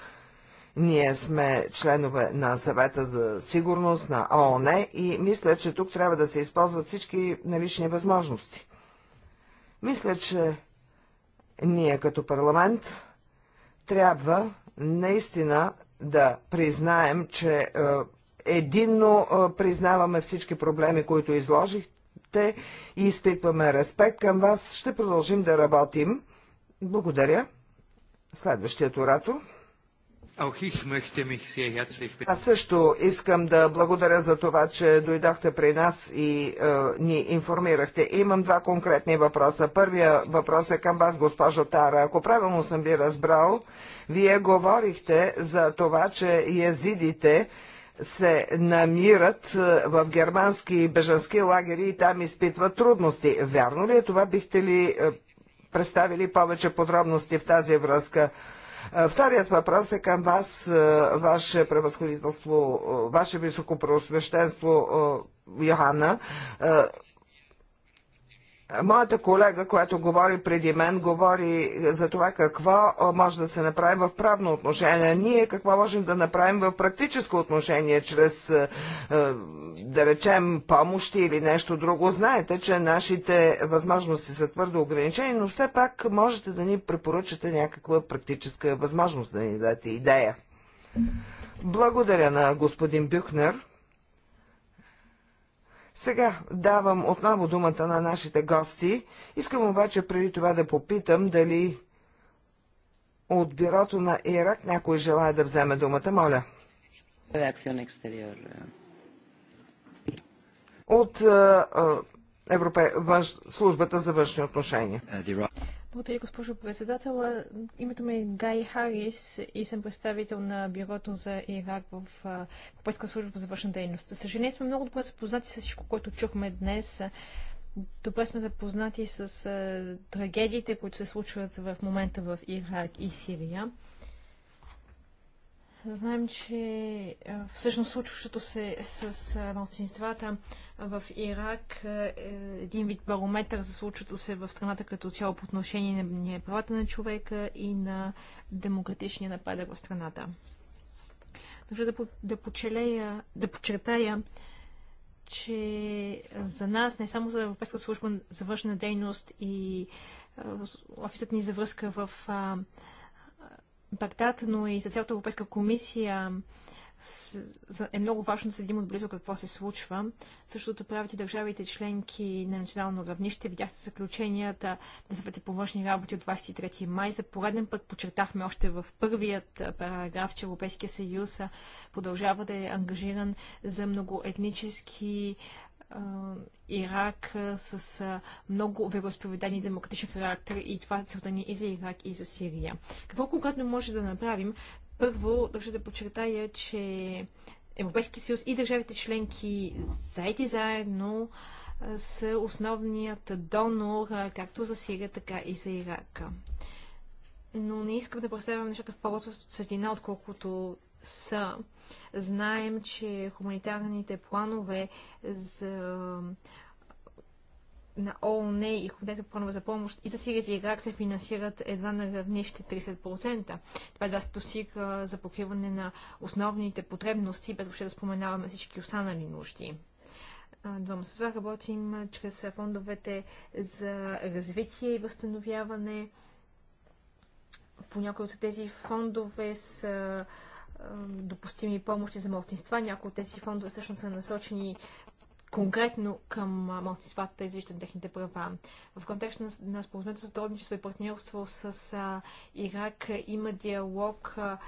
C: Ние сме членове на съвета за сигурност на ООН и мисля, че тук трябва да се използват всички налични възможности. Мисля, че ние като парламент трябва наистина да признаем, че е, единно признаваме всички проблеми, които изложихте и изпитваме респект към вас. Ще продължим да работим. Благодаря. Следващият оратор. Аз също искам да благодаря за това, че дойдахте при нас и е, ни информирахте. Имам два конкретни въпроса. Първия въпрос е към вас, госпожо Тара. Ако правилно съм ви разбрал, вие говорихте за това, че язидите се намират е, в германски бежански лагери и там изпитват трудности. Вярно ли е това? Бихте ли е, представили повече подробности в тази връзка? Е, вторият въпрос е към вас, ваше превъзходителство, ваше високопросвещенство Йоханна. Моята колега, която говори преди мен, говори за това какво може да се направи в правно отношение. Ние какво можем да направим в практическо отношение, чрез, е, е, да речем, помощи или нещо друго. Знаете, че нашите възможности са твърдо ограничени, но все пак можете да ни препоръчате някаква практическа възможност да ни дадете идея. Благодаря на господин Бюхнер. Сега давам отново думата на нашите гости. Искам обаче преди това да попитам дали от бюрото на Ирак някой желая да вземе думата. Моля. От а, Европе... външ... службата за външни отношения. Е,
B: благодаря, госпожо председател. Името ми е Гай Харис и съм представител на бюрото за Ирак в Европейска служба за външна дейност. Съжаление сме много добре запознати с всичко, което чухме днес. Добре сме запознати с трагедиите, които се случват в момента в Ирак и Сирия. Знаем, че е, всъщност случващото се с е, младсинствата в Ирак е, един вид барометър за случващото се в страната като цяло по отношение на правата на човека и на демократичния нападък в страната. Държа да, да, почелея, да подчертая, че за нас, не само за Европейска служба за външна дейност и офисът ни за връзка в Багдад, но и за цялата Европейска комисия е много важно да следим отблизо какво се случва. Същото правите държавите членки на национално равнище. Видяхте заключенията на съвета по външни работи от 23 май. За пореден път подчертахме още в първият параграф, че Европейския съюз продължава да е ангажиран за многоетнически Ирак с много вероисповедани демократичен характер и това е целта ни и за Ирак, и за Сирия. Какво конкретно може да направим? Първо, държа да подчертая, че Европейския съюз и държавите членки заети заедно са основният донор както за Сирия, така и за Ирак. Но не искам да представям нещата в по-лоса светлина, отколкото са. Знаем, че хуманитарните планове за на ООН и хубавите планове за помощ и за Сирия за Ирак се финансират едва на равнище 30%. Това едва се достига за покриване на основните потребности, без въобще да споменаваме всички останали нужди. Двама с това работим чрез фондовете за развитие и възстановяване. По някои от тези фондове са допустими помощи за малцинства. Някои от тези фондове всъщност са насочени конкретно към малцинствата, изричат техните права. В контекст на, на споразумението за сътрудничество и партньорство с а, Ирак има диалог а,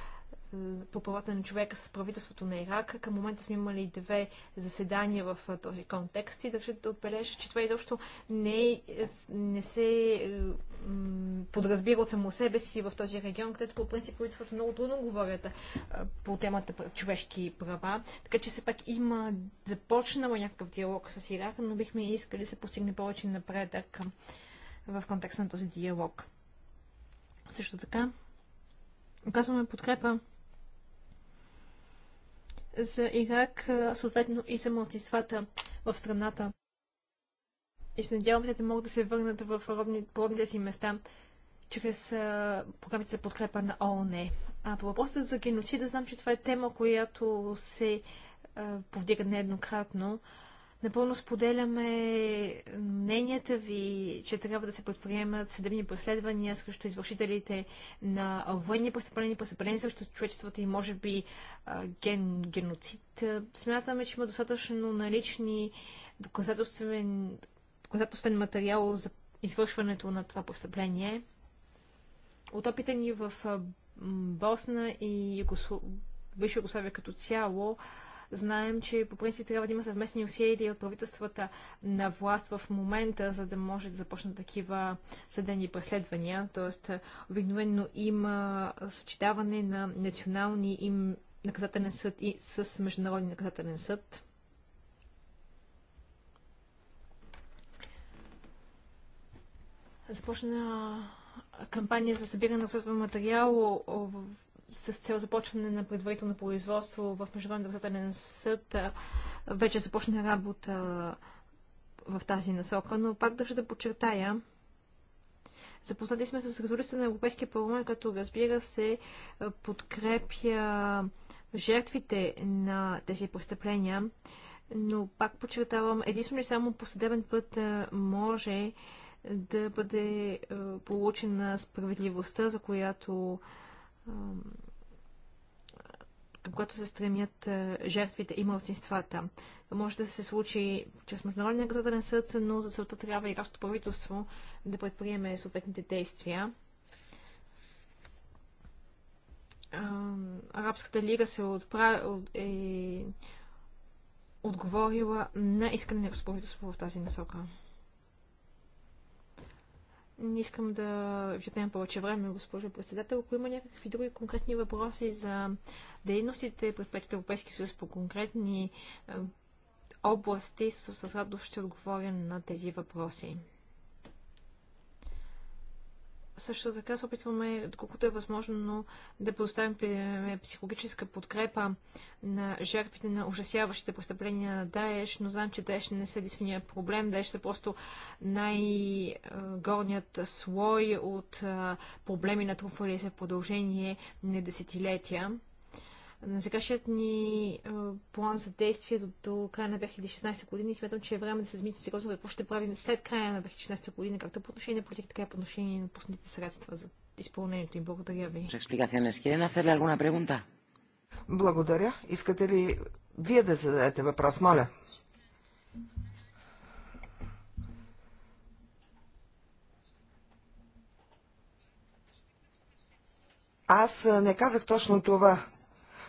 B: по правата на човека с правителството на Ирак. Към момента сме имали две заседания в този контекст и държа да отбележа, че това изобщо не, не се подразбира от само себе си в този регион, където по принцип правителството много трудно говорят по темата човешки права. Така че все пак има започнала някакъв диалог с Ирак, но бихме искали да се постигне повече напредък в контекста на този диалог. Също така, оказваме подкрепа за Ирак, съответно и за младсинствата в страната. И се надявам те да могат да се върнат в родни, родните си места чрез програмите за подкрепа на ООН. А по въпроса за геноцида, знам, че това е тема, която се повдига нееднократно. А, Напълно споделяме мненията ви, че трябва да се предприемат съдебни преследвания срещу извършителите на военни престъпления, престъпления срещу човечеството и може би ген, геноцид. Смятаме, че има достатъчно налични доказателствен, доказателствен материал за извършването на това престъпление. От опита ни в Босна и Югослав... Бивша Югославия като цяло, Знаем, че по принцип трябва да има съвместни усилия от правителствата на власт в момента, за да може да започнат такива съдени преследвания. Тоест, обикновено има съчетаване на национални и наказателен съд и с международен наказателен съд. Започна кампания за събиране на материал с цел започване на предварително производство в Международен доказателен съд вече започна работа в тази насока, но пак държа да подчертая, Запознати сме с резолюцията на Европейския парламент, като разбира се подкрепя жертвите на тези престъпления, но пак подчертавам, единствено и само по съдебен път може да бъде получена справедливостта, за която към което се стремят жертвите и младсинствата. Може да се случи чрез Международния наказателен съд, но за целта трябва и нашето правителство да предприеме съответните действия. Арабската лига се е отговорила на искане на правителство в тази насока. Не искам да ви повече време, госпожо председател. Ако има някакви други конкретни въпроси за дейностите, предприятите Европейски съюз по конкретни области, с радост ще отговоря на тези въпроси. Също така се опитваме, колкото е възможно, да предоставим психологическа подкрепа на жертвите на ужасяващите престъпления на Даеш, но знам, че Даеш не са единствения проблем. Даеш са просто най-горният слой от проблеми на натрупвали се в продължение на десетилетия сегашният ни план за действие до, до края на 2016 година и смятам, че е време да се измислим сериозно какво ще правим след края на 2016 година, както по отношение на политика, така и по отношение на пуснатите средства за изпълнението им. Благодаря ви.
C: Благодаря. Искате ли вие да зададете въпрос, моля? Аз не казах точно това.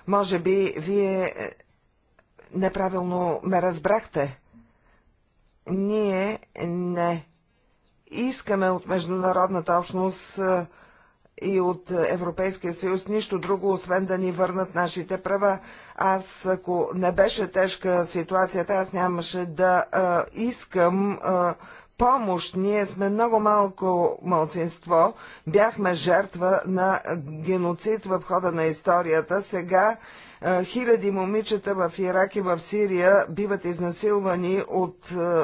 C: Може би вие е, неправилно ме разбрахте. Ние не искаме от международната общност е, и от Европейския съюз нищо друго, освен да ни върнат нашите права. Аз, ако не беше тежка ситуацията, аз нямаше да а, е, искам а, помощ. Ние сме много малко мълцинство. Бяхме жертва на геноцид в хода на историята. Сега е, хиляди момичета в Ирак и в Сирия биват изнасилвани от е,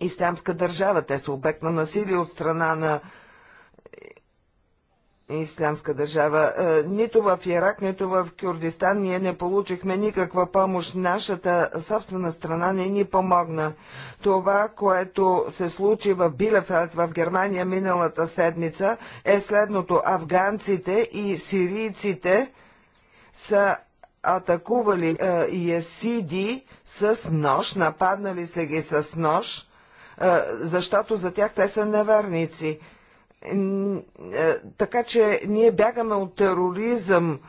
C: ислямска държава. Те са обект на насилие от страна на Исламска държава. Е, нито в Ирак, нито в Кюрдистан ние не получихме никаква помощ. Нашата собствена страна не ни помогна. Това, което се случи в Билефелд в Германия миналата седмица е следното. Афганците и сирийците са атакували е, есиди ясиди с нож, нападнали се ги с нож, е, защото за тях те са неверници. Е, така че ние бягаме от тероризъм,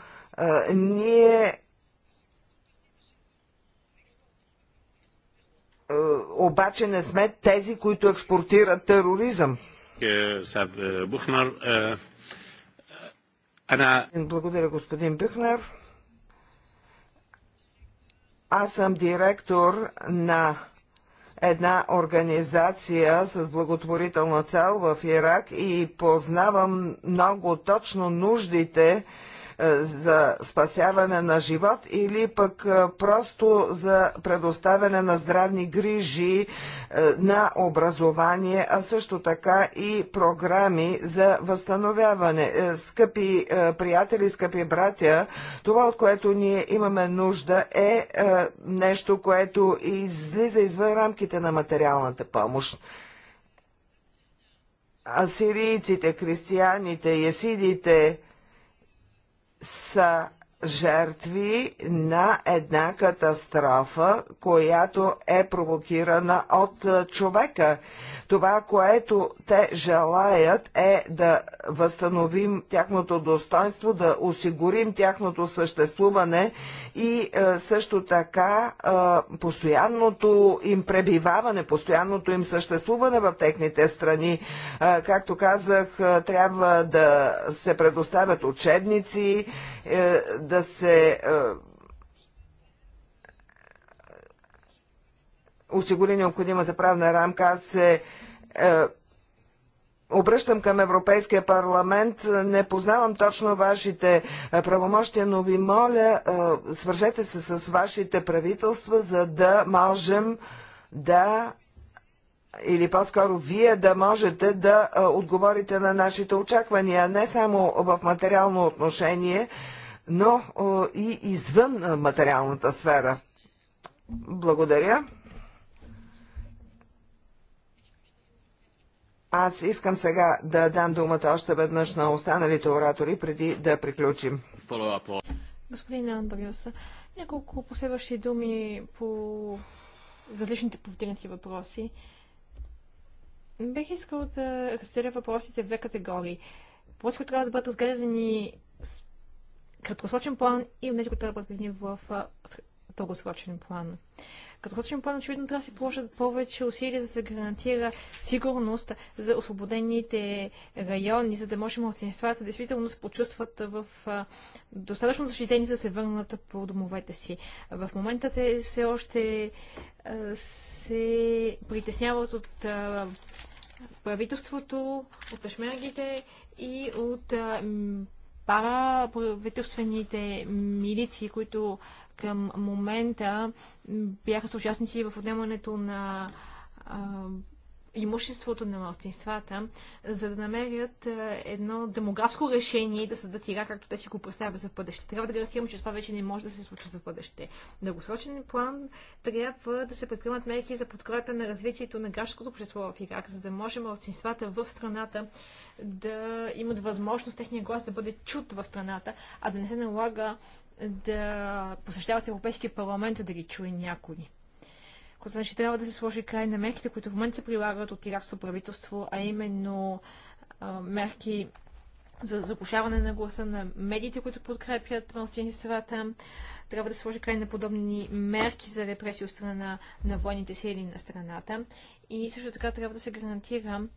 C: е, ние е, обаче не сме тези, които експортират тероризъм. Благодаря, господин Бюхнер. Аз съм директор на една организация с благотворителна цел в Ирак и познавам много точно нуждите е, за спасяване на живот или пък е, просто за предоставяне на здравни грижи, е, на образование, а също така и програми за възстановяване. Скъпи приятели, скъпи братя, това, от което ние имаме нужда е нещо, което излиза извън рамките на материалната помощ асирийците, християните, есидите, са жертви на една катастрофа, която е провокирана от човека. Това, което те желаят е да възстановим тяхното достоинство, да осигурим тяхното съществуване и е, също така е, постоянното им пребиваване, постоянното им съществуване в техните страни. Е, както казах, трябва да се предоставят учебници, да се осигури необходимата правна рамка. Аз се е, обръщам към Европейския парламент. Не познавам точно вашите е, правомощия, но ви моля, е, свържете се с вашите правителства, за да можем да или по-скоро вие да можете да отговорите на нашите очаквания, не само в материално отношение, но и извън материалната сфера. Благодаря. Аз искам сега да дам думата още веднъж на останалите оратори, преди да приключим.
B: Господин Андриус, няколко последващи думи по различните повдигнати въпроси. Бих искал да разделя въпросите в две категории. Въпроси, които трябва да бъдат разгледани с краткосрочен план и тези, които трябва да бъдат разгледани в дългосрочен план. Като краткосрочен план очевидно трябва да се положат повече усилия за да се гарантира сигурност за освободените райони, за да може младсинствата действително се почувстват в достатъчно защитени, за да се върнат по домовете си. В момента те все още се притесняват от правителството, от пешмергите и от пара правителствените милиции, които към момента бяха съучастници в отнемането на а, имуществото на малцинствата, за да намерят едно демографско решение и да създадат Ирак, както те си го представят за бъдеще. Трябва да гарантирам, че това вече не може да се случи за бъдеще. дългосрочен план трябва да се предприемат мерки за подкрепа на развитието на гражданското общество в Ирак, за да може малцинствата в страната да имат възможност техния глас да бъде чут в страната, а да не се налага да посещават Европейския парламент, за да ги чуе някой. Което значи трябва да се сложи край на мерките, които в момента се прилагат от иракско правителство, а именно а, мерки за заглушаване на гласа на медиите, които подкрепят малцинствата. Трябва да се сложи край на подобни мерки за репресия от страна на военните сили на страната. И също така трябва да се гарантира,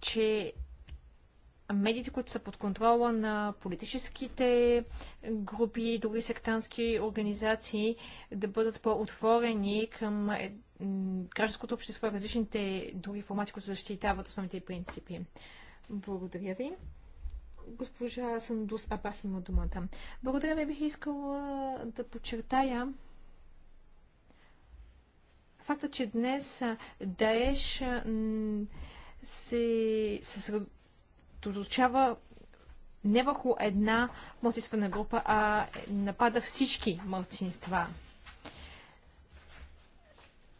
B: че медиите, които са под контрола на политическите групи и други сектантски организации, да бъдат по-отворени към е, гражданското общество и различните други формати, които защитават основните принципи. Благодаря ви. Госпожа Сандус Абас има думата. Благодаря ви, бих искала да подчертая факта, че днес Даеш се съсредоточи съсредоточава не върху една мълцинствена група, а напада всички мълцинства.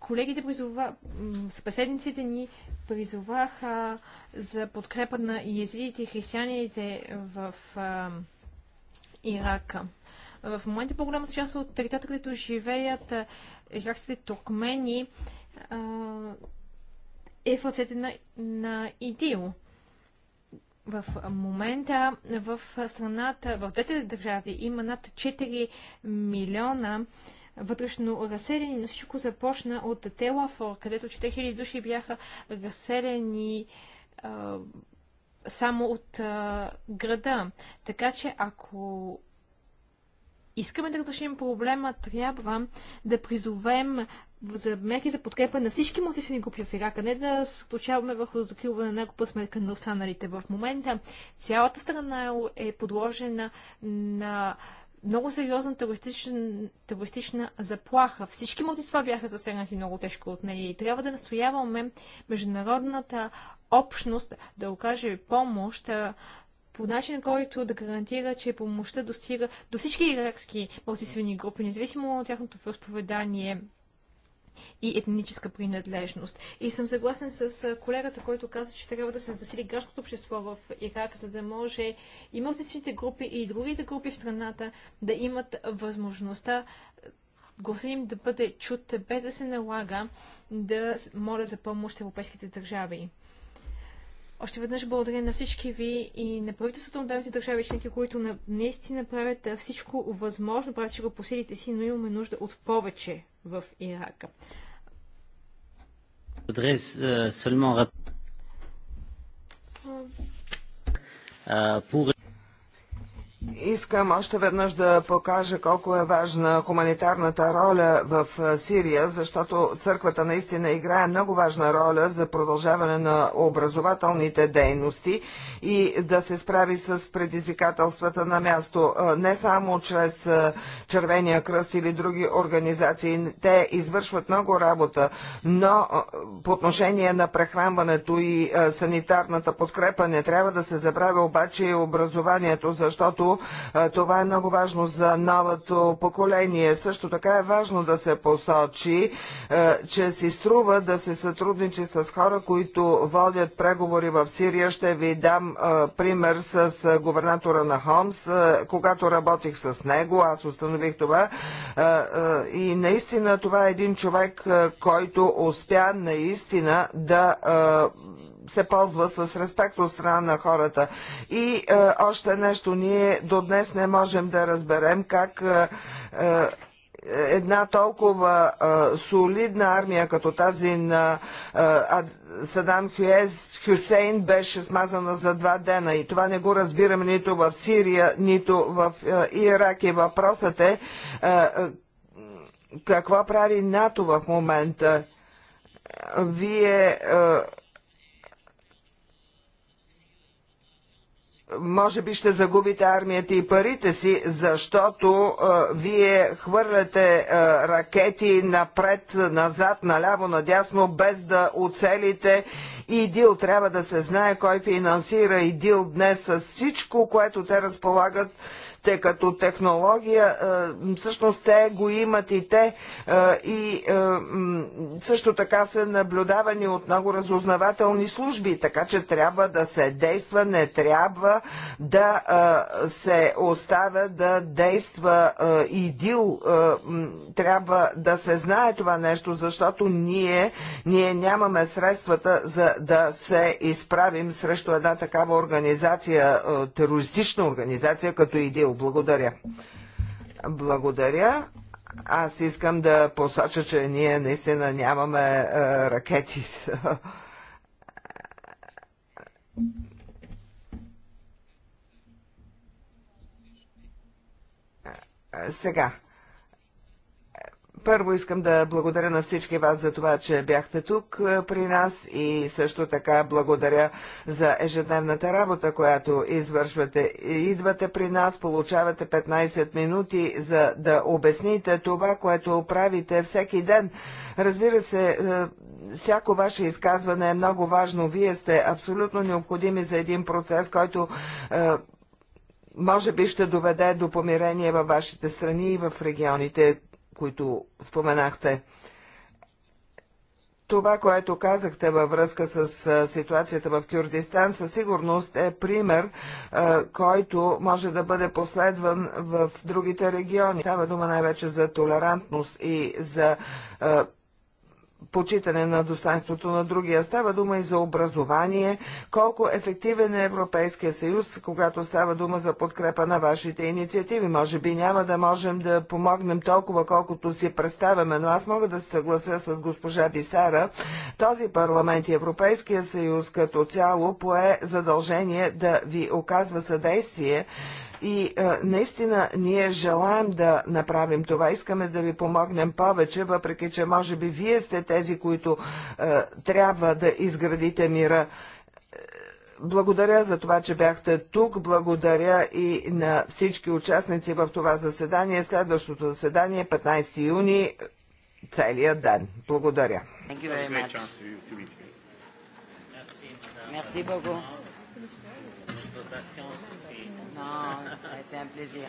B: Колегите призова... съпеседниците ни призоваха за подкрепа на езидите и християните в а, Ирака. В момента по-голямата част от територията, където живеят иракските туркмени, а, е в ръцете на, на идио в момента в страната, в двете държави има над 4 милиона вътрешно разселени, но всичко започна от Телафор, където 4000 души бяха разселени а, само от а, града. Така че ако искаме да разрешим проблема, трябва да призовем за мерки за подкрепа на всички младежни групи в Ирак, а не да се случаваме върху закриване на някаква сметка на останалите. В момента цялата страна е подложена на много сериозна терористична, терористична заплаха. Всички младсинства бяха засегнати много тежко от нея и трябва да настояваме международната общност да окаже помощ по начин, който да гарантира, че помощта достига до всички иракски младсинствени групи, независимо от тяхното възповедание, и етническа принадлежност. И съм съгласен с колегата, който каза, че трябва да се засили гражданското общество в Ирак, за да може и мълтичните групи, и другите групи в страната да имат възможността гласа им да бъде чут, без да се налага да моля за помощ европейските държави. Още веднъж благодаря на всички ви и на правителството на дамите държави членки, които наистина правят всичко възможно, правят всичко по силите си, но имаме нужда от повече в Ирака.
D: Pour
C: Искам още веднъж да покажа колко е важна хуманитарната роля в Сирия, защото църквата наистина играе много важна роля за продължаване на образователните дейности и да се справи с предизвикателствата на място. Не само чрез Червения кръст или други организации. Те извършват много работа, но по отношение на прехранването и санитарната подкрепа не трябва да се забравя обаче и образованието, защото това е много важно за новото поколение. Също така е важно да се посочи, че си струва да се сътрудничи с хора, които водят преговори в Сирия. Ще ви дам пример с губернатора на Хомс. Когато работих с него, аз установих това. И наистина това е един човек, който успя наистина да се ползва с респект от страна на хората. И е, още нещо, ние до днес не можем да разберем как е, е една толкова е, солидна армия, като тази на е, Садам Хюез, Хюсейн беше смазана за два дена и това не го разбираме нито в Сирия, нито в е, Ирак и въпросът е, е какво прави НАТО в момента. Вие е, може би ще загубите армията и парите си, защото а, вие хвърляте а, ракети напред, назад, наляво, надясно, без да оцелите. ИДИЛ трябва да се знае кой финансира ИДИЛ днес с всичко, което те разполагат те като технология, е, всъщност те го имат и те е, и е, също така са наблюдавани от много разузнавателни служби, така че трябва да се действа, не трябва да се оставя да действа идил, трябва да се знае това нещо, защото ние, ние нямаме средствата за да се изправим срещу една такава организация, терористична организация като идил. Благодаря. Благодаря. Аз искам да посоча, че ние наистина нямаме а, е, ракети. Е, сега. Първо искам да благодаря на всички вас за това, че бяхте тук при нас и също така благодаря за ежедневната работа, която извършвате. Идвате при нас, получавате 15 минути за да обясните това, което правите всеки ден. Разбира се, е, всяко ваше изказване е много важно. Вие сте абсолютно необходими за един процес, който е, може би ще доведе до помирение във вашите страни и в регионите които споменахте. Това, което казахте във връзка с ситуацията в Кюрдистан, със сигурност е пример, който може да бъде последван в другите региони. Става дума най-вече за толерантност и за почитане на достоинството на другия. Става дума и за образование, колко ефективен е Европейския съюз, когато става дума за подкрепа на вашите инициативи. Може би няма да можем да помогнем толкова, колкото си представяме, но аз мога да се съглася с госпожа Бисара. Този парламент и Европейския съюз като цяло пое задължение да ви оказва съдействие и а, е, наистина ние желаем да направим това. Искаме да ви помогнем повече, въпреки че може би вие сте тези, които а, е, трябва да изградите мира. Е, благодаря за това, че бяхте тук. Благодаря и на всички участници в това заседание. Следващото заседание 15 юни целият ден. Благодаря.
D: Merci Non, c'était un plaisir.